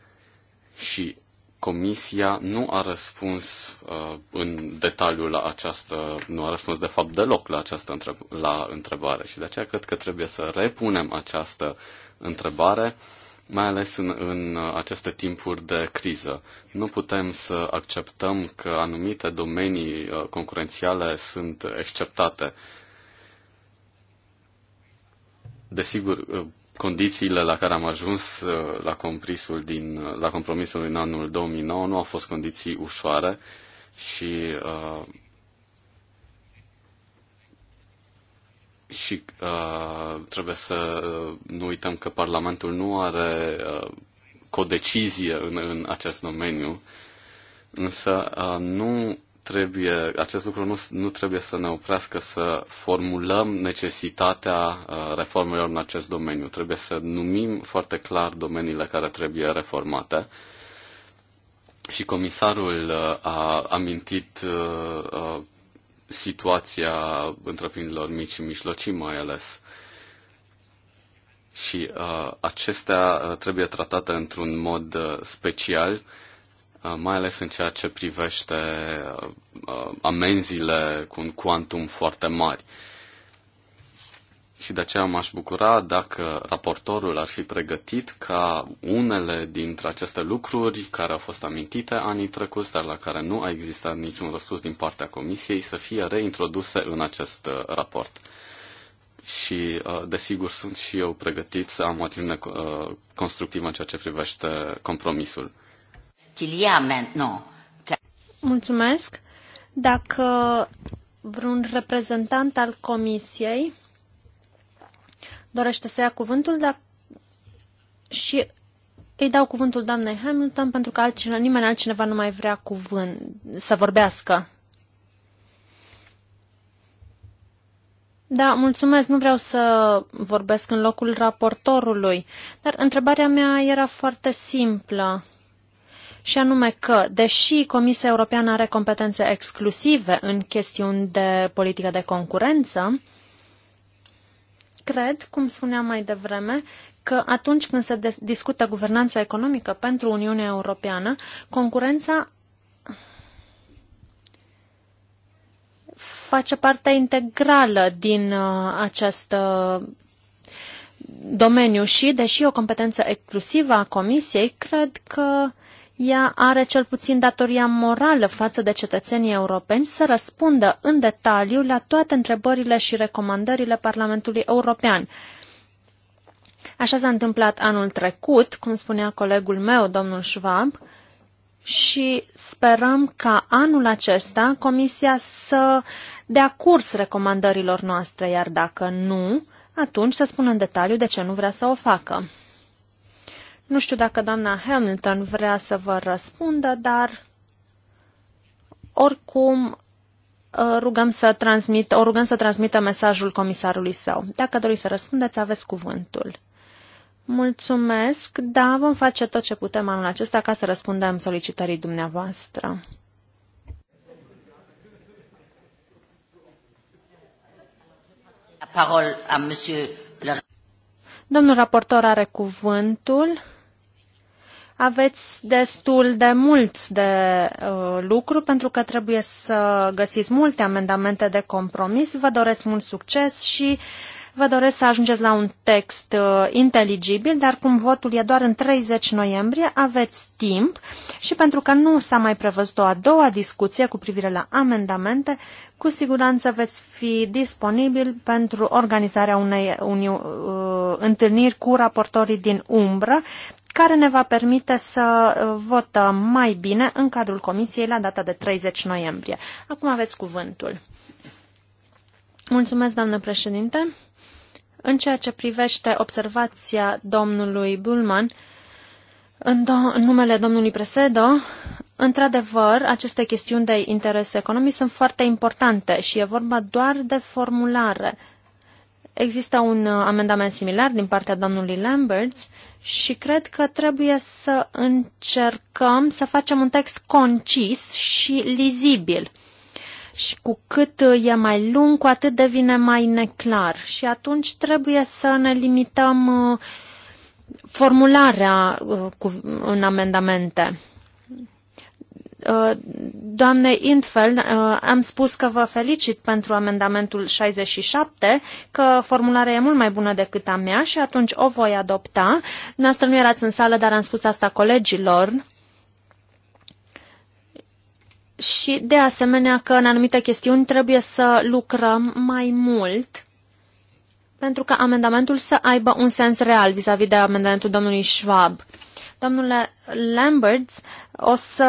Și Comisia nu a răspuns uh, în detaliu la această, nu a răspuns de fapt deloc la această întreb- la întrebare și de aceea cred că trebuie să repunem această întrebare, mai ales în, în aceste timpuri de criză. Nu putem să acceptăm că anumite domenii uh, concurențiale sunt exceptate. Desigur, uh, condițiile la care am ajuns uh, la, compromisul din, la compromisul din anul 2009 nu au fost condiții ușoare și uh, Și uh, trebuie să uh, nu uităm că Parlamentul nu are uh, codecizie în, în acest domeniu, însă uh, nu trebuie, acest lucru nu, nu trebuie să ne oprească să formulăm necesitatea uh, reformelor în acest domeniu. Trebuie să numim foarte clar domeniile care trebuie reformate. Și comisarul uh, a amintit situația întreprinderilor mici și mijlocii mai ales. Și uh, acestea uh, trebuie tratate într-un mod uh, special, uh, mai ales în ceea ce privește uh, uh amenziile cu un quantum foarte mari. Uh, și de aceea m-aș bucura dacă raportorul ar fi pregătit ca unele dintre aceste lucruri care au fost amintite anii trecuți, dar la care nu a existat niciun răspuns din partea Comisiei, să fie reintroduse în acest uh, raport. Și, uh, desigur, sunt și eu pregătit să am o atitudine uh, constructivă în ceea ce privește compromisul. Mulțumesc. Dacă vreun reprezentant al Comisiei dorește să ia cuvântul, dar și îi dau cuvântul doamnei Hamilton pentru că altcine, nimeni altcineva nu mai vrea cuvânt să vorbească. Da, mulțumesc, nu vreau să vorbesc în locul raportorului, dar întrebarea mea era foarte simplă. Și anume că, deși Comisia Europeană are competențe exclusive în chestiuni de politică de concurență, Cred, cum spuneam mai devreme, că atunci când se discută guvernanța economică pentru Uniunea Europeană, concurența face parte integrală din uh, acest uh, domeniu și, deși e o competență exclusivă a Comisiei, cred că ea are cel puțin datoria morală față de cetățenii europeni să răspundă în detaliu la toate întrebările și recomandările Parlamentului European. Așa s-a întâmplat anul trecut, cum spunea colegul meu, domnul Schwab, și sperăm ca anul acesta Comisia să dea curs recomandărilor noastre, iar dacă nu, atunci să spună în detaliu de ce nu vrea să o facă. Nu știu dacă doamna Hamilton vrea să vă răspundă, dar oricum uh, rugăm să transmit, o rugăm să transmită mesajul comisarului său. Dacă doriți să răspundeți, aveți cuvântul. Mulțumesc, da, vom face tot ce putem anul acesta ca să răspundem solicitării dumneavoastră. a Domnul raportor are cuvântul aveți destul de mult de uh, lucru pentru că trebuie să găsiți multe amendamente de compromis. Vă doresc mult succes și vă doresc să ajungeți la un text uh, inteligibil, dar cum votul e doar în 30 noiembrie, aveți timp și pentru că nu s-a mai prevăzut o a doua discuție cu privire la amendamente, cu siguranță veți fi disponibil pentru organizarea unei uh, întâlniri cu raportorii din umbră, care ne va permite să uh, votăm mai bine în cadrul Comisiei la data de 30 noiembrie. Acum aveți cuvântul. Mulțumesc, doamnă președinte. În ceea ce privește observația domnului Bulman, în, do- în numele domnului Presedo, într-adevăr, aceste chestiuni de interes economic sunt foarte importante și e vorba doar de formulare. Există un uh, amendament similar din partea domnului Lamberts și cred că trebuie să încercăm să facem un text concis și lizibil. Și cu cât uh, e mai lung, cu atât devine mai neclar. Și atunci trebuie să ne limităm uh, formularea în amendamente. Uh, doamne Intfeld, uh, am spus că vă felicit pentru amendamentul 67, că formularea e mult mai bună decât a mea și atunci o voi adopta. Noastră nu erați în sală, dar am spus asta colegilor. Și de asemenea că în anumite chestiuni trebuie să lucrăm mai mult pentru ca amendamentul să aibă un sens real vis-a-vis de amendamentul domnului Schwab. Domnule Lamberts, o să,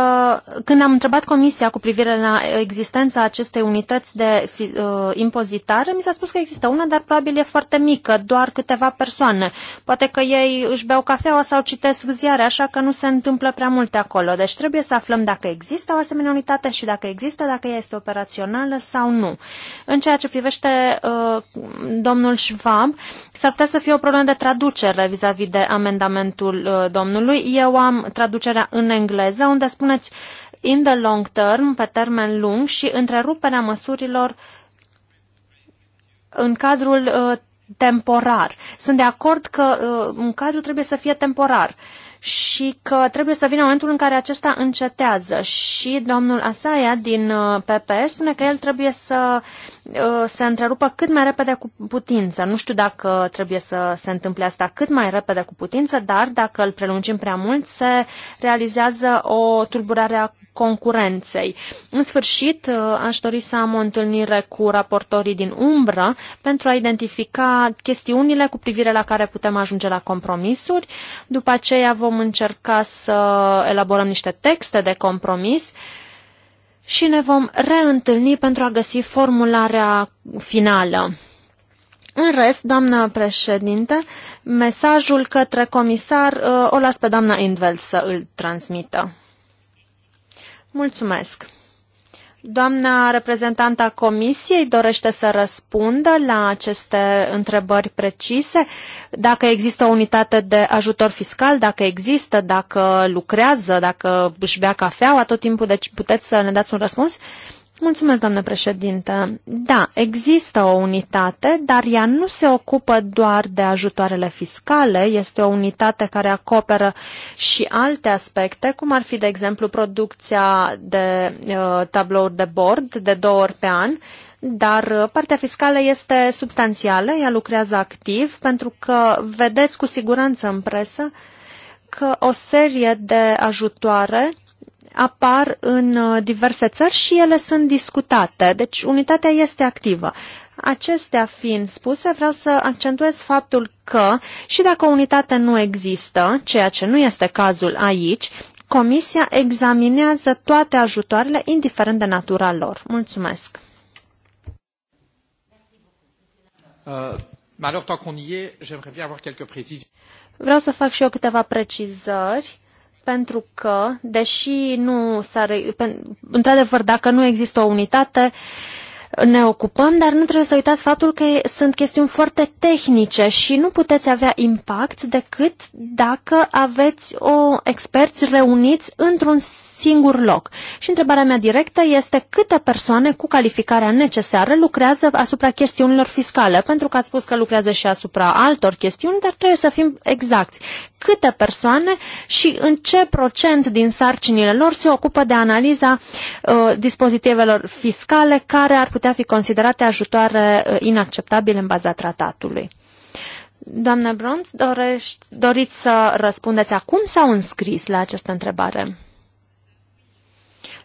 când am întrebat Comisia cu privire la existența acestei unități de uh, impozitare, mi s-a spus că există una, dar probabil e foarte mică, doar câteva persoane. Poate că ei își beau cafeaua sau citesc ziare, așa că nu se întâmplă prea multe acolo. Deci trebuie să aflăm dacă există o asemenea unitate și dacă există, dacă ea este operațională sau nu. În ceea ce privește uh, domnul Schwab, s-ar putea să fie o problemă de traducere vis-a-vis -vis de amendamentul uh, domnului. Eu am traducerea în engleză, unde spuneți in the long term, pe termen lung, și întreruperea măsurilor în cadrul uh, temporar. Sunt de acord că uh, un cadru trebuie să fie temporar și că trebuie să vină momentul în care acesta încetează. Și domnul Asaia din uh, PPS spune că el trebuie să Uh, se întrerupă cât mai repede cu putință. Nu știu dacă trebuie să se întâmple asta cât mai repede cu putință, dar dacă îl prelungim prea mult, se realizează o tulburare a concurenței. În sfârșit, uh, aș dori să am o întâlnire cu raportorii din umbră pentru a identifica chestiunile cu privire la care putem ajunge la compromisuri. După aceea vom încerca să elaborăm niște texte de compromis și ne vom reîntâlni pentru a găsi formularea finală. În rest, doamnă președinte, mesajul către comisar uh, o las pe doamna Indveld să îl transmită. Mulțumesc! Doamna reprezentanta Comisiei dorește să răspundă la aceste întrebări precise. Dacă există o unitate de ajutor fiscal, dacă există, dacă lucrează, dacă își bea cafeaua tot timpul, deci puteți să ne dați un răspuns. Mulțumesc, doamnă președinte. Da, există o unitate, dar ea nu se ocupă doar de ajutoarele fiscale, este o unitate care acoperă și alte aspecte, cum ar fi, de exemplu, producția de uh, tablouri de bord de două ori pe an, dar uh, partea fiscală este substanțială, ea lucrează activ, pentru că vedeți cu siguranță în presă că o serie de ajutoare apar în uh, diverse țări și ele sunt discutate. Deci unitatea este activă. Acestea fiind spuse, vreau să accentuez faptul că și dacă unitatea nu există, ceea ce nu este cazul aici, Comisia examinează toate ajutoarele, indiferent de natura lor. Mulțumesc! Euh, vreau să fac și eu câteva precizări pentru că, deși nu s-ar... Într-adevăr, dacă nu există o unitate, ne ocupăm, dar nu trebuie să uitați faptul că sunt chestiuni foarte tehnice și nu puteți avea impact decât dacă aveți o experți reuniți într-un singur loc. Și întrebarea mea directă este câte persoane cu calificarea necesară lucrează asupra chestiunilor fiscale, pentru că ați spus că lucrează și asupra altor chestiuni, dar trebuie să fim exacti. Câte persoane și în ce procent din sarcinile lor se ocupă de analiza uh, dispozitivelor fiscale care ar putea putea fi considerate ajutoare uh, inacceptabile în baza tratatului. Doamna Broms, dorești, doriți să răspundeți acum sau în scris la această întrebare?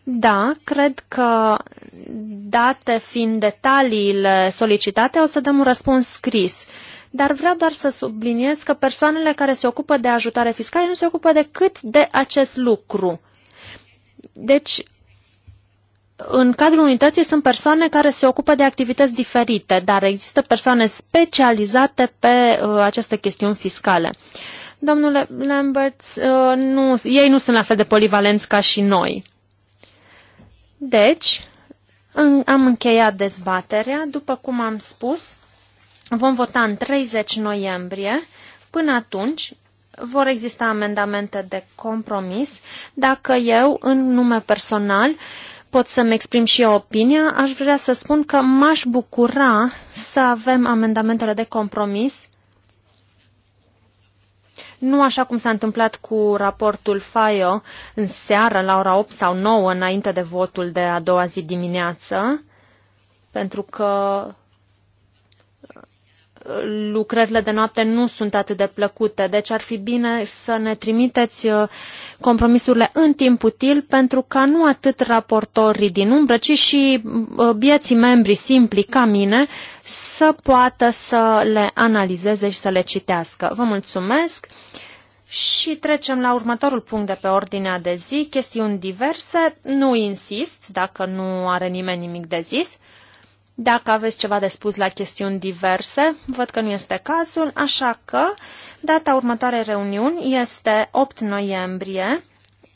Da, cred că date fiind detaliile solicitate, o să dăm un răspuns scris. Dar vreau doar să subliniez că persoanele care se ocupă de ajutare fiscală nu se ocupă decât de acest lucru. Deci, în cadrul unității sunt persoane care se ocupă de activități diferite, dar există persoane specializate pe uh, aceste chestiuni fiscale. Domnule Lambert, uh, nu, ei nu sunt la fel de polivalenți ca și noi. Deci, în, am încheiat dezbaterea. După cum am spus, vom vota în 30 noiembrie. Până atunci, vor exista amendamente de compromis. Dacă eu, în nume personal, uh, pot să-mi exprim și eu opinia, aș vrea să spun că m-aș bucura să avem amendamentele de compromis, nu așa cum s-a întâmplat cu raportul FAIO în seară la ora 8 sau 9 înainte de votul de a doua zi dimineață, pentru că lucrările de noapte nu sunt atât de plăcute, deci ar fi bine să ne trimiteți uh, compromisurile în timp util pentru ca nu atât raportorii din umbră, ci și uh, bieții membri simpli ca mine să poată să le analizeze și să le citească. Vă mulțumesc! Și trecem la următorul punct de pe ordinea de zi, chestiuni diverse. Nu insist, dacă nu are nimeni nimic de zis. Dacă aveți ceva de spus la chestiuni diverse, văd că nu este cazul, așa că data următoare reuniuni este 8 noiembrie,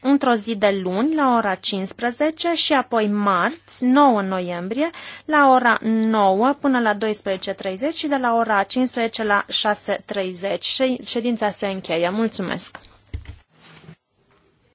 într-o zi de luni, la ora 15 și apoi marți, 9 noiembrie, la ora 9 până la 12.30 și de la ora 15 la 6.30. Ședința se încheie. Mulțumesc!